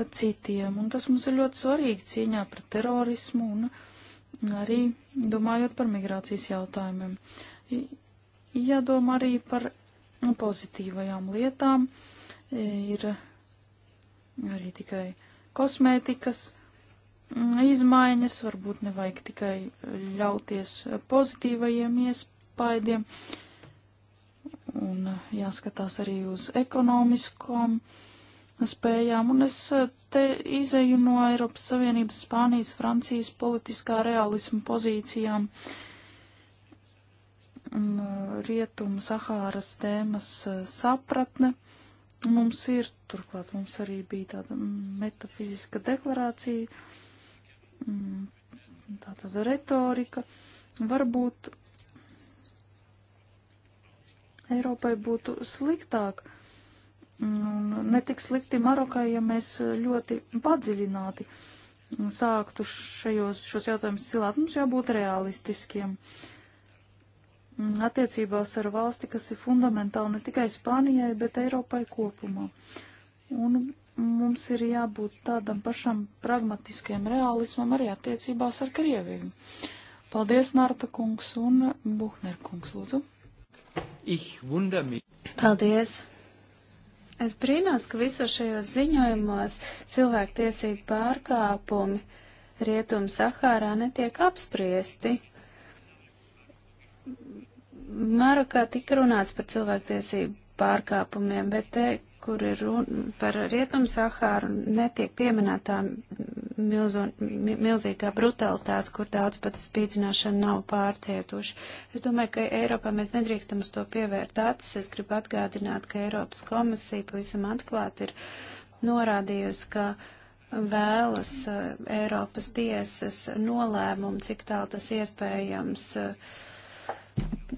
citiem. Un tas mums ir ļoti svarīgi cīņā pret terorismu un arī domājot par migrācijas jautājumiem. Jādomā arī par pozitīvajām lietām. Ir arī tikai kosmētikas izmaiņas, varbūt nevajag tikai ļauties pozitīvajiem iespaidiem. Un jāskatās arī uz ekonomiskām uh, spējām, un es eh, te izēju no Eiropas Savienības, Spānijas, Francijas politiskā realisma pozīcijām, eh, rietumu Sahāras tēmas eh, sapratne. Mums ir, turklāt mums arī bija tāda metafiziska deklarācija, tā mm, tāda retorika. Varbūt Eiropai būtu sliktāk Un nu, nu, netik slikti Marokai, ja mēs e, ļoti padziļināti sāktu šajos, šos jautājumus cilāt. Mums jābūt realistiskiem attiecībās ar valsti, kas ir fundamentāli ne tikai Spānijai, bet Eiropai kopumā. Un mums ir jābūt tādam pašam pragmatiskiem realismam arī attiecībās ar Krieviju. Paldies, Nārta kungs un Buhner kungs, lūdzu. Ich wundami. Paldies. Es brīnos, ka visos šajos ziņojumos cilvēktiesību pārkāpumi Rietum Sahārā netiek apspriesti. Marokā tika runāts par cilvēktiesību pārkāpumiem, bet te kur ir runa par rietumu Sahāru, netiek pieminētā milzo, milzīgā brutalitāte, kur daudz pat spīdzināšana nav pārcietuši. Es domāju, ka Eiropā mēs nedrīkstam uz to pievērt acis. Es gribu atgādināt, ka Eiropas komisija pavisam atklāti ir norādījusi, ka vēlas uh, Eiropas tiesas nolēmumu, cik tālu tas iespējams. Uh,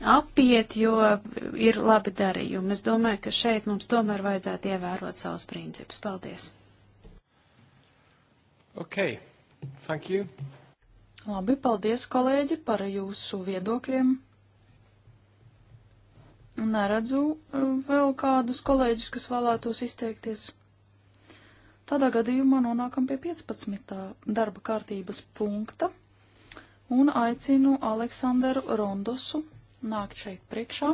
apiet, jo ir labi darījumi. Es domāju, ka šeit mums tomēr vajadzētu ievērot savus principus. Paldies! Ok, thank you! Labi, paldies, kolēģi, par jūsu viedokļiem. Neredzu uh, vēl kādus kolēģus, kas vēlētos izteikties. Tādā gadījumā nonākam pie 15. darba kārtības punkta un aicinu Aleksandru Rondosu nākt šeit priekšā.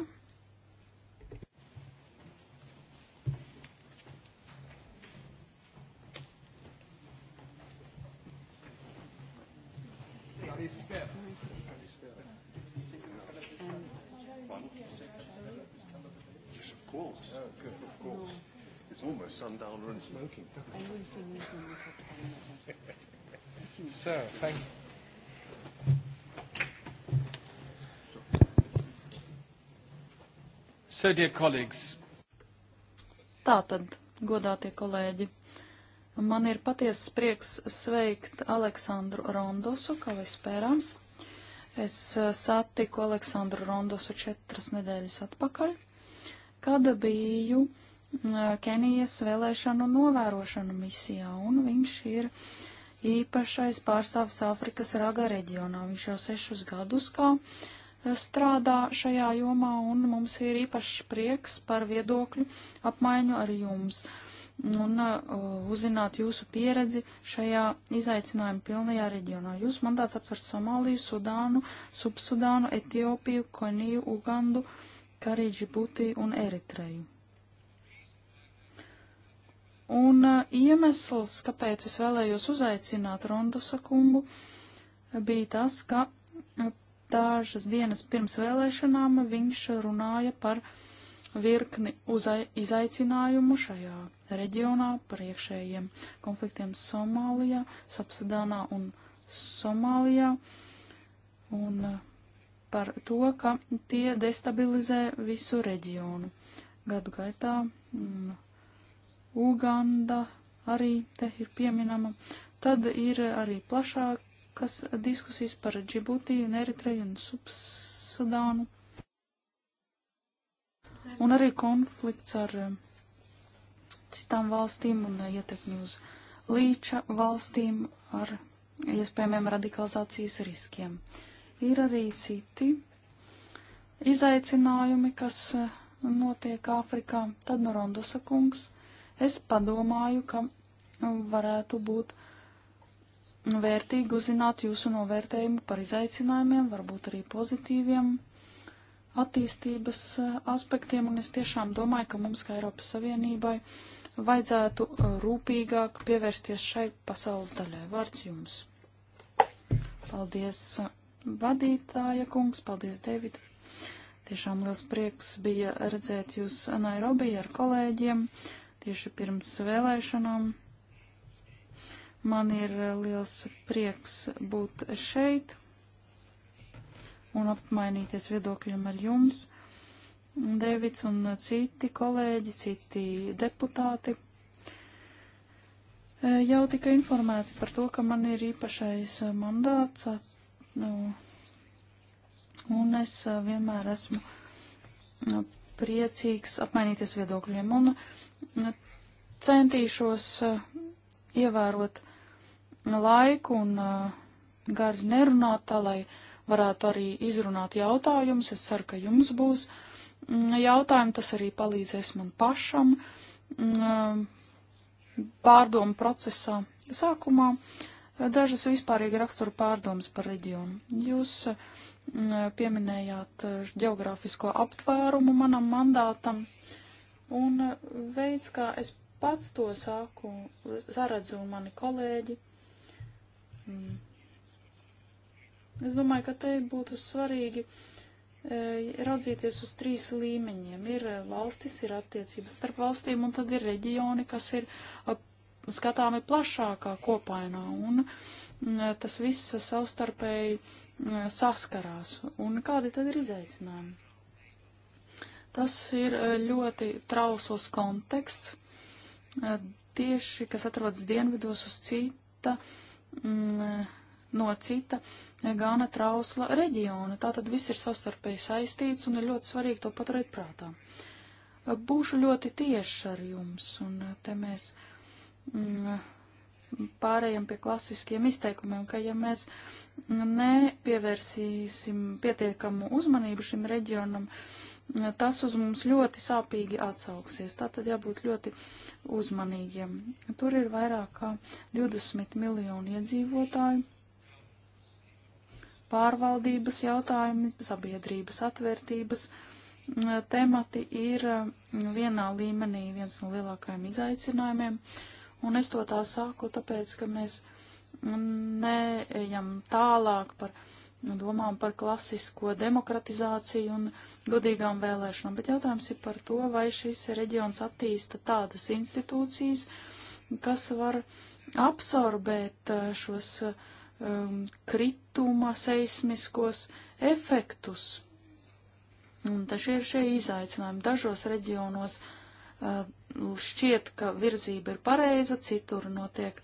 Yes, of course. Oh, good, of course. No. It's almost sundown and smoking. so, thank you. So, dear colleagues. Tātad, godātie kolēģi, man ir patiesas prieks sveikt Aleksandru Rondosu, Kalispērā. Es eh, satiku Aleksandru Rondosu četras nedēļas atpakaļ, kad biju eh, Kenijas vēlēšanu novērošanu misijā, un viņš ir īpašais pārstāvs Āfrikas raga reģionā. Viņš jau sešus gadus kā uh, strādā šajā jomā, un mums ir īpašs prieks par viedokļu apmaiņu ar jums un uh, uzzināt jūsu pieredzi šajā izaicinājuma pilnajā reģionā. Jūsu mandāts aptver Somāliju, Sudānu, Subsudānu, Etiopiju, Koniju, Ugandu, Karīģi, Butiju un Eritreju. Un uh, iemesls, kāpēc es vēlējos uzaicināt Rondusa kungu, bija tas, ka dažas dienas pirms vēlēšanām viņš runāja par virkni izaicinājumu šajā reģionā, par iekšējiem konfliktiem Somālijā, Sapsadānā un Somālijā, un eh, par to, ka tie destabilizē visu reģionu. Gadu gaitā un Uganda arī te ir pieminama. Tad ir arī plašāk kas eh, diskusijas par Džibutiju un Eritreju un Subsudānu. Un arī konflikts ar eh, citām valstīm un eh, ietekmi uz līča valstīm ar iespējamiem radikalizācijas riskiem. Ir arī citi izaicinājumi, kas notiek Āfrikā. Tad no nu, Rondosa kungs es padomāju, ka varētu būt uh, vērtīgi uzzināt jūsu novērtējumu par izaicinājumiem, varbūt arī pozitīviem attīstības eh, aspektiem, un es tiešām domāju, ka mums, kā Eiropas Savienībai, vajadzētu eh, rūpīgāk pievērsties šai pasaules daļai. Vārds jums! Paldies, eh, vadītāja kungs, paldies, Deivid! Tiešām liels prieks bija redzēt jūs Nairobi ar kolēģiem tieši pirms vēlēšanām. Man ir eh, liels prieks būt šeit un apmainīties viedokļiem ar jums. Devits un eh, citi kolēģi, citi deputāti eh, jau tika informēti par to, ka man ir īpašais mandāts. Nu, un es vienmēr esmu priecīgs apmainīties viedokļiem un centīšos ievērot Nu, laiku un uh, gari nerunāt, tā lai varētu arī izrunāt jautājumus. Es ceru, ka jums būs mm, jautājumi, tas arī palīdzēs man pašam mm, uh, pārdomu procesā. Sākumā uh, dažas vispārīgi raksturu pārdomas par reģionu. Jūs mm, pieminējāt geogrāfisko aptvērumu manam mandātam un veids, kā es pats to sāku, saredzu mani kolēģi Mm. Es domāju, ka te būtu svarīgi e, raudzīties uz trīs līmeņiem. Ir e, valstis, ir attiecības starp valstīm, un tad ir reģioni, kas ir skatāmi plašākā kopainā, un mm, e, tas viss savstarpēji mm, saskarās. Un kādi tad ir izaicinājumi? Tas ir ļoti trausls konteksts, tieši kas atrodas dienvidos uz cita uh, Mm, no cita gāna trausla reģiona. Tātad viss ir savstarpēji saistīts un ir ļoti svarīgi to paturēt prātā. Būšu ļoti tieši ar jums, un te mēs mm, pārējām pie klasiskiem izteikumiem, ka ja mēs nepievērsīsim pietiekamu uzmanību šim reģionam, uh, tas uz mums ļoti sāpīgi atsauksies. Tātad jābūt ļoti uzmanīgiem. Tur ir vairāk kā 20 miljoni iedzīvotāju. Pārvaldības jautājumi, sabiedrības atvērtības temati ir vienā līmenī viens no lielākajiem izaicinājumiem. Un es to tā saku, tāpēc, ka mēs neejam tālāk par Nu, domām par klasisko demokratizāciju un godīgām vēlēšanām, bet jautājums ir par to, vai šis reģions attīsta tādas institūcijas, kas var absorbēt eh, šos um, krituma seismiskos efektus. Un taču ir šie izaicinājumi. Dažos reģionos uh, šķiet, ka virzība ir pareiza, citur notiek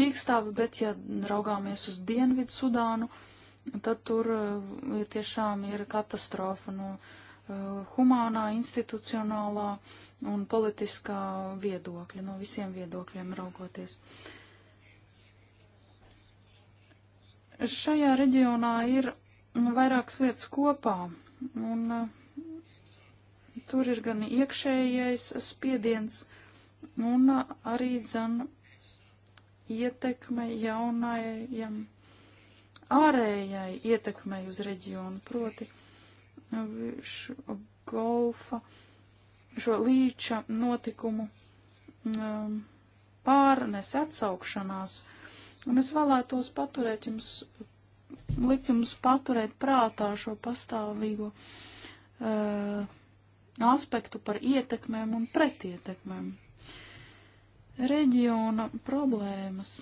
dīkstāvi, bet ja raugāmies uz Dienvidu Sudānu, uh, tad tur ja uh, tiešām ir katastrofa no nu, uh, humānā, institucionālā un politiskā viedokļa, no visiem viedokļiem raugoties. Šajā reģionā ir vairākas lietas kopā, un uh, tur ir gan iekšējais spiediens, un arī, zan, ietekme jaunajam ārējai ietekmei uz reģionu, proti uh, šo golfa, šo līča notikumu um, pārnes atsaukšanās. Un es vēlētos paturēt jums, likt jums paturēt prātā šo pastāvīgo uh, aspektu par ietekmēm un pretietekmēm. Reģiona problēmas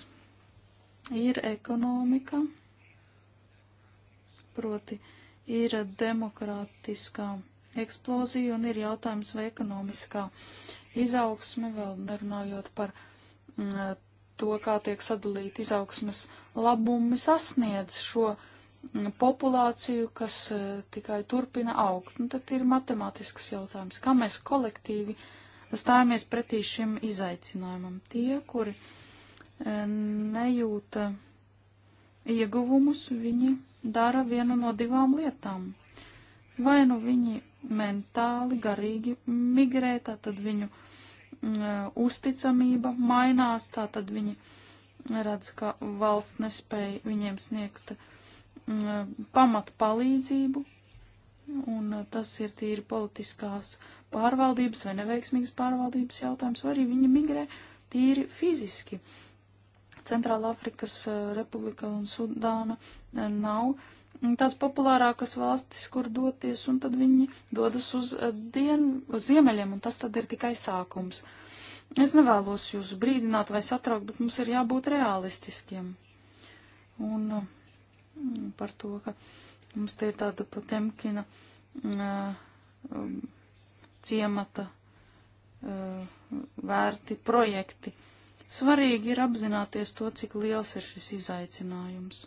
ir ekonomika, proti ir demokrātiskā eksplozija un ir jautājums vai ekonomiskā izaugsme, vēl nerunājot par m, mm, to, kā tiek sadalīta izaugsmes labumi sasniedz šo m, mm, populāciju, kas m, eh, tikai turpina augt. Nu, tad ir matemātisks jautājums, kā mēs kolektīvi stājamies pretī šim izaicinājumam. Tie, kuri eh, nejūta ieguvumus, viņi dara vienu no divām lietām. Vai nu viņi mentāli, garīgi migrē, tātad viņu mm, uzticamība mainās, tātad viņi redz, ka valsts nespēja viņiem sniegt mm, pamat palīdzību, un tas ir tīri politiskās pārvaldības vai neveiksmīgas pārvaldības jautājums, vai arī viņi migrē tīri fiziski. Uh, Centrāla Afrikas eh, Republika un Sudāna eh, nav tās populārākas valstis, kur doties, un tad viņi dodas uz, eh, dien, uz ziemeļiem, un tas tad ir tikai sākums. Es nevēlos jūs brīdināt vai satraukt, bet mums ir jābūt realistiskiem. Un mm, par to, ka mums te ir tāda potemkina um, ciemata vērti projekti. Svarīgi ir apzināties to, cik liels ir šis izaicinājums.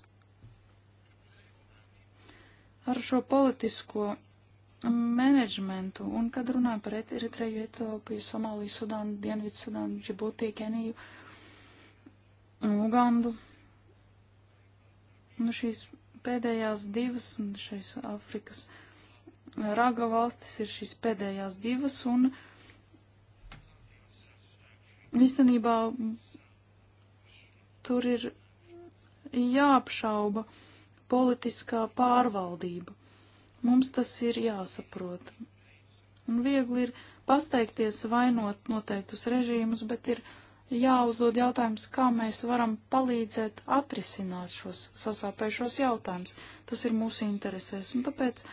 Ar šo politisko menedžmentu, un kad runājam par Eritreju, Etiopiju, Somāliju, Sudānu, Dienvidu Sudānu, Džibūtī, Keniju, Ugandu, nu šīs pēdējās divas, un šīs Afrikas raga valstis ir šīs pēdējās divas, un uh, īstenībā tur ir jāapšauba politiskā pārvaldība. Mums tas ir jāsaprot. Un viegli ir pasteikties vainot noteiktus režīmus, bet ir jāuzdod jautājums, kā mēs varam palīdzēt atrisināt šos sasāpējušos jautājumus. Tas ir mūsu interesēs. Un tāpēc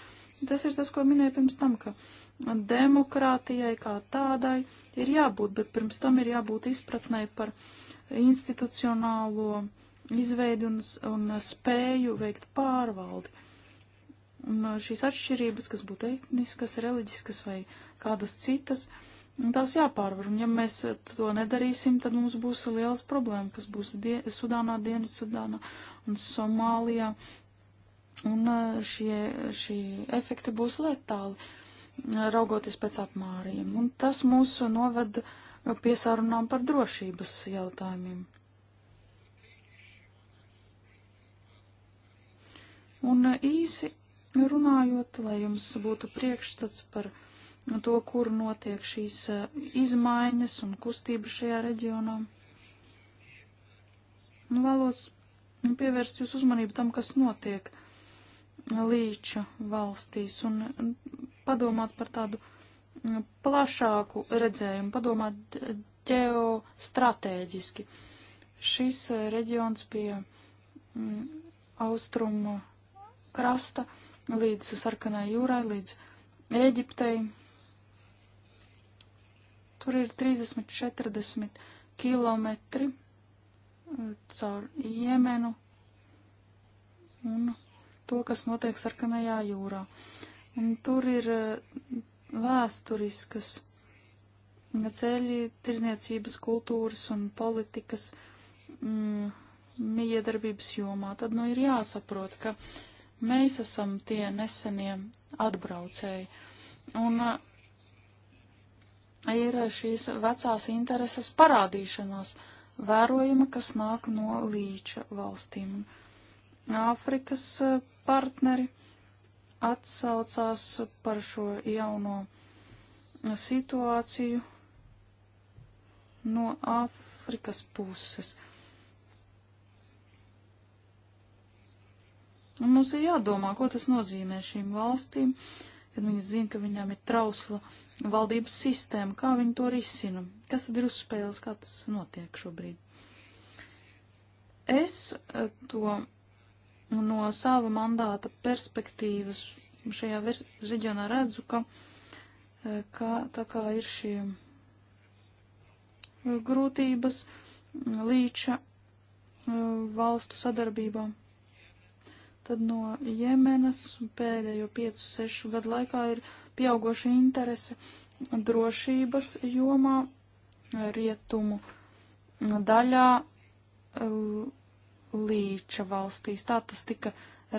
tas ir tas, ko minēju pirms tam, ka demokrātijai kā tādai ir jābūt, bet pirms tam ir jābūt izpratnei par institucionālo izveidi un, un spēju veikt pārvaldi. Un uh, šīs atšķirības, kas būtu etniskas, reliģiskas vai kādas citas, tās jāpārvar. Un ja mēs to nedarīsim, tad mums būs liels problēma, kas būs die Sudānā, Dienvidsudānā un Somālijā. Un uh, šie, šie efekti būs letāli. Uh, raugoties pēc apmāriem. Un tas mūs noved pie sarunām par drošības jautājumiem. Un īsi runājot, lai jums būtu priekšstats par to, kur notiek šīs eh, izmaiņas un kustība šajā reģionā. Un nu, vēlos pievērst jūs uzmanību tam, kas notiek līča valstīs un padomāt par tādu mm, plašāku redzējumu, padomāt ģeostrateģiski. Šis eh, reģions pie mm, austrumu krasta līdz sarkanai jūrai, līdz Ēģiptei. Tur ir 30-40 kilometri eh, caur Jemenu un to, kas notiek sarkanajā jūrā. Uh, Un tur ir eh, vēsturiskas mm, ceļi, tirzniecības, kultūras un politikas mm, miedarbības jomā. Tad nu ir jāsaprot, ka mēs esam tie nesenie atbraucēji. Un eh, ir šīs vecās intereses parādīšanās vērojama, kas nāk no līča valstīm. Āfrikas eh, partneri atsaucās par šo jauno situāciju no Āfrikas puses. Un mums ir jādomā, ko tas nozīmē šīm valstīm, kad viņi zina, ka viņām ir trausla valdības sistēma, kā viņi to risina, kas tad ir uzspēles, kā tas notiek šobrīd. Es eh, to no sava mandāta perspektīvas šajā reģionā redzu, ka, e, ka tā kā ir šie e, grūtības līča e, valstu sadarbībā. Tad no Jemenas pēdējo 5-6 gadu laikā ir pieaugoša interese drošības jomā rietumu daļā līča valstīs. Tā tas tika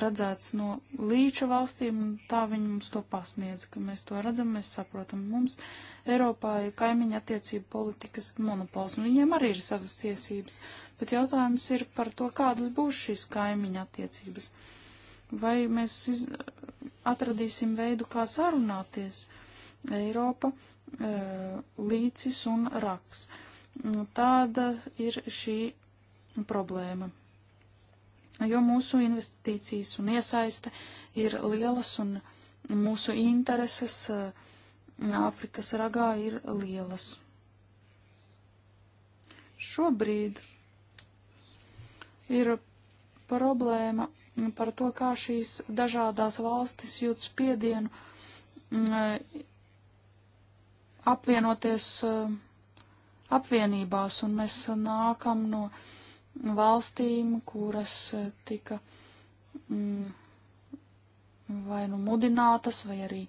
redzēts no līča valstīm, un tā viņi mums to pasniedz, ka mēs to redzam, mēs saprotam. Mums Eiropā ir kaimiņa attiecība politikas monopols, un viņiem arī ir savas tiesības, bet jautājums ir par to, kādas būs šīs kaimiņa attiecības. Vai mēs iz... atradīsim veidu, kā sarunāties Eiropa, e, līcis un raks. Tāda ir šī problēma jo mūsu investīcijas un iesaiste ir lielas un mūsu intereses eh, Āfrikas ragā ir lielas. Šobrīd ir problēma par to, kā šīs dažādās valstis jūt spiedienu mm, eh, apvienoties eh, apvienībās, un mēs nākam no uh, valstīm, kuras eh, tika mm, vai nu mudinātas, vai arī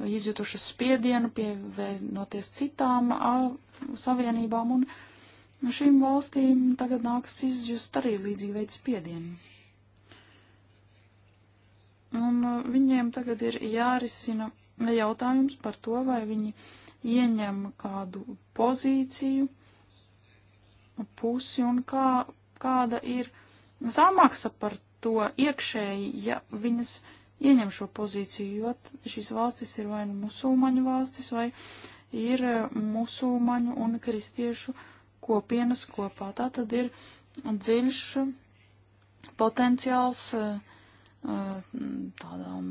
izjutušas spiedienu pievienoties citām savienībām, un šīm valstīm tagad nākas izjust arī līdzīgi veids spiedienu. Un eh, viņiem tagad ir jārisina jautājums par to, vai viņi ieņem kādu pozīciju pusi un kā, kāda ir samaksa par to iekšēji, ja viņas ieņem šo pozīciju, jo šīs valstis ir vai nu musulmaņu valstis, vai ir eh, musulmaņu un kristiešu kopienas kopā. Tā tad ir dziļš potenciāls eh, eh, tādām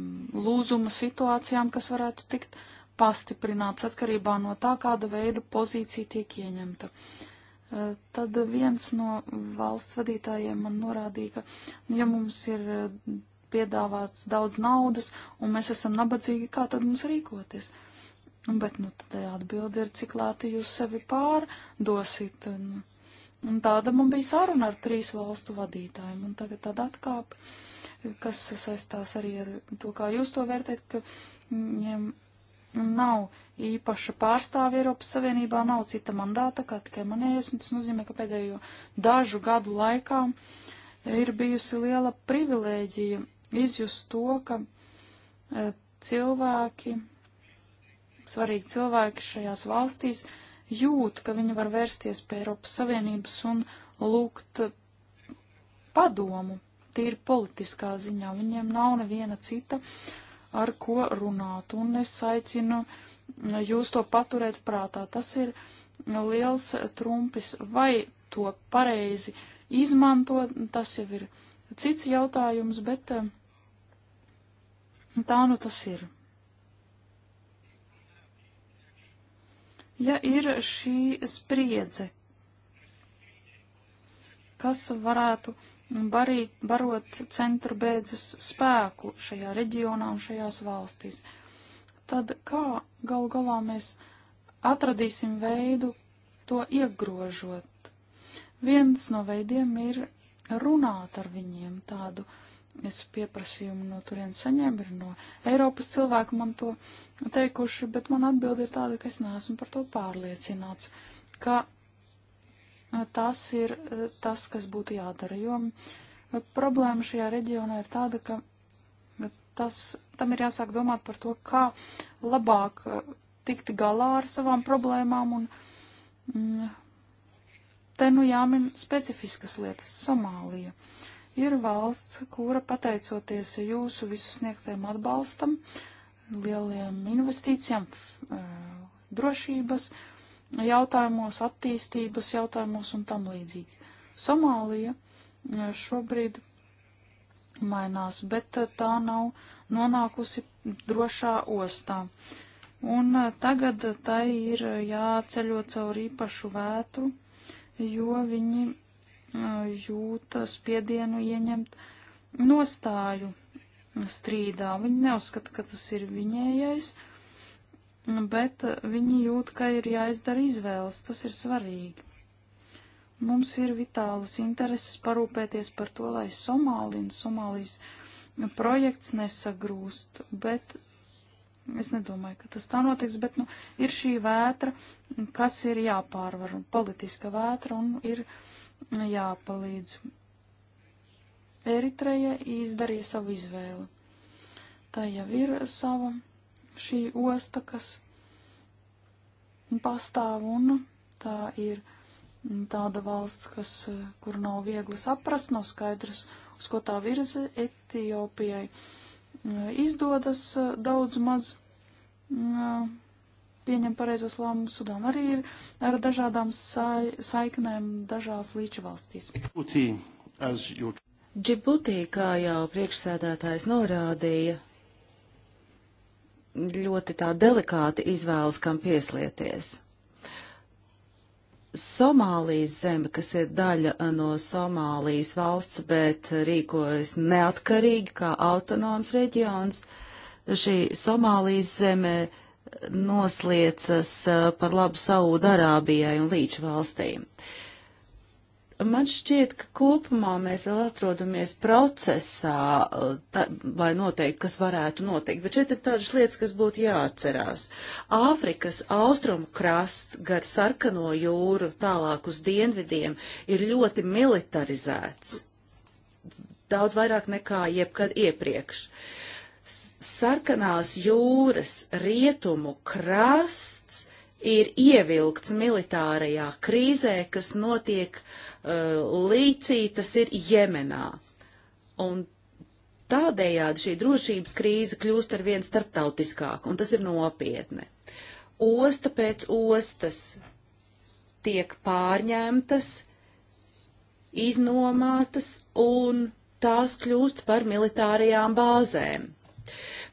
lūzuma situācijām, kas varētu tikt pastiprināts atkarībā no tā, kāda veida pozīcija tiek ieņemta. Uh, Eh, tad viens no valsts vadītājiem man norādīja, ka, nu, ja mums ir eh, piedāvāts daudz naudas un mēs esam nabadzīgi, kā tad mums rīkoties? Bet, nu, tad atbildi ir, cik lēti jūs sevi pārdosit. Un, un tāda man bija saruna ar trīs valstu vadītājiem, un tagad tāda atkāpa, kas saistās arī ar to, kā jūs to vērtēt, ka viņiem. Mm, ja nav īpaša pārstāvja Eiropas Savienībā, nav cita mandāta, kā tikai manējais, un tas nozīmē, ka pēdējo dažu gadu laikā ir bijusi liela privilēģija izjust to, ka e, cilvēki, svarīgi cilvēki šajās valstīs jūt, ka viņi var vērsties pie Eiropas Savienības un lūgt padomu, tīri politiskā ziņā. Viņiem nav neviena cita uh, ar ko runāt, un es aicinu jūs to paturēt prātā. Tas ir liels trumpis, vai to pareizi izmanto, tas jau ir cits jautājums, bet eh, tā nu tas ir. Ja ir šī spriedze, kas varētu barī, barot centra bēdzas spēku šajā reģionā un šajās valstīs. Tad kā galu galā mēs atradīsim veidu to iegrožot? Viens no veidiem ir runāt ar viņiem tādu. Es pieprasījumu no turienes saņēmu, ir no Eiropas cilvēku man to teikuši, bet man atbildi ir tāda, ka es neesmu par to pārliecināts, ka tas ir eh, tas, kas būtu jādara. Jo eh, problēma šajā reģionā ir tāda, ka eh, tas, tam ir jāsāk domāt par to, kā labāk tikt galā ar savām problēmām. Un, mm, te nu jāmin specifiskas lietas. Somālija ir valsts, kura pateicoties jūsu visu sniegtajam atbalstam, lieliem investīcijām, drošības, uh, jautājumos, attīstības jautājumos un tam līdzīgi. Somālija e, šobrīd mainās, bet e, tā nav nonākusi drošā ostā. Un e, tagad tai ir jāceļo caur īpašu vētru, jo viņi jūta spiedienu ieņemt nostāju strīdā. Viņi neuzskata, ka tas ir viņējais. Ja bet eh, viņi jūt, ka ir jāizdara izvēles, tas ir svarīgi. Mums ir vitālas intereses parūpēties par to, lai Somāli un Somālijas projekts nesagrūst, bet es nedomāju, ka tas tā notiks, bet nu, ir šī vētra, kas ir jāpārvar, politiska vētra un ir jāpalīdz. Eritreja izdarīja savu izvēli. Tā jau ir sava šī osta, kas pastāv un tā ir tāda valsts, kas, kur nav viegli saprast, nav skaidrs, uz ko tā virza Etiopijai. Eh, izdodas eh, daudz maz eh, pieņem pareizos lēmumus. Sudāna arī ir ar dažādām sai, saiknēm dažās līča valstīs. Džibutī, kā jau priekšsēdētājs norādīja, ļoti tā delikāti izvēlas, kam pieslieties. Somālijas zeme, kas ir daļa eh, no Somālijas valsts, bet rīkojas neatkarīgi kā autonoms reģions, šī Somālijas zeme nosliecas eh, par labu Saūda Arābijai un līdz valstīm. Uh, man šķiet, ka kopumā mēs vēl atrodamies procesā, uh, tā, lai noteikti, kas varētu notikt, bet šeit ir tādas lietas, kas būtu jāatcerās. Āfrikas austrumu krasts gar sarkano jūru tālāk uz dienvidiem ir ļoti militarizēts. Daudz vairāk nekā jebkad iepriekš. Sarkanās jūras rietumu krasts ir ievilkts militārajā krīzē, kas notiek uh, Uh, līcī, tas ir Jemenā. Un tādējādi šī drošības krīze kļūst ar vien starptautiskāk, un tas ir nopietni. Osta pēc ostas tiek pārņemtas, iznomātas, un tās kļūst par militārajām bāzēm.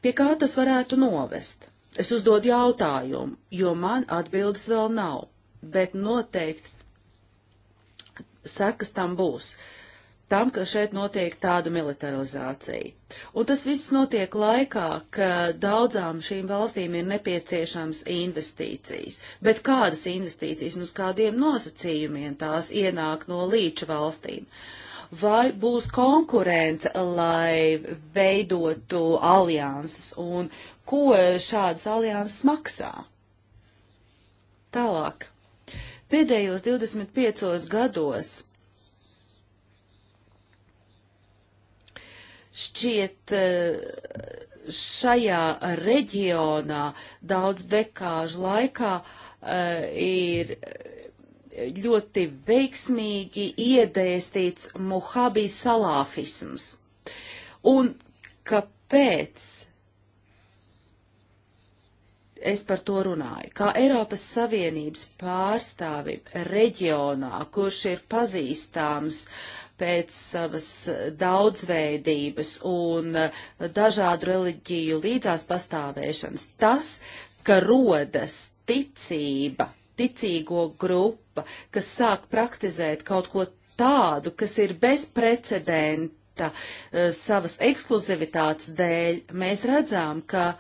Pie kā tas varētu novest? Es uzdodu jautājumu, jo man atbildes vēl nav, bet noteikti sekas tam būs. Tam, ka šeit notiek tāda militarizācija. Un tas viss notiek laikā, ka daudzām šīm valstīm ir nepieciešams investīcijas. Bet kādas investīcijas un uz kādiem nosacījumiem tās ienāk no līča valstīm? vai būs konkurence, lai veidotu alianses un ko šādas alianses maksā. Tālāk. Pēdējos 25 gados šķiet eh, šajā reģionā daudz dekāžu laikā eh, ir ļoti veiksmīgi iedēstīts muhabī salāfisms. Un kāpēc? es par to runāju. Kā Eiropas Savienības pārstāvi reģionā, kurš ir pazīstams pēc savas daudzveidības un dažādu reliģiju līdzās pastāvēšanas, tas, ka rodas ticība, ticīgo grupa, kas sāk praktizēt kaut ko tādu, kas ir bezprecedenta eh, savas ekskluzivitātes dēļ, mēs redzām, ka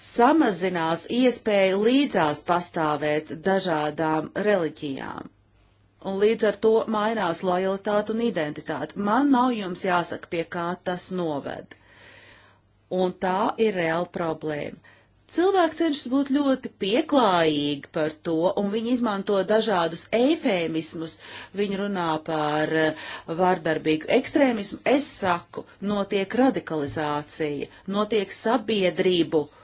samazinās iespēja līdzās pastāvēt dažādām reliģijām. Un līdz ar to mainās lojalitāte un identitāte. Man nav jums jāsaka, pie kā tas noved. Un tā ir reāla problēma. Cilvēki cenšas būt ļoti pieklājīgi par to, un viņi izmanto dažādus eifēmismus. Viņi runā par eh, vardarbīgu ekstrēmismu. Es saku, notiek radikalizācija, notiek sabiedrību uh,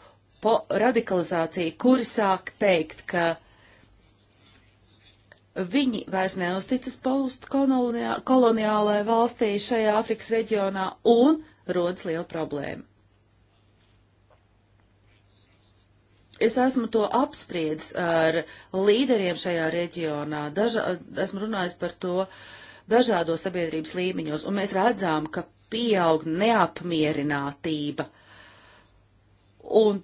radikalizācija, kuri sāk teikt, ka viņi vairs neusticas postkoloniālajai valstī šajā Afrikas reģionā un rodas liela problēma. Es esmu to apspriedis ar līderiem šajā reģionā, daža, esmu runājis par to dažādos sabiedrības līmeņos, un mēs redzām, ka pieaug neapmierinātība. Un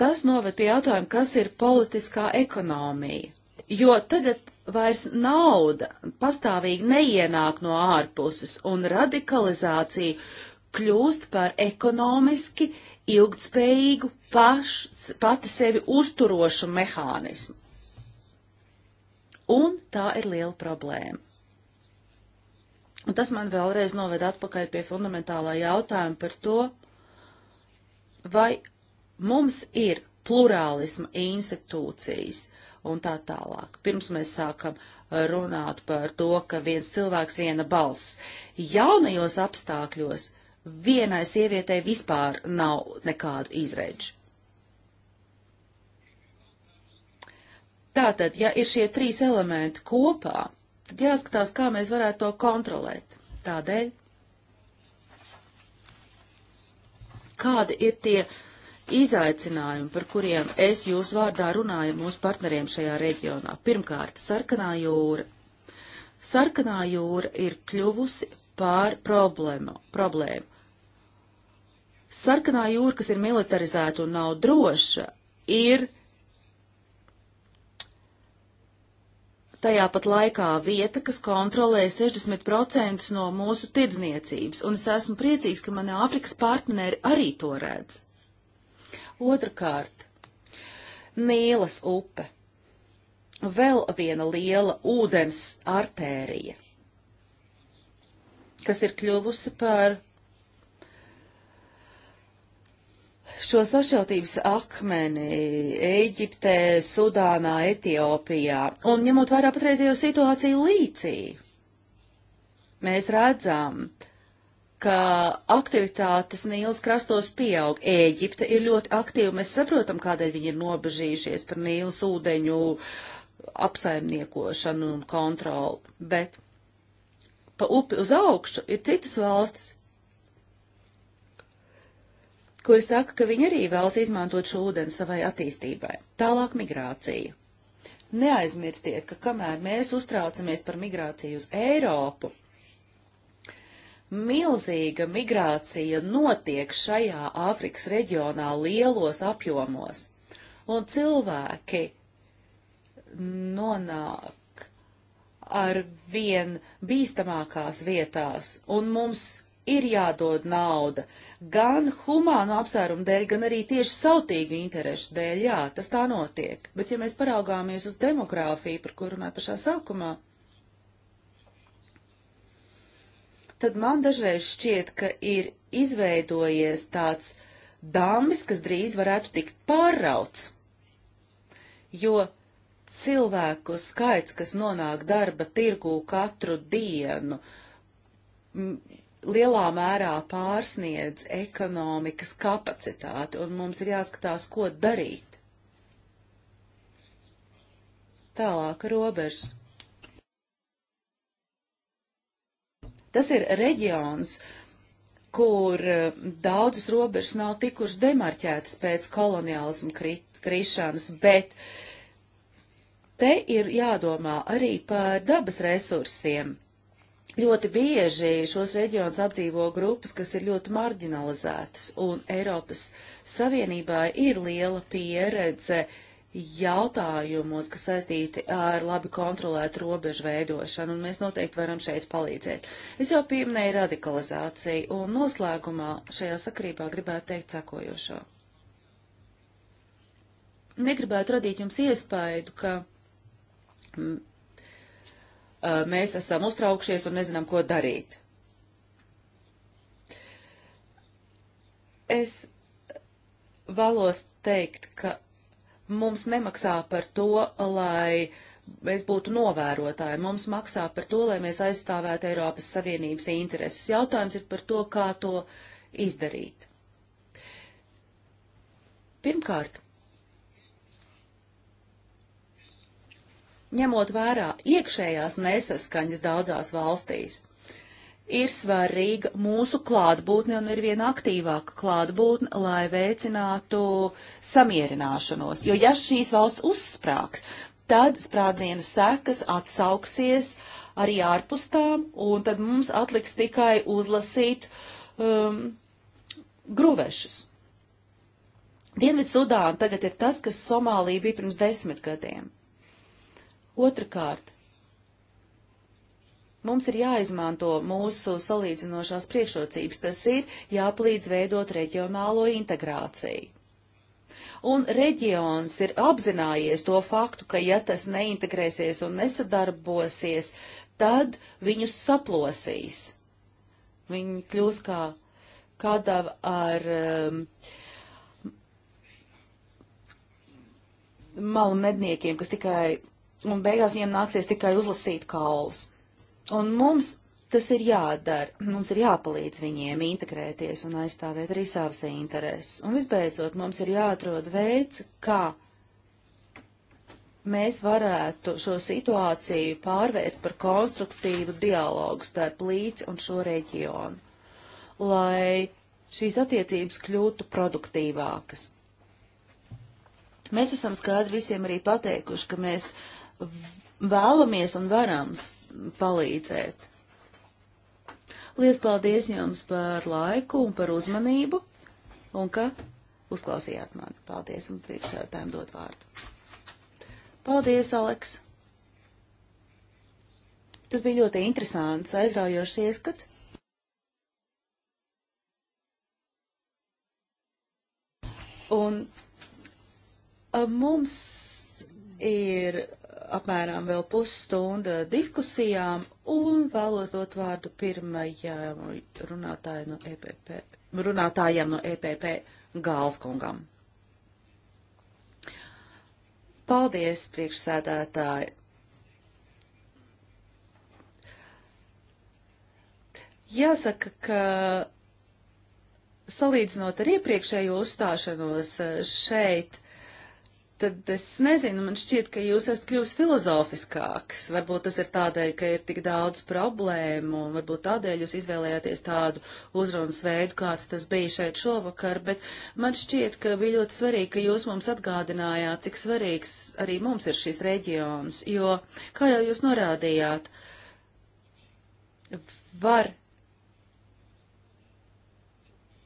Tas noved pie jautājuma, kas ir politiskā ekonomija. Jo tagad vairs nauda pastāvīgi neienāk no ārpuses, un radikalizācija kļūst par ekonomiski ilgtspējīgu paš, pati sevi uzturošu mehānismu. Un tā ir liela problēma. Un tas man vēlreiz noved atpakaļ pie fundamentālā jautājuma par to, vai mums ir plurālisma institūcijas un tā tālāk. Pirms mēs sākam runāt par to, ka viens cilvēks, viena balss. Jaunajos apstākļos vienai sievietei vispār nav nekādu izredžu. Tātad, ja ir šie trīs elementi kopā, tad jāskatās, kā mēs varētu to kontrolēt. Tādēļ, kādi ir tie uh, izaicinājumi, par kuriem es jūs vārdā runāju mūsu partneriem šajā reģionā. Pirmkārt, sarkanā jūra. Sarkanā jūra ir kļuvusi pār problēmu. problēmu. Sarkanā jūra, kas ir militarizēta un nav droša, ir tajā pat laikā vieta, kas kontrolē 60% no mūsu tirdzniecības, un es esmu priecīgs, ka mani Āfrikas partneri arī to redz. Otrakārt, Nīlas upe. Vēl viena liela ūdens artērija, kas ir kļuvusi par Šo sašķeltības akmeni Eģiptē, Sudānā, Etiopijā un ņemot vērā patreizējo situāciju līcī, mēs redzam, uh, ka aktivitātes Nīlas krastos pieaug. Ēģipte ir ļoti aktīva. Mēs saprotam, kādēļ viņi ir nobežījušies par Nīlas ūdeņu apsaimniekošanu un kontroli. Bet pa upi uz augšu ir citas valstis, kuri saka, ka viņi arī vēlas izmantot šo ūdeni savai attīstībai. Tālāk migrācija. Neaizmirstiet, ka kamēr mēs uztraucamies par migrāciju uz Eiropu, milzīga migrācija notiek šajā Āfrikas reģionā lielos apjomos, un cilvēki nonāk ar vien bīstamākās vietās, un mums ir jādod nauda gan humānu apsvērumu dēļ, gan arī tieši sautīgu interešu dēļ. Jā, tas tā notiek. Bet ja mēs paraugāmies uz demogrāfiju, par kuru runāju pašā sākumā, tad man dažreiz šķiet, ka ir izveidojies tāds dambis, kas drīz varētu tikt pārrauts. Jo cilvēku skaits, kas nonāk darba tirgū katru dienu, lielā mērā pārsniedz ekonomikas kapacitāti, un mums ir jāskatās, ko darīt. Tālāk robežas. Tas ir reģions, kur e, daudzas robežas nav tikušas demarķētas pēc koloniālismu krišanas, bet te ir jādomā arī par dabas resursiem. Ļoti bieži šos reģionus apdzīvo grupas, kas ir ļoti marginalizētas, un Eiropas Savienībā ir liela pieredze uh, jautājumos, kas saistīti ar labi kontrolētu robežu veidošanu, un mēs noteikti varam šeit palīdzēt. Es jau pieminēju radikalizāciju, un noslēgumā šajā sakrībā gribētu teikt sakojošo. Negribētu radīt jums iespaidu, ka mm, mēs esam uztraukšies un nezinām, ko darīt. Es vēlos teikt, ka mums nemaksā par to, lai mēs būtu novērotāji. Mums maksā par to, lai mēs aizstāvētu Eiropas Savienības intereses. Jautājums ir par to, kā to izdarīt. Pirmkārt, ņemot vērā iekšējās nesaskaņas daudzās valstīs – ir svarīga mūsu klātbūtne un ir viena aktīvāka klātbūtne, lai veicinātu samierināšanos. Jo ja šīs valsts uzsprāgs, tad sprādziena sekas atsauksies arī ārpus tām, un tad mums atliks tikai uzlasīt um, gruvešus. Dienvidu Sudāna tagad ir tas, kas Somālija bija pirms desmit gadiem. Otrakārt, Mums ir jāizmanto mūsu salīdzinošās priekšrocības, tas ir jāplīdz veidot reģionālo integrāciju. Un reģions ir apzinājies to faktu, ka ja tas neintegrēsies un nesadarbosies, tad viņus saplosīs. Viņi kļūs kā kādava ar um, malu medniekiem, kas tikai, un beigās viņiem nāksies tikai uzlasīt kaulus. Un mums tas ir jādara. Mums ir jāpalīdz viņiem integrēties un aizstāvēt arī savas intereses. Un visbeidzot, mums ir jāatrod veids, kā mēs varētu šo situāciju pārvērst par konstruktīvu dialogu starp līdz un šo reģionu, lai šīs attiecības kļūtu produktīvākas. Mēs esam skaidri visiem arī pateikuši, ka mēs vēlamies un varams palīdzēt. Lies paldies jums par laiku un par uzmanību, un ka uzklausījāt mani. Paldies, un priekšsēdētājiem dot vārdu. Paldies, Aleks! Tas bija ļoti interesants, aizraujošs ieskats. Un a, mums ir apmēram vēl pusstunda diskusijām un vēlos dot vārdu pirmajam runātājam no EPP, runātājam no EPP Gālskungam. Paldies, priekšsēdētāji! Jāsaka, ka salīdzinot ar iepriekšējo uzstāšanos šeit, tad es nezinu, man šķiet, ka jūs esat kļuvis filozofiskāks. Varbūt tas ir tādēļ, ka ir tik daudz problēmu, un varbūt tādēļ jūs izvēlējāties tādu uzrunas veidu, kāds tas bija šeit šovakar, bet man šķiet, ka bija ļoti svarīgi, ka jūs mums atgādinājāt, cik svarīgs arī mums ir šis reģions, jo, kā jau jūs norādījāt, var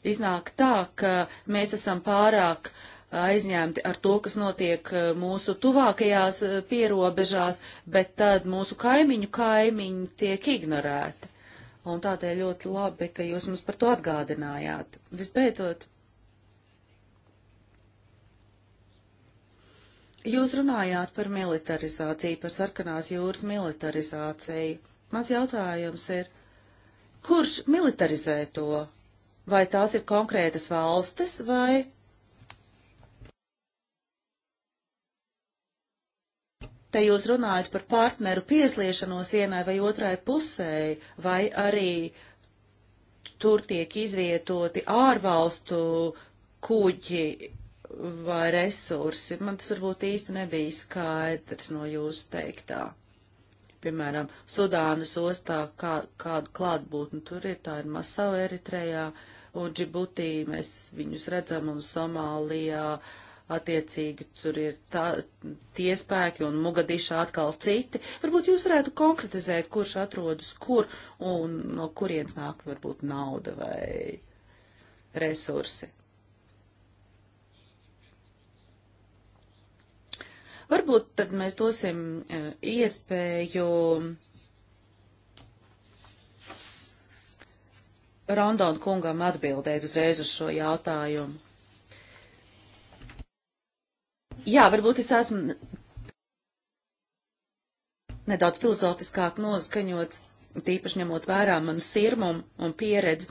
iznāk tā, ka mēs esam pārāk uh, aizņemti ar to, kas notiek eh, mūsu tuvākajās eh, pierobežās, bet tad mūsu kaimiņu kaimiņi tiek ignorēti. Un tādēļ ļoti labi, ka jūs mums par to atgādinājāt. Visbeidzot, jūs runājāt par militarizāciju, par sarkanās jūras militarizāciju. Mans jautājums ir, kurš militarizē to? Vai tās ir konkrētas valstis vai te jūs runājat par partneru piezliešanos vienai vai otrai pusē, vai arī tur tiek izvietoti ārvalstu kuģi vai resursi. Man tas varbūt īsti nebija skaidrs no jūsu teiktā. Piemēram, Sudānas ostā kā, kādu klātbūtni tur ir, tā ir Masau Eritrejā un Džibutī, mēs viņus redzam un Somālijā. Uh, attiecīgi tur ir tā, tie spēki un Mugadiša atkal citi. Varbūt jūs varētu konkretizēt, kurš atrodas kur un no kurienes nāk varbūt nauda vai resursi. Varbūt tad mēs dosim e, iespēju Rondon kungam atbildēt uzreiz uz šo jautājumu. Jā, varbūt es esmu nedaudz filozofiskāk noskaņots, tīpaši ņemot vērā manu sirmumu un pieredzi,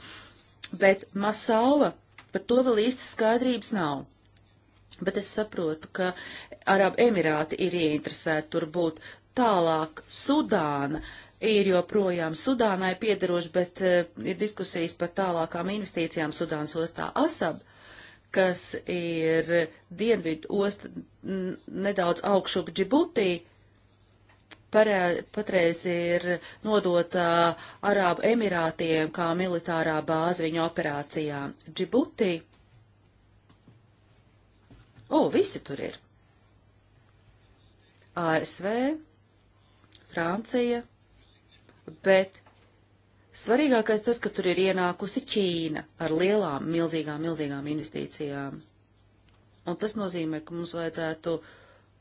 bet Masala par to vēl īsti skaidrības nav. Bet es saprotu, ka Arābu Emirāti ir ieinteresēti tur būt tālāk Sudāna. Ir joprojām Sudānai piedaroši, bet uh, ir diskusijas par tālākām investīcijām Sudānas ostā Asab. Uh, kas ir dienvidu osta nedaudz augšup Džibutī, parē, patreiz ir nodota Arābu Emirātiem kā militārā bāze viņu operācijā. Džibutī. O, visi tur ir. ASV, Francija, bet Svarīgākais tas, ka tur ir ienākusi Ķīna ar lielām, milzīgām, milzīgām investīcijām. Un tas nozīmē, ka mums vajadzētu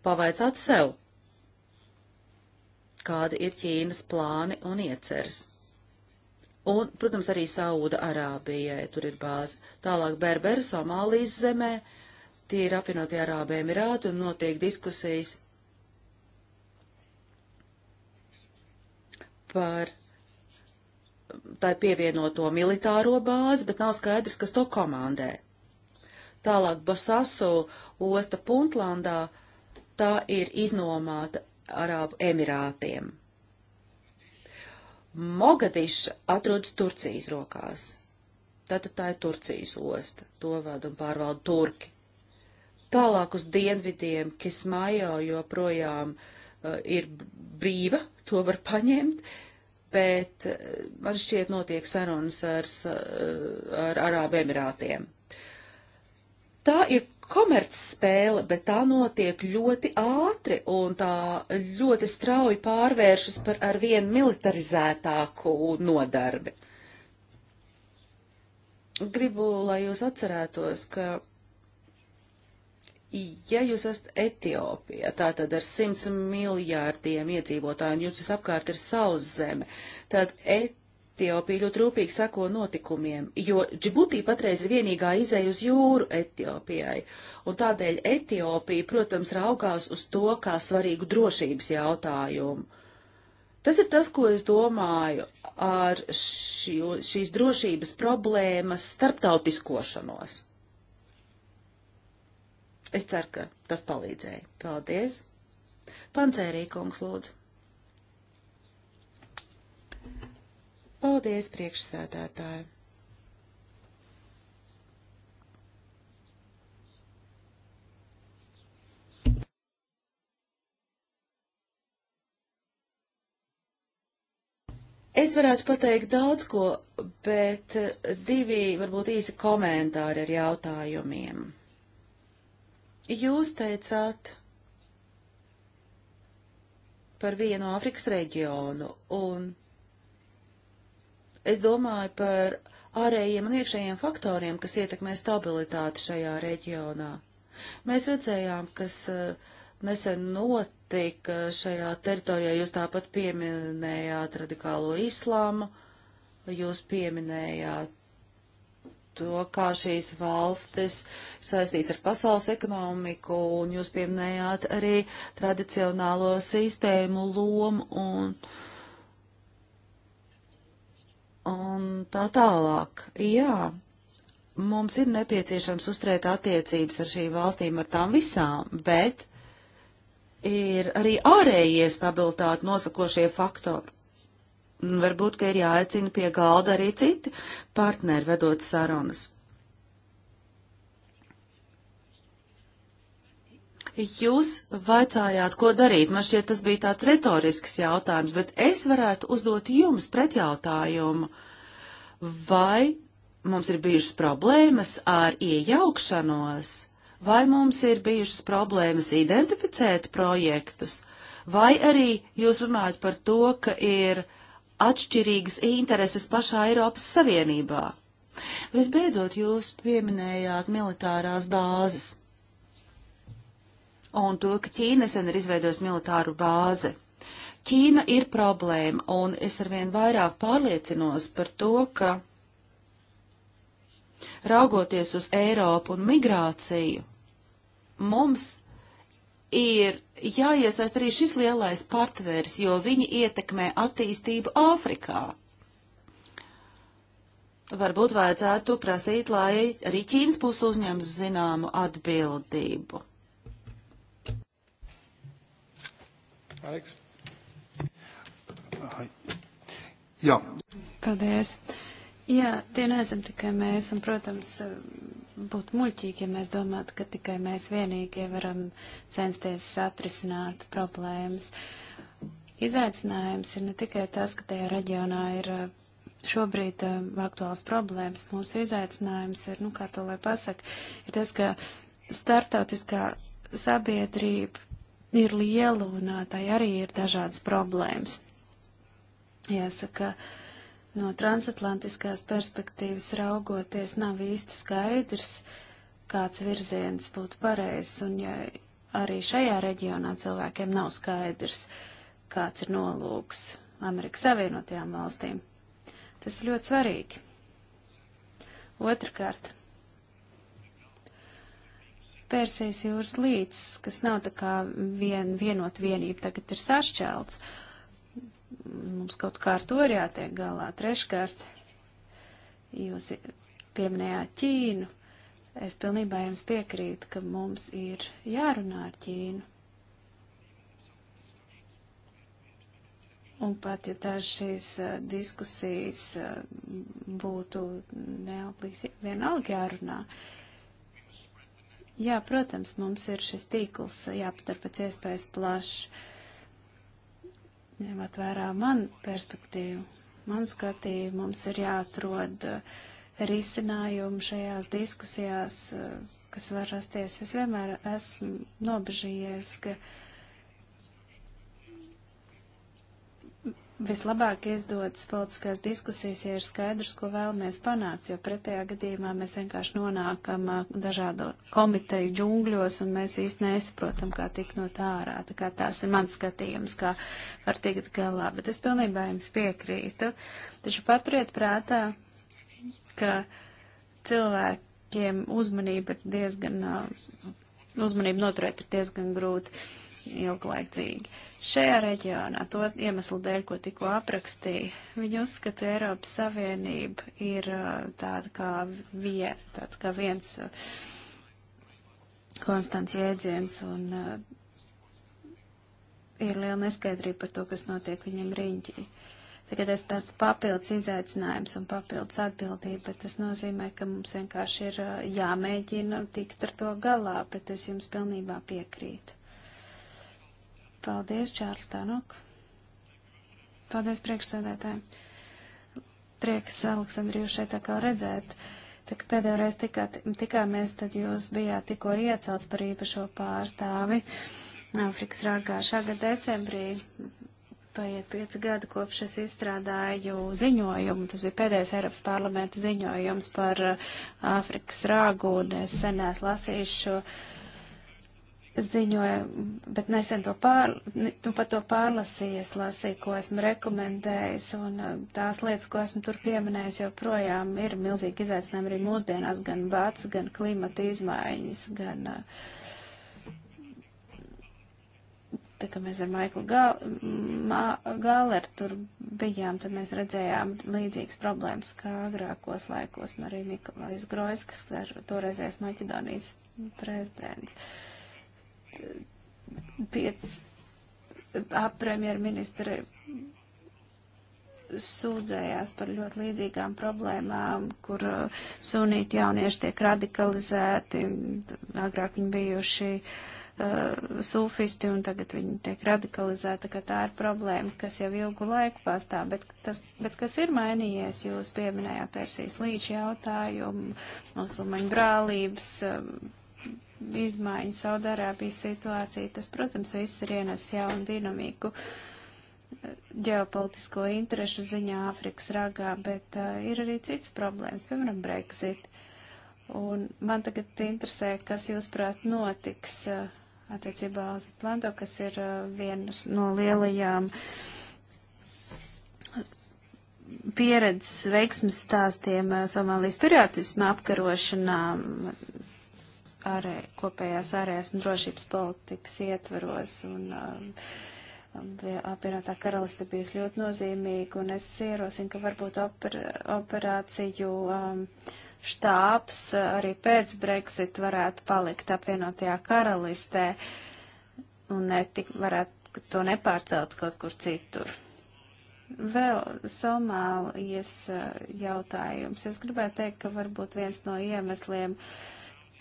pavaicāt sev, kādi ir Ķīnas plāni un ieceres. Un, protams, arī Sauda Arābijai tur ir bāze. Tālāk Berbera, Somālijas zemē, tie ir apvienotie Arābi Emirāti un notiek diskusijas par tai pievienoto militāro bāzi, bet nav skaidrs, kas to komandē. Tālāk Basasu osta Puntlandā tā ir iznomāta Arābu Emirātiem. Mogadiša atrodas Turcijas rokās. Tātad tā ir Turcijas osta, to vada un pārvalda Turki. Tālāk uz dienvidiem Kismajo joprojām uh, ir brīva, to var paņemt, uh, bet eh, man šķiet notiek sarunas ar, eh, ar Arābu Emirātiem. Tā ir komercspēle, bet tā notiek ļoti ātri un tā ļoti strauji pārvēršas par arvien militarizētāku nodarbi. Gribu, lai jūs atcerētos, ka Ja jūs esat Etiopija, tātad ar 100 miljārdiem iedzīvotāju, un jums visapkārt ir savs zeme, tad Etiopija ļoti rūpīgi sako notikumiem, jo Džibutī patreiz ir vienīgā izeja uz jūru Etiopijai, un tādēļ Etiopija, protams, raugās uz to kā svarīgu drošības jautājumu. Tas ir tas, ko es domāju ar šī, šīs drošības problēmas starptautiskošanos. Es ceru, ka tas palīdzēja. Paldies! Pancērī kungs lūdzu. Paldies, priekšsēdētāji! Es varētu pateikt daudz ko, bet divi varbūt īsi komentāri ar jautājumiem. Jūs teicāt par vienu Āfrikas reģionu, un es domāju par ārējiem un iekšējiem faktoriem, kas ietekmē stabilitāti šajā reģionā. Mēs redzējām, kas eh, nesen notika šajā teritorijā, jūs tāpat pieminējāt radikālo islāmu, jūs pieminējāt to, kā šīs valstis saistīts ar pasaules ekonomiku, un jūs pieminējāt arī tradicionālo sistēmu lomu un, un tā tālāk. Jā, mums ir nepieciešams uzturēt attiecības ar šīm valstīm, ar tām visām, bet ir arī ārējie stabilitāti nosakošie faktori varbūt, ka ir jāaicina pie galda arī citi partneri vedot sarunas. Jūs vaicājāt, ko darīt. Man šķiet, tas bija tāds retorisks jautājums, bet es varētu uzdot jums pretjautājumu. Vai mums ir bijušas problēmas ar iejaukšanos, vai mums ir bijušas problēmas identificēt projektus, vai arī jūs runājat par to, ka ir uh, atšķirīgas intereses pašā Eiropas Savienībā. Visbeidzot, jūs pieminējāt militārās bāzes un to, ka Ķīna sen ir izveidojusi militāru bāzi. Ķīna ir problēma, un es arvien vairāk pārliecinos par to, ka raugoties uz Eiropu un migrāciju, mums ir jāiesaist arī šis lielais partveris, jo viņi ietekmē attīstību Āfrikā. Varbūt vajadzētu prasīt, lai arī Ķīnas puse uzņems zināmu atbildību. Aleks. Jā. Paldies. Jā, tie neesam tikai mēs, un, protams, būtu muļķīgi, ja mēs domātu, ka tikai mēs vienīgie varam censties atrisināt problēmas. Izaicinājums ir ne tikai tas, ka tajā reģionā ir eh, šobrīd um, aktuāls problēmas. Mūsu izaicinājums ir, nu, kā to lai pasaka, ir tas, ka startautiskā sabiedrība ir liela un eh, tā arī ir dažādas problēmas. Jāsaka, uh, no transatlantiskās perspektīvas raugoties, nav īsti skaidrs, kāds virziens būtu pareizs, un ja arī šajā reģionā cilvēkiem nav skaidrs, kāds ir nolūks Amerikas Savienotajām valstīm. Tas ir ļoti svarīgi. Otrakārt, Persijas jūras līcis, kas nav tā kā vien, vienot vienība, tagad ir sašķelts. Uh, mums kaut kā ar to ir jātiek galā. Treškārt, jūs pieminējāt Ķīnu. Es pilnībā jums piekrītu, ka mums ir jārunā ar Ķīnu. Un pat ja dažas šīs eh, diskusijas eh, būtu neauglīs, vienalga jārunā. Jā, protams, mums ir šis tīkls jāpadara pēc iespējas plašs ņemot vērā man perspektīvu, manu skatījumu, mums ir jāatrod eh, risinājumu šajās diskusijās, eh, kas var rasties. Es vienmēr esmu nobežījies, ka uh, vislabāk izdodas politiskās diskusijas, ja ir skaidrs, ko vēlamies panākt, jo pretējā gadījumā mēs vienkārši nonākam dažādo komiteju džungļos un mēs īsti nesaprotam, kā tikt no tā ārā. Tā kā tās ir mans skatījums, kā var tikt galā, bet es pilnībā jums piekrītu. Taču paturiet prātā, ka cilvēkiem uzmanība ir diezgan, uzmanība noturēt ir diezgan grūti ilglaicīgi. Šajā reģionā, to iemeslu dēļ, ko tikko aprakstīju, viņi uzskata, Eiropas Savienība ir uh, tāda kā, vie, tāds kā viens uh, konstants jēdziens un uh, ir liela neskaidrība par to, kas notiek viņam riņķī. Tagad tas tāds papildus izaicinājums un papildus atbildība, bet tas nozīmē, ka mums vienkārši ir jāmēģina tikt ar to galā, bet es jums pilnībā piekrītu. Paldies, Čārls Tanok. Paldies, priekšsēdētāji. Prieks, Aleksandri, jūs šeit tā kā redzēt. Tā kā pēdējo reizi tikā, tikā mēs, tad jūs bijāt tikko iecelts par īpašo pārstāvi Afrikas rārgā. Šā gada decembrī paiet pieci gadi, kopš es izstrādāju ziņojumu. Tas bija pēdējais Eiropas parlamenta ziņojums par Āfrikas rāgu, un es senās lasīju šo ziņoja, bet nesen to, pār, nu, pat to pārlasījies, lasīju, ko esmu rekomendējis, un eh, tās lietas, ko esmu tur pieminējis, joprojām ir milzīgi izaicinājumi arī mūsdienās, gan bats, gan klimata izmaiņas, gan. Eh, tā kā mēs ar Maiklu Gāleru tur bijām, tad mēs redzējām līdzīgas problēmas kā agrākos laikos, un arī Nikolais Grojskas, toreizējais Maķedonijas prezidents. Uh, piec premjerministri sūdzējās par ļoti līdzīgām problēmām, kur sunīti jaunieši tiek radikalizēti. Agrāk viņi bijuši uh, sufisti un tagad viņi tiek radikalizēti, ka tā ir problēma, kas jau ilgu laiku pastāv. Bet, tas, bet kas ir mainījies? Jūs pieminējāt Persijas līča jautājumu, musulmaņu brālības. Uh, izmaiņas Saudārābijas situācija. Tas, protams, viss ir ienes jaunu dinamiku eh, ģeopolitisko interešu ziņā Āfrikas ragā, bet uh, ir arī citas problēmas, piemēram, Brexit. Un man tagad interesē, kas jūs prāt notiks uh, attiecībā uz Atlanto, kas ir uh, vienas no lielajām pieredzes veiksmes stāstiem uh, Somālijas pirātismu apkarošanā. Uh, ārē, kopējās ārējās un drošības politikas ietvaros. Un, um, um apvienotā karaliste bijusi ļoti nozīmīga, un es ierosinu, ka varbūt oper, operāciju um, štāps uh, arī pēc Brexit varētu palikt apvienotajā karalistē, un ne tik varētu to nepārcelt kaut kur citur. Vēl Somālijas uh, jautājums. Es gribēju teikt, ka varbūt viens no iemesliem uh,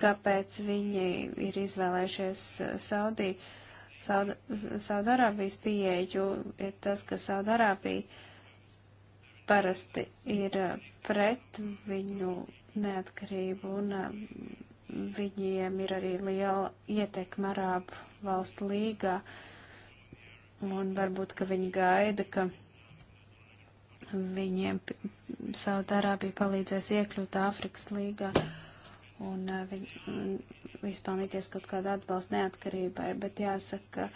kāpēc viņi ir izvēlējušies uh, Saudi, Saud, Saudarābijas pieeju, ir tas, ka Saudarābija parasti ir uh, pret viņu neatkarību un uh, viņiem ir arī liela ietekma Arābu valstu līgā. Un varbūt, ka viņi gaida, ka viņiem Saudārābija palīdzēs iekļūt Āfrikas līgā. Uh, un uh, vispelnīties kaut kādu atbalstu neatkarībai, bet jāsaka,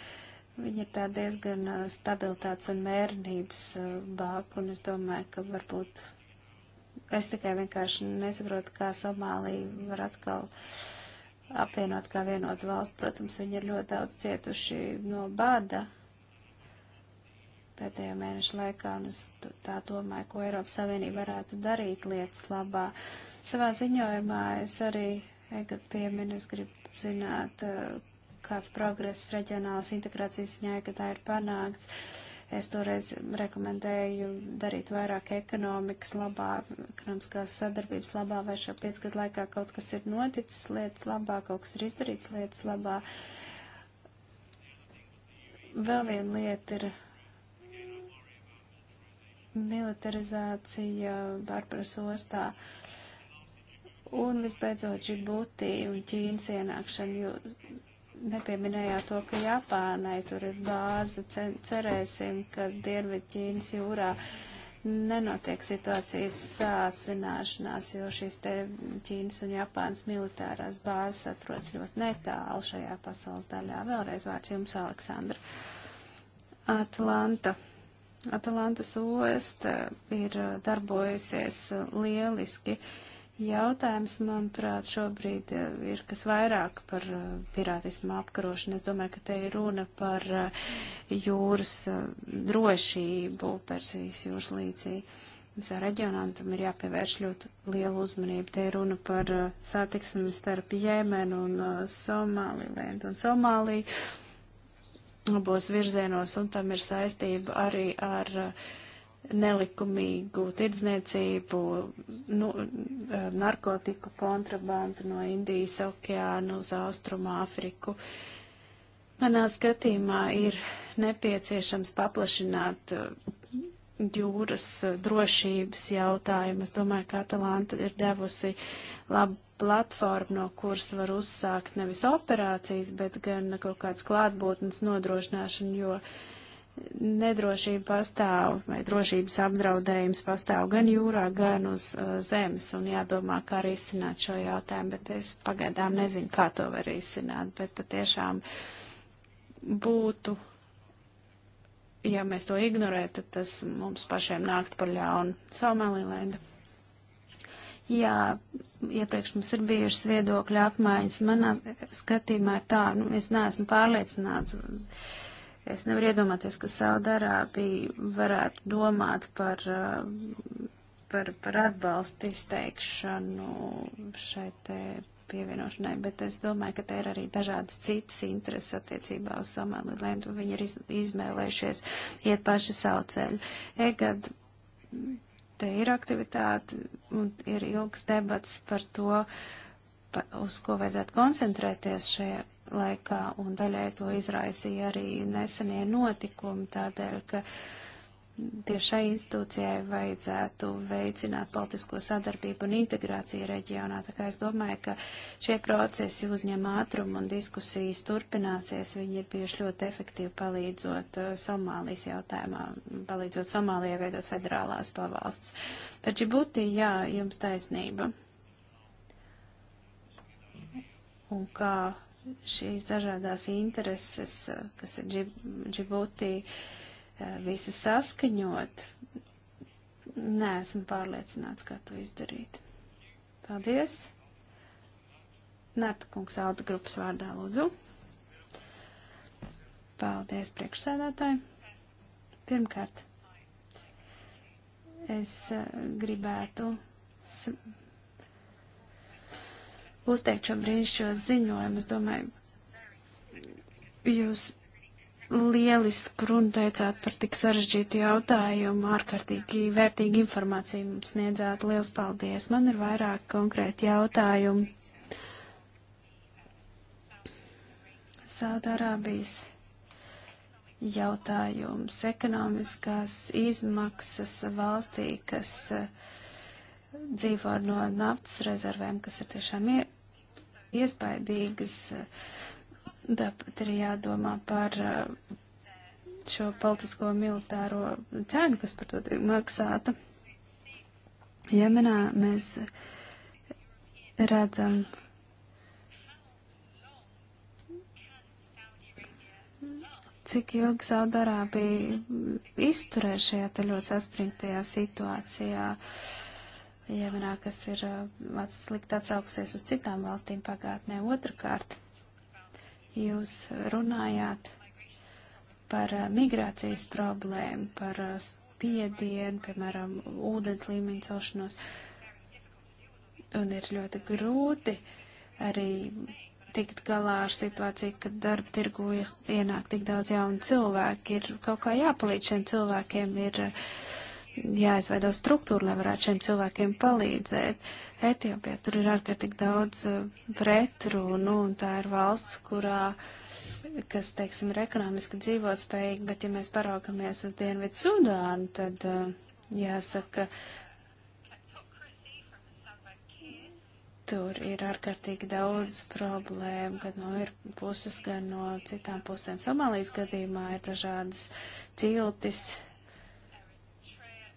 viņi ir tā diezgan uh, stabilitātes un mērnības uh, bāk, un es domāju, ka varbūt es tikai vienkārši nesaprotu, kā Somālija var atkal apvienot kā vienotu valstu. Protams, viņi ir ļoti daudz cietuši no bada pēdējā mēneša laikā, un es tā domāju, ko Eiropas Savienība varētu darīt lietas labā. Uh, Savā ziņojumā es arī, kad pieminu, es gribu zināt, eh, kāds progress reģionālas integrācijas ziņā, ka tā ir panākts. Es toreiz rekomendēju darīt vairāk ekonomikas labā, ekonomiskās sadarbības labā, vai šo piecgadu laikā kaut kas ir noticis lietas labā, kaut kas ir izdarīts lietas labā. Vēl viena lieta ir militarizācija Barbaras ostā. Uh, Un visbeidzot Džibūtī un Ķīnas ienākšana, jo nepieminējāt to, ka Japānai tur ir bāze, cerēsim, ka Dienvid Ķīnas jūrā nenotiek situācijas sācināšanās, jo šīs te Ķīnas un Japānas militārās bāzes atrodas ļoti netālu šajā pasaules daļā. Vēlreiz vārds jums, Aleksandra. Atlanta. Atlantas osta eh, ir eh, darbojusies eh, lieliski. Uh, jautājums, manuprāt, šobrīd eh, ir kas vairāk par eh, pirātismu apkarošanu. Es domāju, ka te ir runa par eh, jūras drošību Persijas jūras līcī. Visā reģionā tam ir jāpievērš ļoti lielu uzmanību. Te ir runa par satiksmi starp Jēmenu un Somālilendu un Somāliju abos virzienos, un tam ir saistība arī ar uh, nelikumīgu tirdzniecību, nu, eh, narkotiku kontrabandu no Indijas okeāna uz Austrumu Āfriku. Manā skatījumā ir nepieciešams paplašināt eh, jūras eh, drošības jautājumu. Es domāju, ka Atalanta ir devusi labu platformu, no kuras var uzsākt nevis operācijas, bet gan kaut kāds klātbūtnes nodrošināšanu, jo uh, nedrošība pastāv vai drošības apdraudējums pastāv gan jūrā, gan uz uh, zemes un jādomā, kā arī izsināt šo jautājumu, bet es pagaidām nezinu, kā to var izsināt, bet patiešām būtu, ja mēs to ignorētu, tad tas mums pašiem nākt par ļaunu. Somālīlēnda. Jā, iepriekš mums ir bijušas viedokļa apmaiņas. Manā skatījumā ir tā, nu, es neesmu pārliecināts. Uh, Es nevaru iedomāties, ka Saudarābija varētu domāt par, eh, par, par atbalstu izteikšanu šai te pievienošanai, bet es domāju, ka te ir arī dažādas citas intereses attiecībā uz Somalilendu. Viņi ir iz, izmēlējušies iet paši savu ceļu. Egad te ir aktivitāte un ir ilgs debats par to, pa, uz ko vajadzētu koncentrēties šajā laikā, un daļai to izraisīja arī nesenie notikumi, tādēļ, ka tieši šai institūcijai vajadzētu veicināt politisko sadarbību un integrāciju reģionā. Tā kā es domāju, ka šie procesi uzņem ātrumu un diskusijas turpināsies. Viņi ir bijuši ļoti efektīvi palīdzot uh, Somālijas jautājumā, palīdzot Somālijai veidot federālās pavalsts. Par Džibutī, jā, jums taisnība. Un kā šīs dažādās intereses, eh, kas ir Džibutī, eh, visas saskaņot, neesmu pārliecināts, kā to izdarīt. Paldies! Nārta kungs Alda grupas vārdā lūdzu. Paldies priekšsēdētāji. Pirmkārt, es eh, gribētu uzteikt šobrīd šo ziņojumu. Es domāju, jūs lieliski runu teicāt par tik sarežģītu jautājumu, ārkārtīgi vērtīgu informāciju mums sniedzāt. Liels paldies! Man ir vairāk konkrēti jautājumi. Saudārābijas jautājums, ekonomiskās izmaksas valstī, kas eh, dzīvo no naftas rezervēm, kas ir tiešām ie iespaidīgas. Eh, tāpat ir jādomā par eh, šo politisko militāro cenu, kas par to tiek maksāta. Jemenā mēs redzam cik ilgi Saudarābija izturēja šajā ļoti saspringtajā situācijā. Uh, Jemenā, kas ir uh, slikti atsaukusies uz citām valstīm pagātnē. Otrakārt, jūs runājāt par uh, migrācijas problēmu, par uh, spiedienu, piemēram, ūdens līmeņa celšanos. Un ir ļoti grūti arī tikt galā ar situāciju, kad darba tirgu ienāk tik daudz jaunu cilvēku. Ir kaut kā jāpalīdz šiem cilvēkiem, ir uh, jāizveido struktūra, lai varētu šiem cilvēkiem palīdzēt. Etiopijā tur ir ārkārtīgi daudz uh, pretrunu, un tā ir valsts, kurā, kas, teiksim, ir ekonomiski dzīvotspējīga, bet ja mēs paraugamies uz Dienvidu Sudānu, tad uh, jāsaka, tur ir ārkārtīgi daudz problēmu, gan no ir puses, gan no citām pusēm. Somālijas gadījumā ir dažādas ciltis,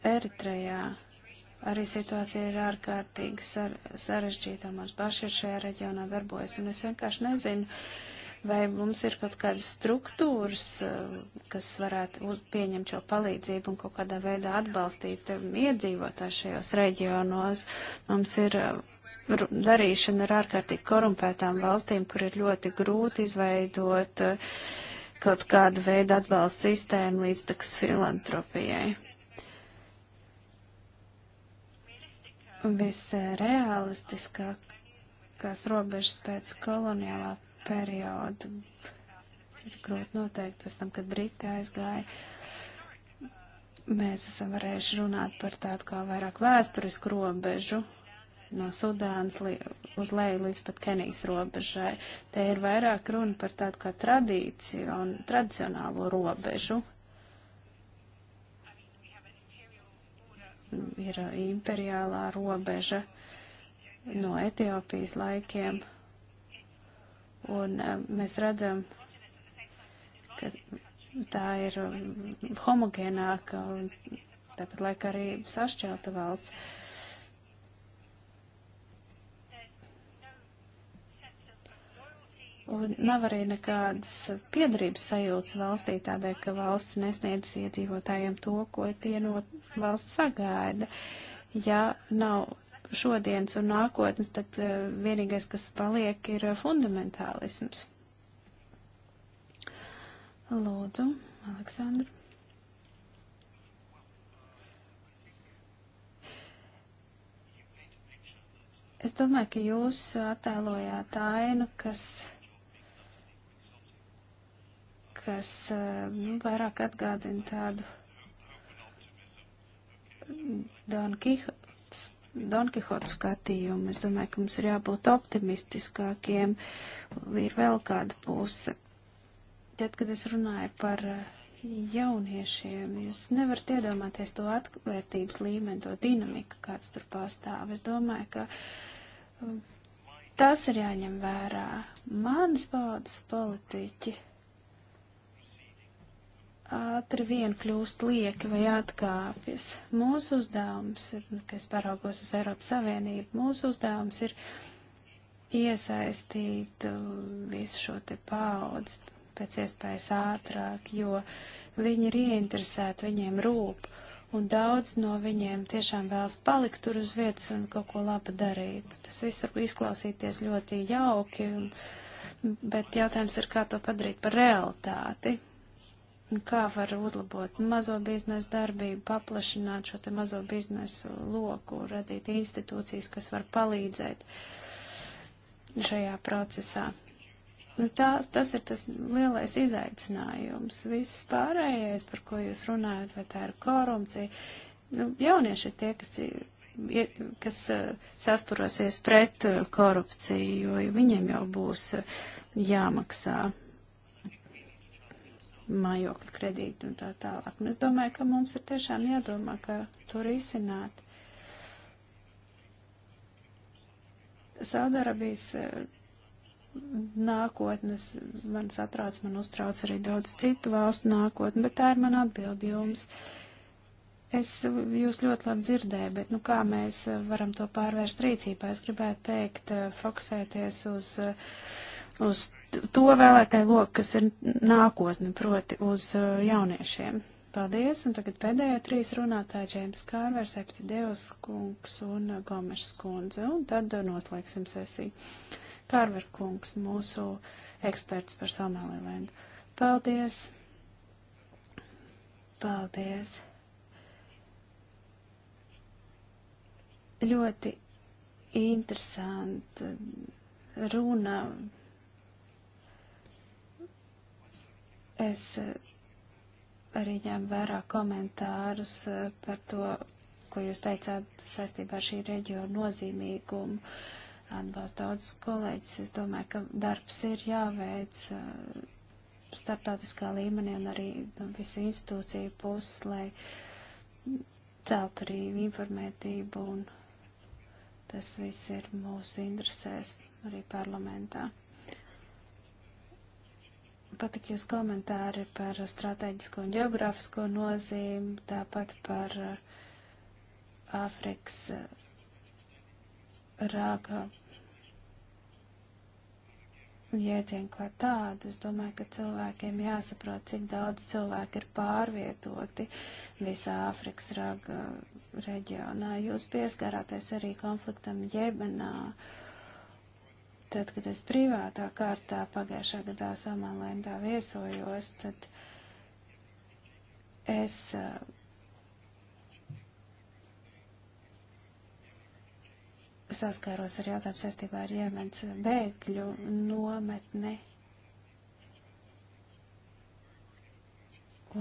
Eritrejā arī situācija ir ārkārtīgi sar sarežģīta. Mums paši ir šajā reģionā darbojas, un es vienkārši nezinu, vai mums ir kaut kādas struktūras, eh, kas varētu pieņemt šo palīdzību un kaut kādā veidā atbalstīt eh, iedzīvotāju šajos reģionos. Mums ir eh, darīšana ar ārkārtīgi korumpētām valstīm, kur ir ļoti grūti izveidot kaut kādu veidu atbalstu sistēmu līdz taks filantropijai. visreālistiskākās robežas pēc koloniālā perioda. Ir grūti noteikt pēc tam, kad Briti aizgāja. Mēs esam varējuši runāt par tādu kā vairāk vēsturisku robežu no Sudānas uz leju līdz pat Kenijas robežai. Te ir vairāk runa par tādu kā tradīciju un tradicionālo robežu, ir imperiālā robeža no Etiopijas laikiem. Un eh, mēs redzam, ka tā ir um, homogēnāka un tāpat laikā arī sašķelta valsts. Uh, un nav arī nekādas piedarības sajūtas valstī, tādēļ, ka valsts nesniedz iedzīvotājiem to, ko tie no valsts sagaida. Ja nav šodienas un nākotnes, tad eh, vienīgais, kas paliek, ir fundamentālisms. Lūdzu, Aleksandru. Es domāju, ka jūs attēlojāt ainu, kas kas eh, nu, vairāk atgādina tādu Don, Kihots, Don Kihot skatījumu. Es domāju, ka mums ir jābūt optimistiskākiem. Ir vēl kāda puse. Tad, kad es runāju par eh, jauniešiem, jūs nevarat iedomāties to atvērtības līmeni, to dinamiku, kāds tur pastāv. Es domāju, ka eh, tas ir jāņem vērā. Manas paudas politiķi ātri vien kļūst lieki vai atkāpjas. Mūsu uzdevums ir, nu, kas paraugos uz Eiropas Savienību, mūsu uzdevums ir iesaistīt uh, visu šo te paudz pēc iespējas ātrāk, jo viņi ir ieinteresēti, viņiem rūp, un daudz no viņiem tiešām vēlas palikt tur uz vietas un kaut ko labu darīt. Tas viss var izklausīties ļoti jauki, un, bet jautājums ir, kā to padarīt par realitāti kā var uzlabot mazo biznesu darbību, paplašināt šo te mazo biznesu loku, radīt institūcijas, kas var palīdzēt šajā procesā. Nu, tās, tas ir tas lielais izaicinājums. Viss pārējais, par ko jūs runājat, vai tā ir korupcija, nu, jaunieši ir tie, kas, kas eh, sasturosies pret eh, korupciju, jo viņiem jau būs eh, jāmaksā mājokļu kredītu un tā tālāk. Un es domāju, ka mums ir tiešām jādomā, kā to risināt. Saudarabijas eh, nākotnes man satrauc, man uztrauc arī daudz citu valstu nākotni, bet tā ir man atbildi jums. Es jūs ļoti labi dzirdēju, bet nu kā mēs eh, varam to pārvērst rīcībā? Es gribētu teikt, eh, fokusēties uz uh, uz to vēlētāju loku, kas ir nākotne, proti uz uh, jauniešiem. Paldies, un tagad pēdējie trīs runātāji - Džēms Kārvers, Eptidevs kungs un uh, Gomešs kundze, un tad uh, noslēgsim sesiju. Kārver kungs, mūsu eksperts par Somalilendu. Paldies! Paldies! Ļoti interesanti runa Es eh, arī ņēmu vērā komentārus eh, par to, ko jūs teicāt saistībā ar šī reģiona nozīmīgumu. Atbalsta daudz kolēģis. Es domāju, ka darbs ir jāveic eh, starptautiskā līmenī un arī no visu institūciju puses, lai celt arī informētību un tas viss ir mūsu interesēs arī parlamentā patika jūs komentāri par strateģisko un geogrāfisko nozīmi, tāpat par uh, Āfrikas uh, rāga jēdzienu kā tādu. Es domāju, ka cilvēkiem jāsaprot, cik daudz cilvēku ir pārvietoti visā Āfrikas raga reģionā. Jūs pieskarāties arī konfliktam Jemenā. Uh, Tad, kad es privātā kārtā pagājušā gadā Somalēndā viesojos, tad es eh, saskāros ar jautājumu saistībā ar Jemens bēgļu nometni.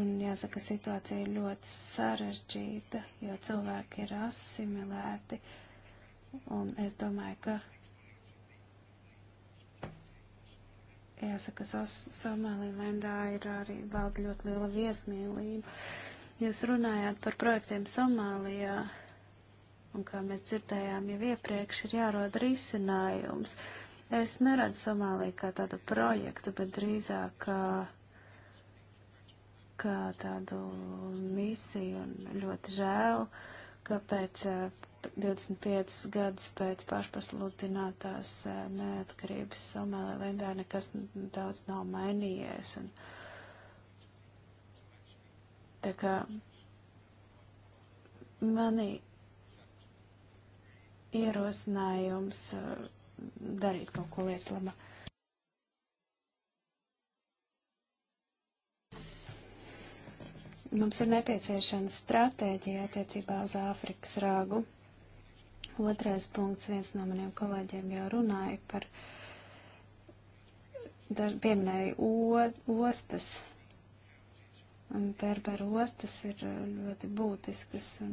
Un jāsaka, situācija ir ļoti sarežģīta, jo cilvēki ir asimilēti. Un es domāju, ka jāsaka, Somālilendā ir arī valda ļoti liela viesmīlība. Jūs runājāt par projektiem Somālijā, un kā mēs dzirdējām jau iepriekš, ir jārod risinājums. Es neredzu Somāliju kā tādu projektu, bet drīzāk kā, kā tādu misiju, un ļoti žēl, kāpēc 25 gadus pēc pašpasludinātās eh, neatkarības Somālē Lindā nekas daudz nav mainījies. Un, tā kā mani ierosinājums eh, darīt kaut ko lietas labā. Mums ir nepieciešama stratēģija attiecībā uz Āfrikas rāgu. Otrais punkts, viens no maniem kolēģiem jau runāja par, dar, pieminēja o, ostas. Un Berberu ostas ir uh, ļoti būtiskas. Un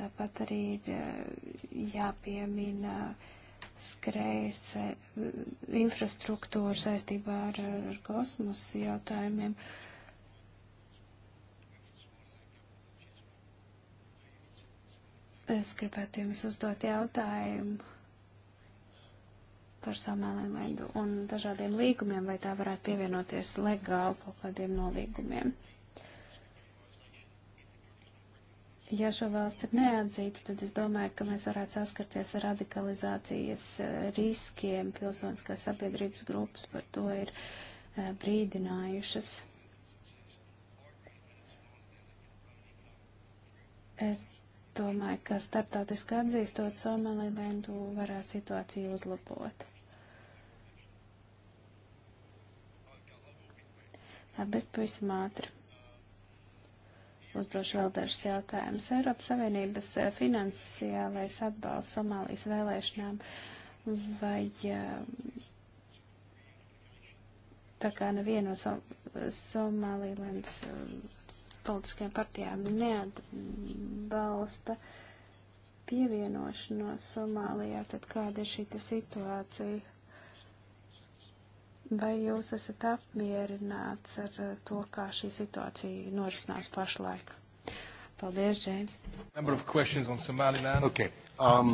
tāpat arī ir uh, jāpiemina skrejas uh, infrastruktūra saistībā ar, ar kosmosu jautājumiem. Uh, Es gribētu jums uzdot jautājumu par samēlēnlaidu un dažādiem līgumiem, vai tā varētu pievienoties legāli kaut kādiem nolīgumiem. Ja šo valsti ir neatzītu, tad es domāju, ka mēs varētu saskarties ar radikalizācijas eh, riskiem. Pilsoniskās sabiedrības grupas par to ir eh, brīdinājušas. Es domāju, ka starptautiski atzīstot Somalilendu varētu situāciju uzlabot. Labi, es pavisam ātri uzdošu vēl dažus jautājumus. Eiropas Savienības finansiālais atbalsts Somālijas vēlēšanām vai tā kā nevieno Somālīlands politiskajām partijām neatbalsta pievienošanos Somālijā, tad kāda ir šī situācija? Vai jūs esat apmierināts ar eh, to, kā šī situācija norisinās pašlaik? Paldies, Džēns. Okay. Um...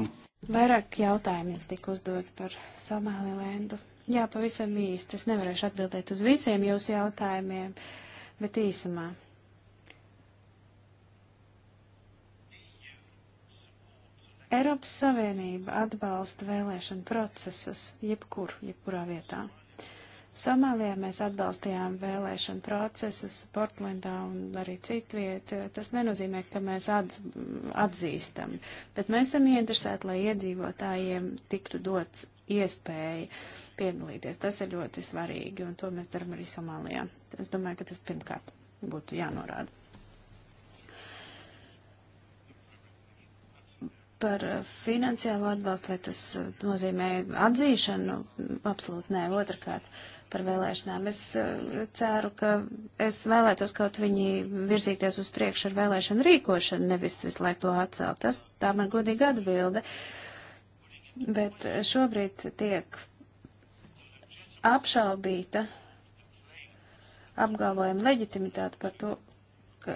Vairāk jautājumu jums tika uzdot par Somālilendu. Jā, pavisam īsti. Es nevarēšu atbildēt uz visiem jūsu jautājumiem, bet īsumā. Eiropas Savienība atbalsta vēlēšanu procesus jebkur, jebkurā vietā. Somālijā mēs atbalstījām vēlēšanu procesus, Portlendā un arī citviet. Tas nenozīmē, ka mēs at, atzīstam, bet mēs esam ieinteresēti, lai iedzīvotājiem tiktu dot iespēja piedalīties. Tas ir ļoti svarīgi, un to mēs darām arī Somālijā. Es domāju, ka tas pirmkārt būtu jānorāda. par eh, finansiālo atbalstu, vai tas eh, nozīmē atzīšanu? Absolūti nē, otrkārt par vēlēšanām. Es eh, ceru, ka es vēlētos kaut viņi virzīties uz priekšu ar vēlēšanu rīkošanu, nevis visu laiku to atcelt. Tas tā man godīgi atbilde. Bet šobrīd tiek apšaubīta apgalvojuma leģitimitāte par to, ka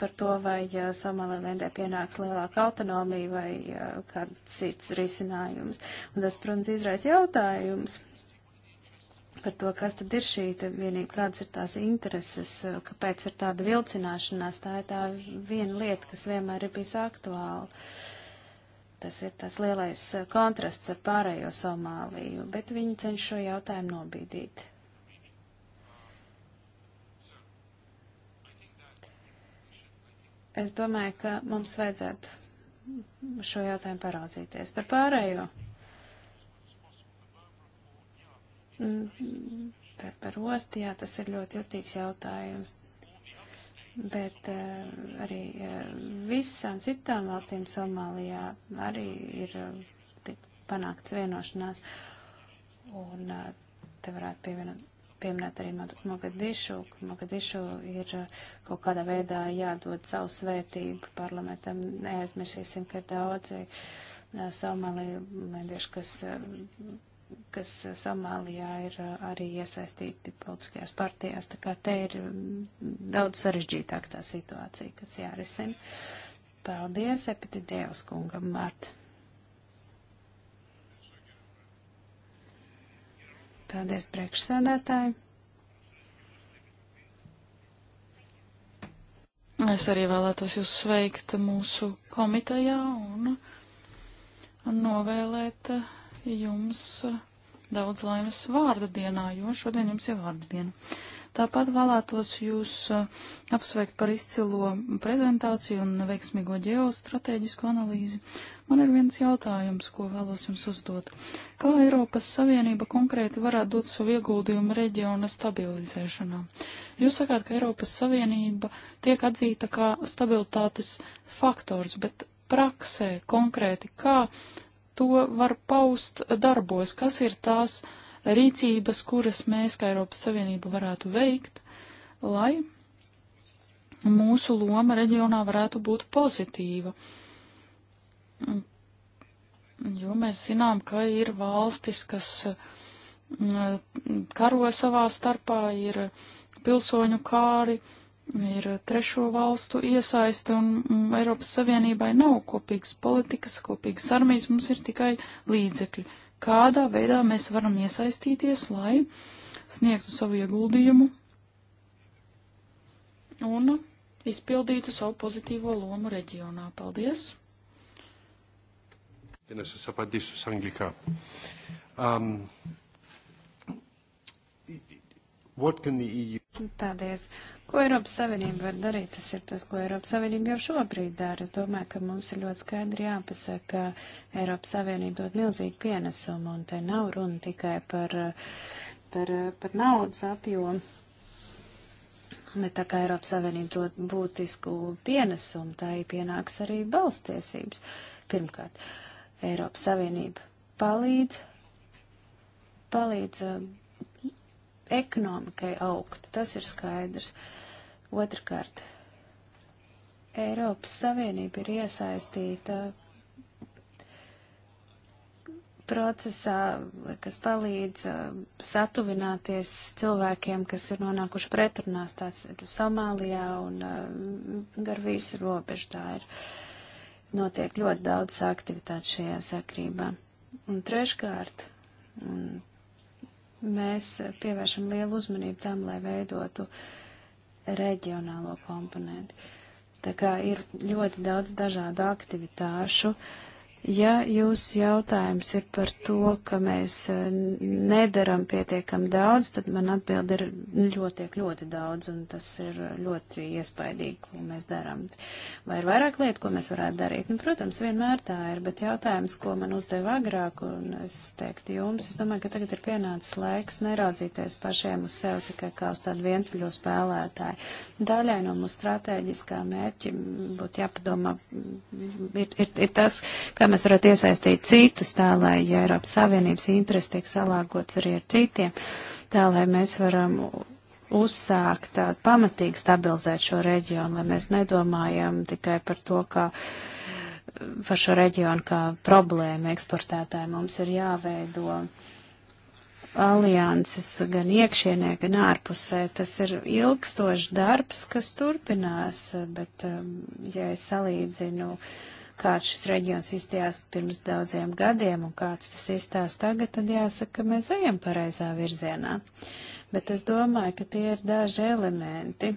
par to, vai ja Somālēlēndē pienāks lielāka autonomija vai ja, kāds cits risinājums. Un tas, protams, izraisa jautājums par to, kas tad ir šī vienība, kādas ir tās intereses, kāpēc ir tāda vilcināšanās. Tā ir tā viena lieta, kas vienmēr ir bijusi aktuāla. Tas ir tas lielais kontrasts ar pārējo Somāliju, bet viņi cenš šo jautājumu nobīdīt. es domāju, ka mums vajadzētu šo jautājumu paraudzīties. Par pārējo. Mm, par, par ostu, jā, tas ir ļoti jutīgs jautājums. Bet uh, arī uh, visām citām valstīm Somālijā arī ir uh, panākts vienošanās. Un uh, te varētu pievienot pieminēt arī Mogadišu, ka Mogadišu ir uh, kaut kādā veidā jādod savu svētību parlamentam. Neaizmirsīsim, ka ir daudzi uh, somalieši, kas, uh, kas Somālijā ir arī iesaistīti politiskajās partijās. Tā kā te ir mm, daudz sarežģītāk tā situācija, kas jārisina. Paldies, Epitidēvas kungam, Mārts. Paldies, priekšsēdētāji. Es arī vēlētos jūs sveikt mūsu komitejā un novēlēt jums daudz laimes vārda dienā, jo šodien jums ir vārda diena. Tāpat vēlētos jūs uh, apsveikt par izcilo prezentāciju un veiksmīgo ģeostrateģisko analīzi. Man ir viens jautājums, ko vēlos jums uzdot. Kā Eiropas Savienība konkrēti varētu dot savu ieguldījumu reģiona stabilizēšanā? Jūs sakāt, ka Eiropas Savienība tiek atzīta kā stabilitātes faktors, bet praksē konkrēti kā to var paust darbos, kas ir tās uh, rīcības, kuras mēs kā Eiropas Savienība varētu veikt, lai mūsu loma reģionā varētu būt pozitīva. Jo mēs zinām, ka ir valstis, kas mm, karo savā starpā, ir pilsoņu kāri, ir trešo valstu iesaiste, un mm, Eiropas Savienībai nav kopīgas politikas, kopīgas armijas, mums ir tikai līdzekļi kādā veidā mēs varam iesaistīties, lai sniegtu savu ieguldījumu un izpildītu savu pozitīvo lomu reģionā. Paldies! Ja es apēdīšu anglikā. Um, Paldies. E ko Eiropas Savienība var darīt? Tas ir tas, ko Eiropas Savienība jau šobrīd dara. Es domāju, ka mums ir ļoti skaidri jāpasaka, ka Eiropas Savienība dod milzīgu pienesumu, un te nav runa tikai par, par, par naudas apjomu. Bet tā kā Eiropas Savienība dod būtisku pienesumu, tā ir pienāks arī balstiesības. Pirmkārt, Eiropas Savienība palīdz, palīdz ekonomikai augt. Tas ir skaidrs. Otrakārt, Eiropas Savienība ir iesaistīta procesā, kas palīdz uh, satuvināties cilvēkiem, kas ir nonākuši pretrunās, tās ir Somālijā un uh, gar visu robežu. Tā ir notiek ļoti daudz aktivitātes šajā sakrībā. Un treškārt, un Mēs pievēršam lielu uzmanību tam, lai veidotu reģionālo komponentu. Tā kā ir ļoti daudz dažādu aktivitāšu, uh, Ja jūsu jautājums ir par to, ka mēs e, nedaram pietiekam daudz, tad man atbild ir ļoti, ļoti daudz, un tas ir ļoti iespaidīgi, ko mēs darām. Vai ir vairāk lietu, ko mēs varētu darīt? Nu, protams, vienmēr tā ir, bet jautājums, ko man uzdeva agrāk, un es teiktu jums, es domāju, ka tagad ir pienācis laiks neraudzīties pašiem uz sevi tikai kā uz tādu vientuļo spēlētāju. Daļai no mūsu stratēģiskā mērķi būtu jāpadomā, ir, ir, ir tas, ka kā mēs varētu iesaistīt citus, tā lai ja Eiropas Savienības intereses tiek salāgots arī ar citiem, tā lai mēs varam uzsākt tādu pamatīgi stabilizēt šo reģionu, lai mēs nedomājam tikai par to, kā par šo reģionu kā problēmu eksportētāji mums ir jāveido alianses gan iekšienē, gan ārpusē. Tas ir ilgstošs darbs, kas turpinās, bet, um, ja es salīdzinu uh, kāds šis reģions izstījās pirms daudziem gadiem un kāds tas izstās tagad, tad jāsaka, ka mēs ejam pareizā virzienā. Bet es domāju, ka tie ir daži elementi,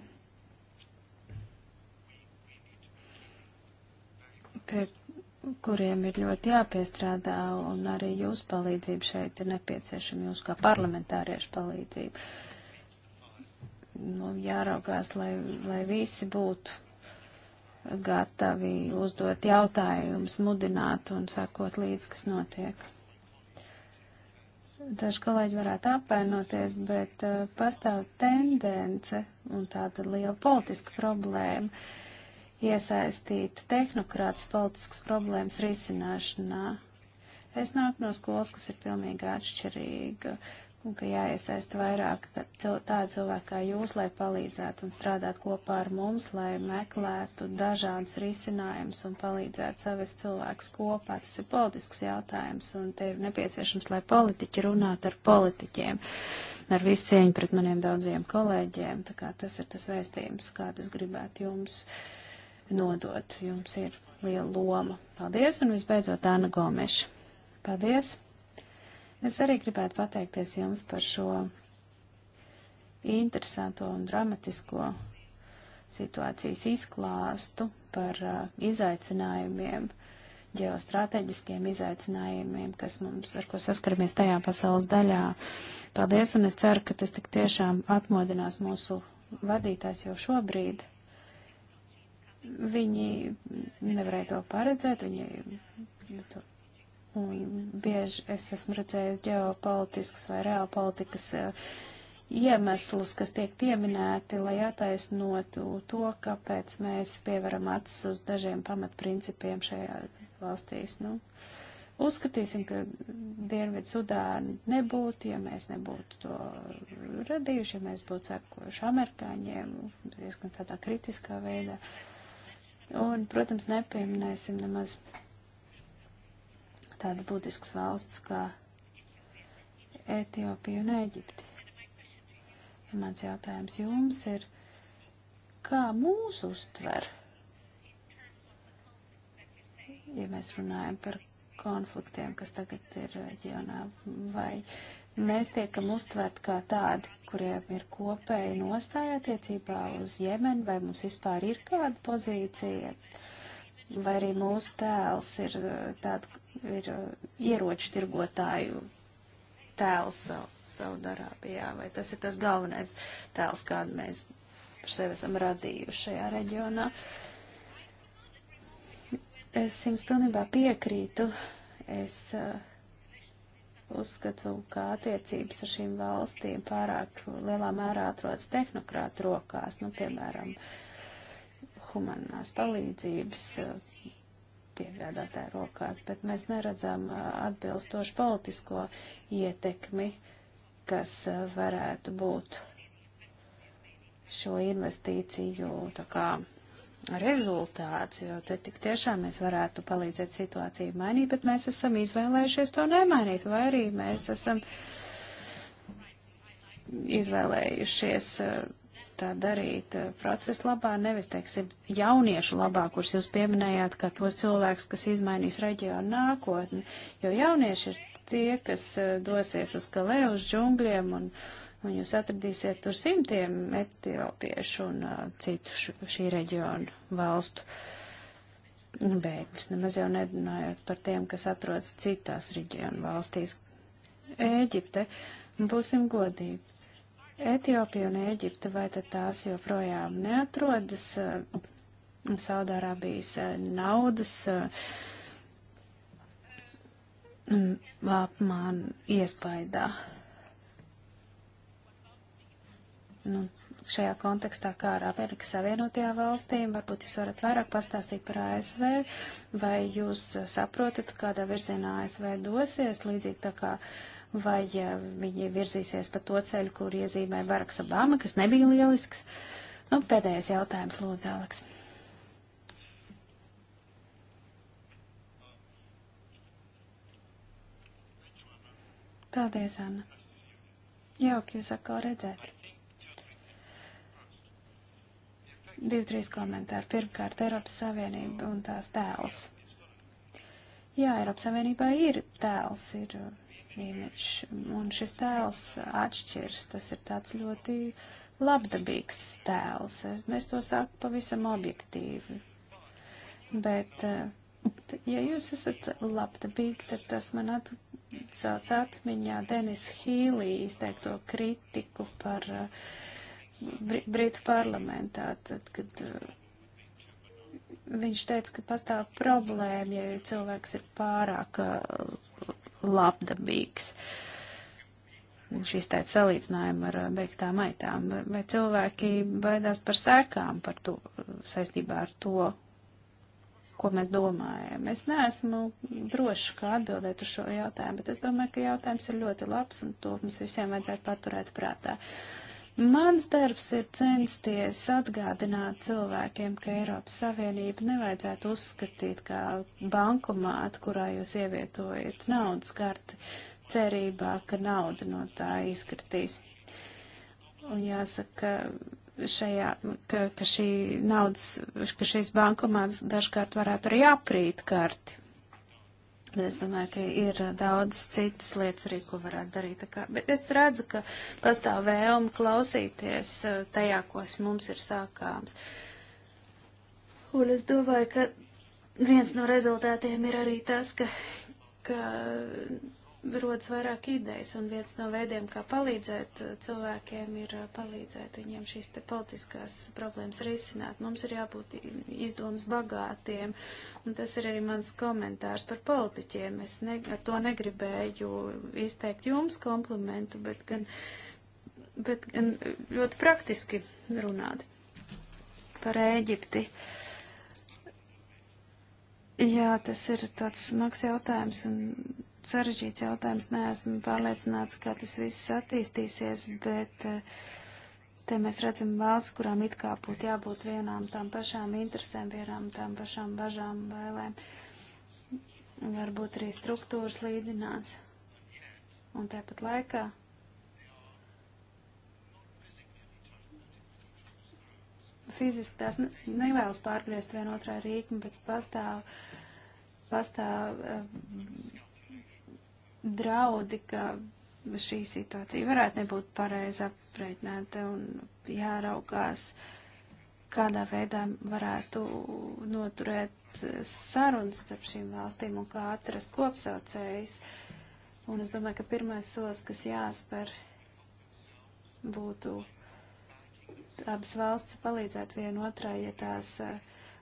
pie kuriem ir ļoti jāpiestrādā, un arī jūsu palīdzība šeit ir nepieciešama, jūs kā parlamentāriešu palīdzība. Nu, jāraugās, lai, lai visi būtu gatavi uzdot jautājumus, mudināt un sakot līdz, kas notiek. Daži kolēģi varētu apvainoties, bet uh, pastāv tendence un tāda liela politiska problēma iesaistīt tehnokrātas politiskas problēmas risināšanā. Es nāku no skolas, kas ir pilnīgi atšķirīga. Uh, un ka jāiesaist vairāk tādu cilvēku kā jūs, lai palīdzētu un strādāt kopā ar mums, lai meklētu dažādus risinājumus un palīdzētu savest cilvēkus kopā. Tas ir politisks jautājums, un te ir nepieciešams, lai politiķi runātu ar politiķiem, ar visu cieņu pret maniem daudziem kolēģiem. Tā kā tas ir tas vēstījums, kādu es gribētu jums nodot. Jums ir liela loma. Paldies, un visbeidzot Anna Gomeša. Paldies! Es arī gribētu pateikties jums par šo interesanto un dramatisko situācijas izklāstu par uh, izaicinājumiem, ģeostrateģiskiem izaicinājumiem, kas mums, ar ko saskaramies tajā pasaules daļā. Paldies, un es ceru, ka tas tik tiešām atmodinās mūsu vadītājs jau šobrīd. Viņi nevarēja to paredzēt, viņi nu, to bieži es esmu redzējis ģeopolitiskus vai reālpolitikas eh, iemeslus, kas tiek pieminēti, lai attaisnotu to, kāpēc mēs pievaram acis uz dažiem pamatprincipiem šajā valstīs. Nu, uzskatīsim, ka Dienvidu Sudāna nebūtu, ja mēs nebūtu to radījuši, ja mēs būtu sekojuši amerikāņiem diezgan tādā kritiskā veidā. Un, protams, nepieminēsim nemaz tādas būtiskas valsts kā Etiopija un Eģipte. Un mans jautājums jums ir, kā mūs uztver, ja mēs runājam par konfliktiem, kas tagad ir reģionā, vai mēs tiekam uztvert kā tādi, kuriem ir kopēja nostāja attiecībā uz Jemenu, vai mums vispār ir kāda pozīcija, vai arī mūsu tēls ir eh, tāda ir uh, ieroču tirgotāju tēls savu, savu darābijā, vai tas ir tas galvenais tēls, kādu mēs par sevi esam radījuši šajā reģionā. Es jums pilnībā piekrītu. Es uh, uzskatu, ka attiecības ar šīm valstīm pārāk lielā mērā atrodas tehnokrāta rokās, nu, piemēram, humanās palīdzības uh, piegādātāju rokās, bet mēs neredzam uh, atbilstošu politisko ietekmi, kas uh, varētu būt šo investīciju tā kā rezultāts, jo te tik tiešām mēs varētu palīdzēt situāciju mainīt, bet mēs esam izvēlējušies to nemainīt, vai arī mēs esam izvēlējušies uh, tā darīt eh, procesa labā, nevis, teiksim, jauniešu labā, kurus jūs pieminējāt, kā tos cilvēkus, kas izmainīs reģionu nākotni, jo jaunieši ir tie, kas eh, dosies uz kalē, uz džungļiem, un, un jūs atradīsiet tur simtiem etiopiešu un uh, citu š, šī reģionu valstu bēgļus, nemaz jau nerunājot par tiem, kas atrodas citās reģionu valstīs. Ēģipte, būsim godīgi Etiopija un Ēģipte, vai tad tās joprojām neatrodas eh, Saudārābijas eh, naudas eh, mm, apmāna iespaidā? Nu, šajā kontekstā, kā ar Amerikas Savienotajām valstīm, varbūt jūs varat vairāk pastāstīt par ASV, vai jūs saprotat, kādā virzienā ASV dosies, līdzīgi tā kā uh, vai viņi virzīsies pa to ceļu, kur iezīmē Baraks Obama, kas nebija lielisks. Nu, pēdējais jautājums, lūdzu, Aleks. Paldies, Anna. Jauki jūs atkal redzēt. Divi, trīs komentāri. Pirmkārt, Eiropas Savienība un tās tēls. Jā, Eiropas Savienībā ir tēls, ir uh, imidžs, un šis tēls atšķirs, tas ir tāds ļoti labdabīgs tēls. Es to saku pavisam objektīvi. Bet, uh, ja jūs esat labdabīgi, tad tas man atgādās sauc atmiņā Denis Hīlī izteikto kritiku par uh, Britu parlamentā, tad, kad uh, viņš teica, ka pastāv problēma, ja cilvēks ir pārāk uh, labdabīgs. Viņš izteica salīdzinājumu ar uh, beigtām aitām. Vai cilvēki baidās par sēkām par to, uh, saistībā ar to, ko mēs domājam? Es neesmu droši, kā atbildēt uz šo jautājumu, bet es domāju, ka jautājums ir ļoti labs un to mums visiem vajadzētu paturēt prātā. Uh, Mans darbs ir censties atgādināt cilvēkiem, ka Eiropas Savienību nevajadzētu uzskatīt kā bankomātu, kurā jūs ievietojat naudas karti cerībā, ka nauda no tā izkritīs. Un jāsaka, šajā, ka, ka šī naudas, ka šīs bankomāts dažkārt varētu arī aprīt karti. Es domāju, ka ir daudz citas lietas arī, ko varētu darīt. Kā, bet es redzu, ka pastāv vēlme klausīties eh, tajā, kas mums ir sākāms. Un es domāju, ka viens no rezultātiem ir arī tas, ka, ka rodas vairāk idejas, un viens no veidiem, kā palīdzēt eh, cilvēkiem, ir eh, palīdzēt viņiem šīs te politiskās problēmas risināt. Mums ir jābūt izdomas bagātiem, un tas ir arī mans komentārs par politiķiem. Es ne, ar to negribēju izteikt jums komplimentu, bet gan, bet gan ļoti praktiski runāt par Ēģipti. Jā, tas ir tāds smags jautājums, un sarežģīts jautājums. Neesmu pārliecināts, kā tas viss attīstīsies, bet eh, te mēs redzam valsts, kurām it kā būtu jābūt vienām tām pašām interesēm, vienām tām pašām bažām, bailēm. Varbūt arī struktūras līdzinās. Un tāpat laikā fiziski tās nevēlas pārgriezt vienotrai rīkni, bet pastāv, pastāv eh, draudi, ka šī situācija varētu nebūt pareizi apreitināta un jāraugās, kādā veidā varētu noturēt sarunas starp šīm valstīm un kā atrast kopsaucējus. Un es domāju, ka pirmais solis, kas jāspēr, būtu abas valsts palīdzēt vienotrai, ja tās eh,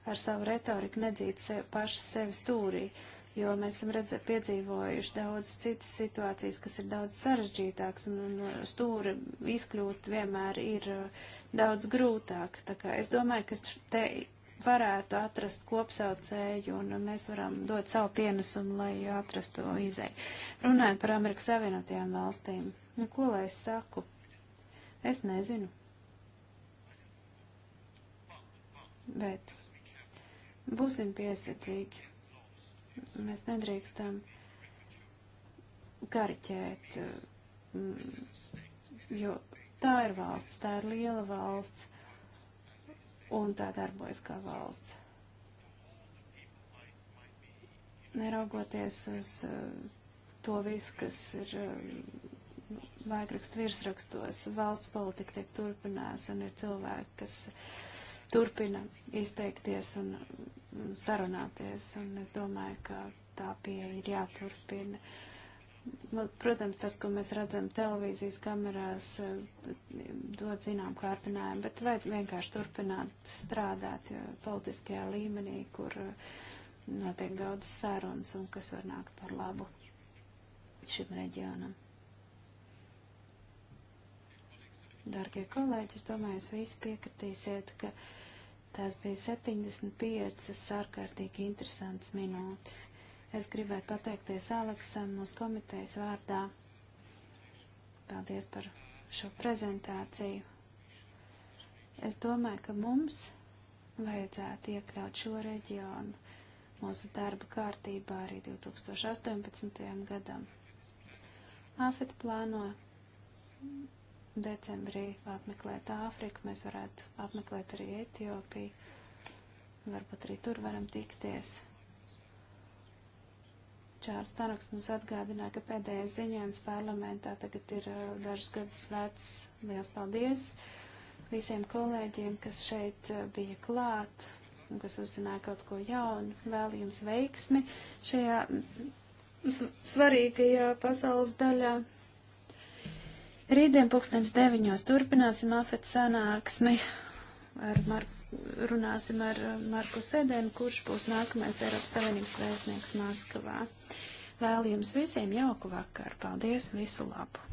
ar savu retoriku nedzītu sev, paši sevi stūrī jo mēs esam redz, piedzīvojuši daudz citas situācijas, kas ir daudz sarežģītāks, un, un stūra izkļūt vienmēr ir uh, daudz grūtāk. Tā kā es domāju, ka te varētu atrast kopsaucēju, un mēs varam dot savu pienesumu, lai atrastu izēju. Runājot par Amerikas Savienotajām valstīm, nu, ko lai es saku? Es nezinu. Bet būsim piesardzīgi. Mēs nedrīkstam kariķēt, mm, jo tā ir valsts, tā ir liela valsts, un tā darbojas kā valsts. Neraugoties uz eh, to visu, kas ir eh, laikrakstu virsrakstos, valsts politika tiek turpinās, un ir cilvēki, kas turpina izteikties un sarunāties, un es domāju, ka tā pieeja ir jāturpina. Nu, protams, tas, ko mēs redzam televīzijas kamerās, dod zinām kārdinājumu, bet vajag vienkārši turpināt strādāt politiskajā līmenī, kur uh, notiek daudz sarunas un kas var nākt par labu šim reģionam. Dargie kolēģi, es domāju, jūs visi piekritīsiet, ka tās bija 75 ārkārtīgi interesantas minūtes. Es gribētu pateikties Aleksam mūsu komitejas vārdā. Paldies par šo prezentāciju. Es domāju, ka mums vajadzētu iekļaut šo reģionu mūsu darba kārtībā arī 2018. gadam. AFET plāno decembrī apmeklēt Āfriku, mēs varētu apmeklēt arī Etiopiju, varbūt arī tur varam tikties. Čārs Tanaks mums atgādināja, ka pēdējais ziņojums parlamentā tagad ir uh, dažus gadus vecs. Liels paldies visiem kolēģiem, kas šeit uh, bija klāt un kas uzzināja kaut ko jaunu. Vēl jums veiksmi šajā svarīgajā pasaules daļā. Rītdien pulkstens deviņos turpināsim afet sanāksmi. Ar Mar runāsim ar uh, Marku Sēdēnu, kurš būs nākamais Eiropas Savienības vēstnieks Maskavā. Vēl jums visiem jauku vakaru. Paldies, visu labu!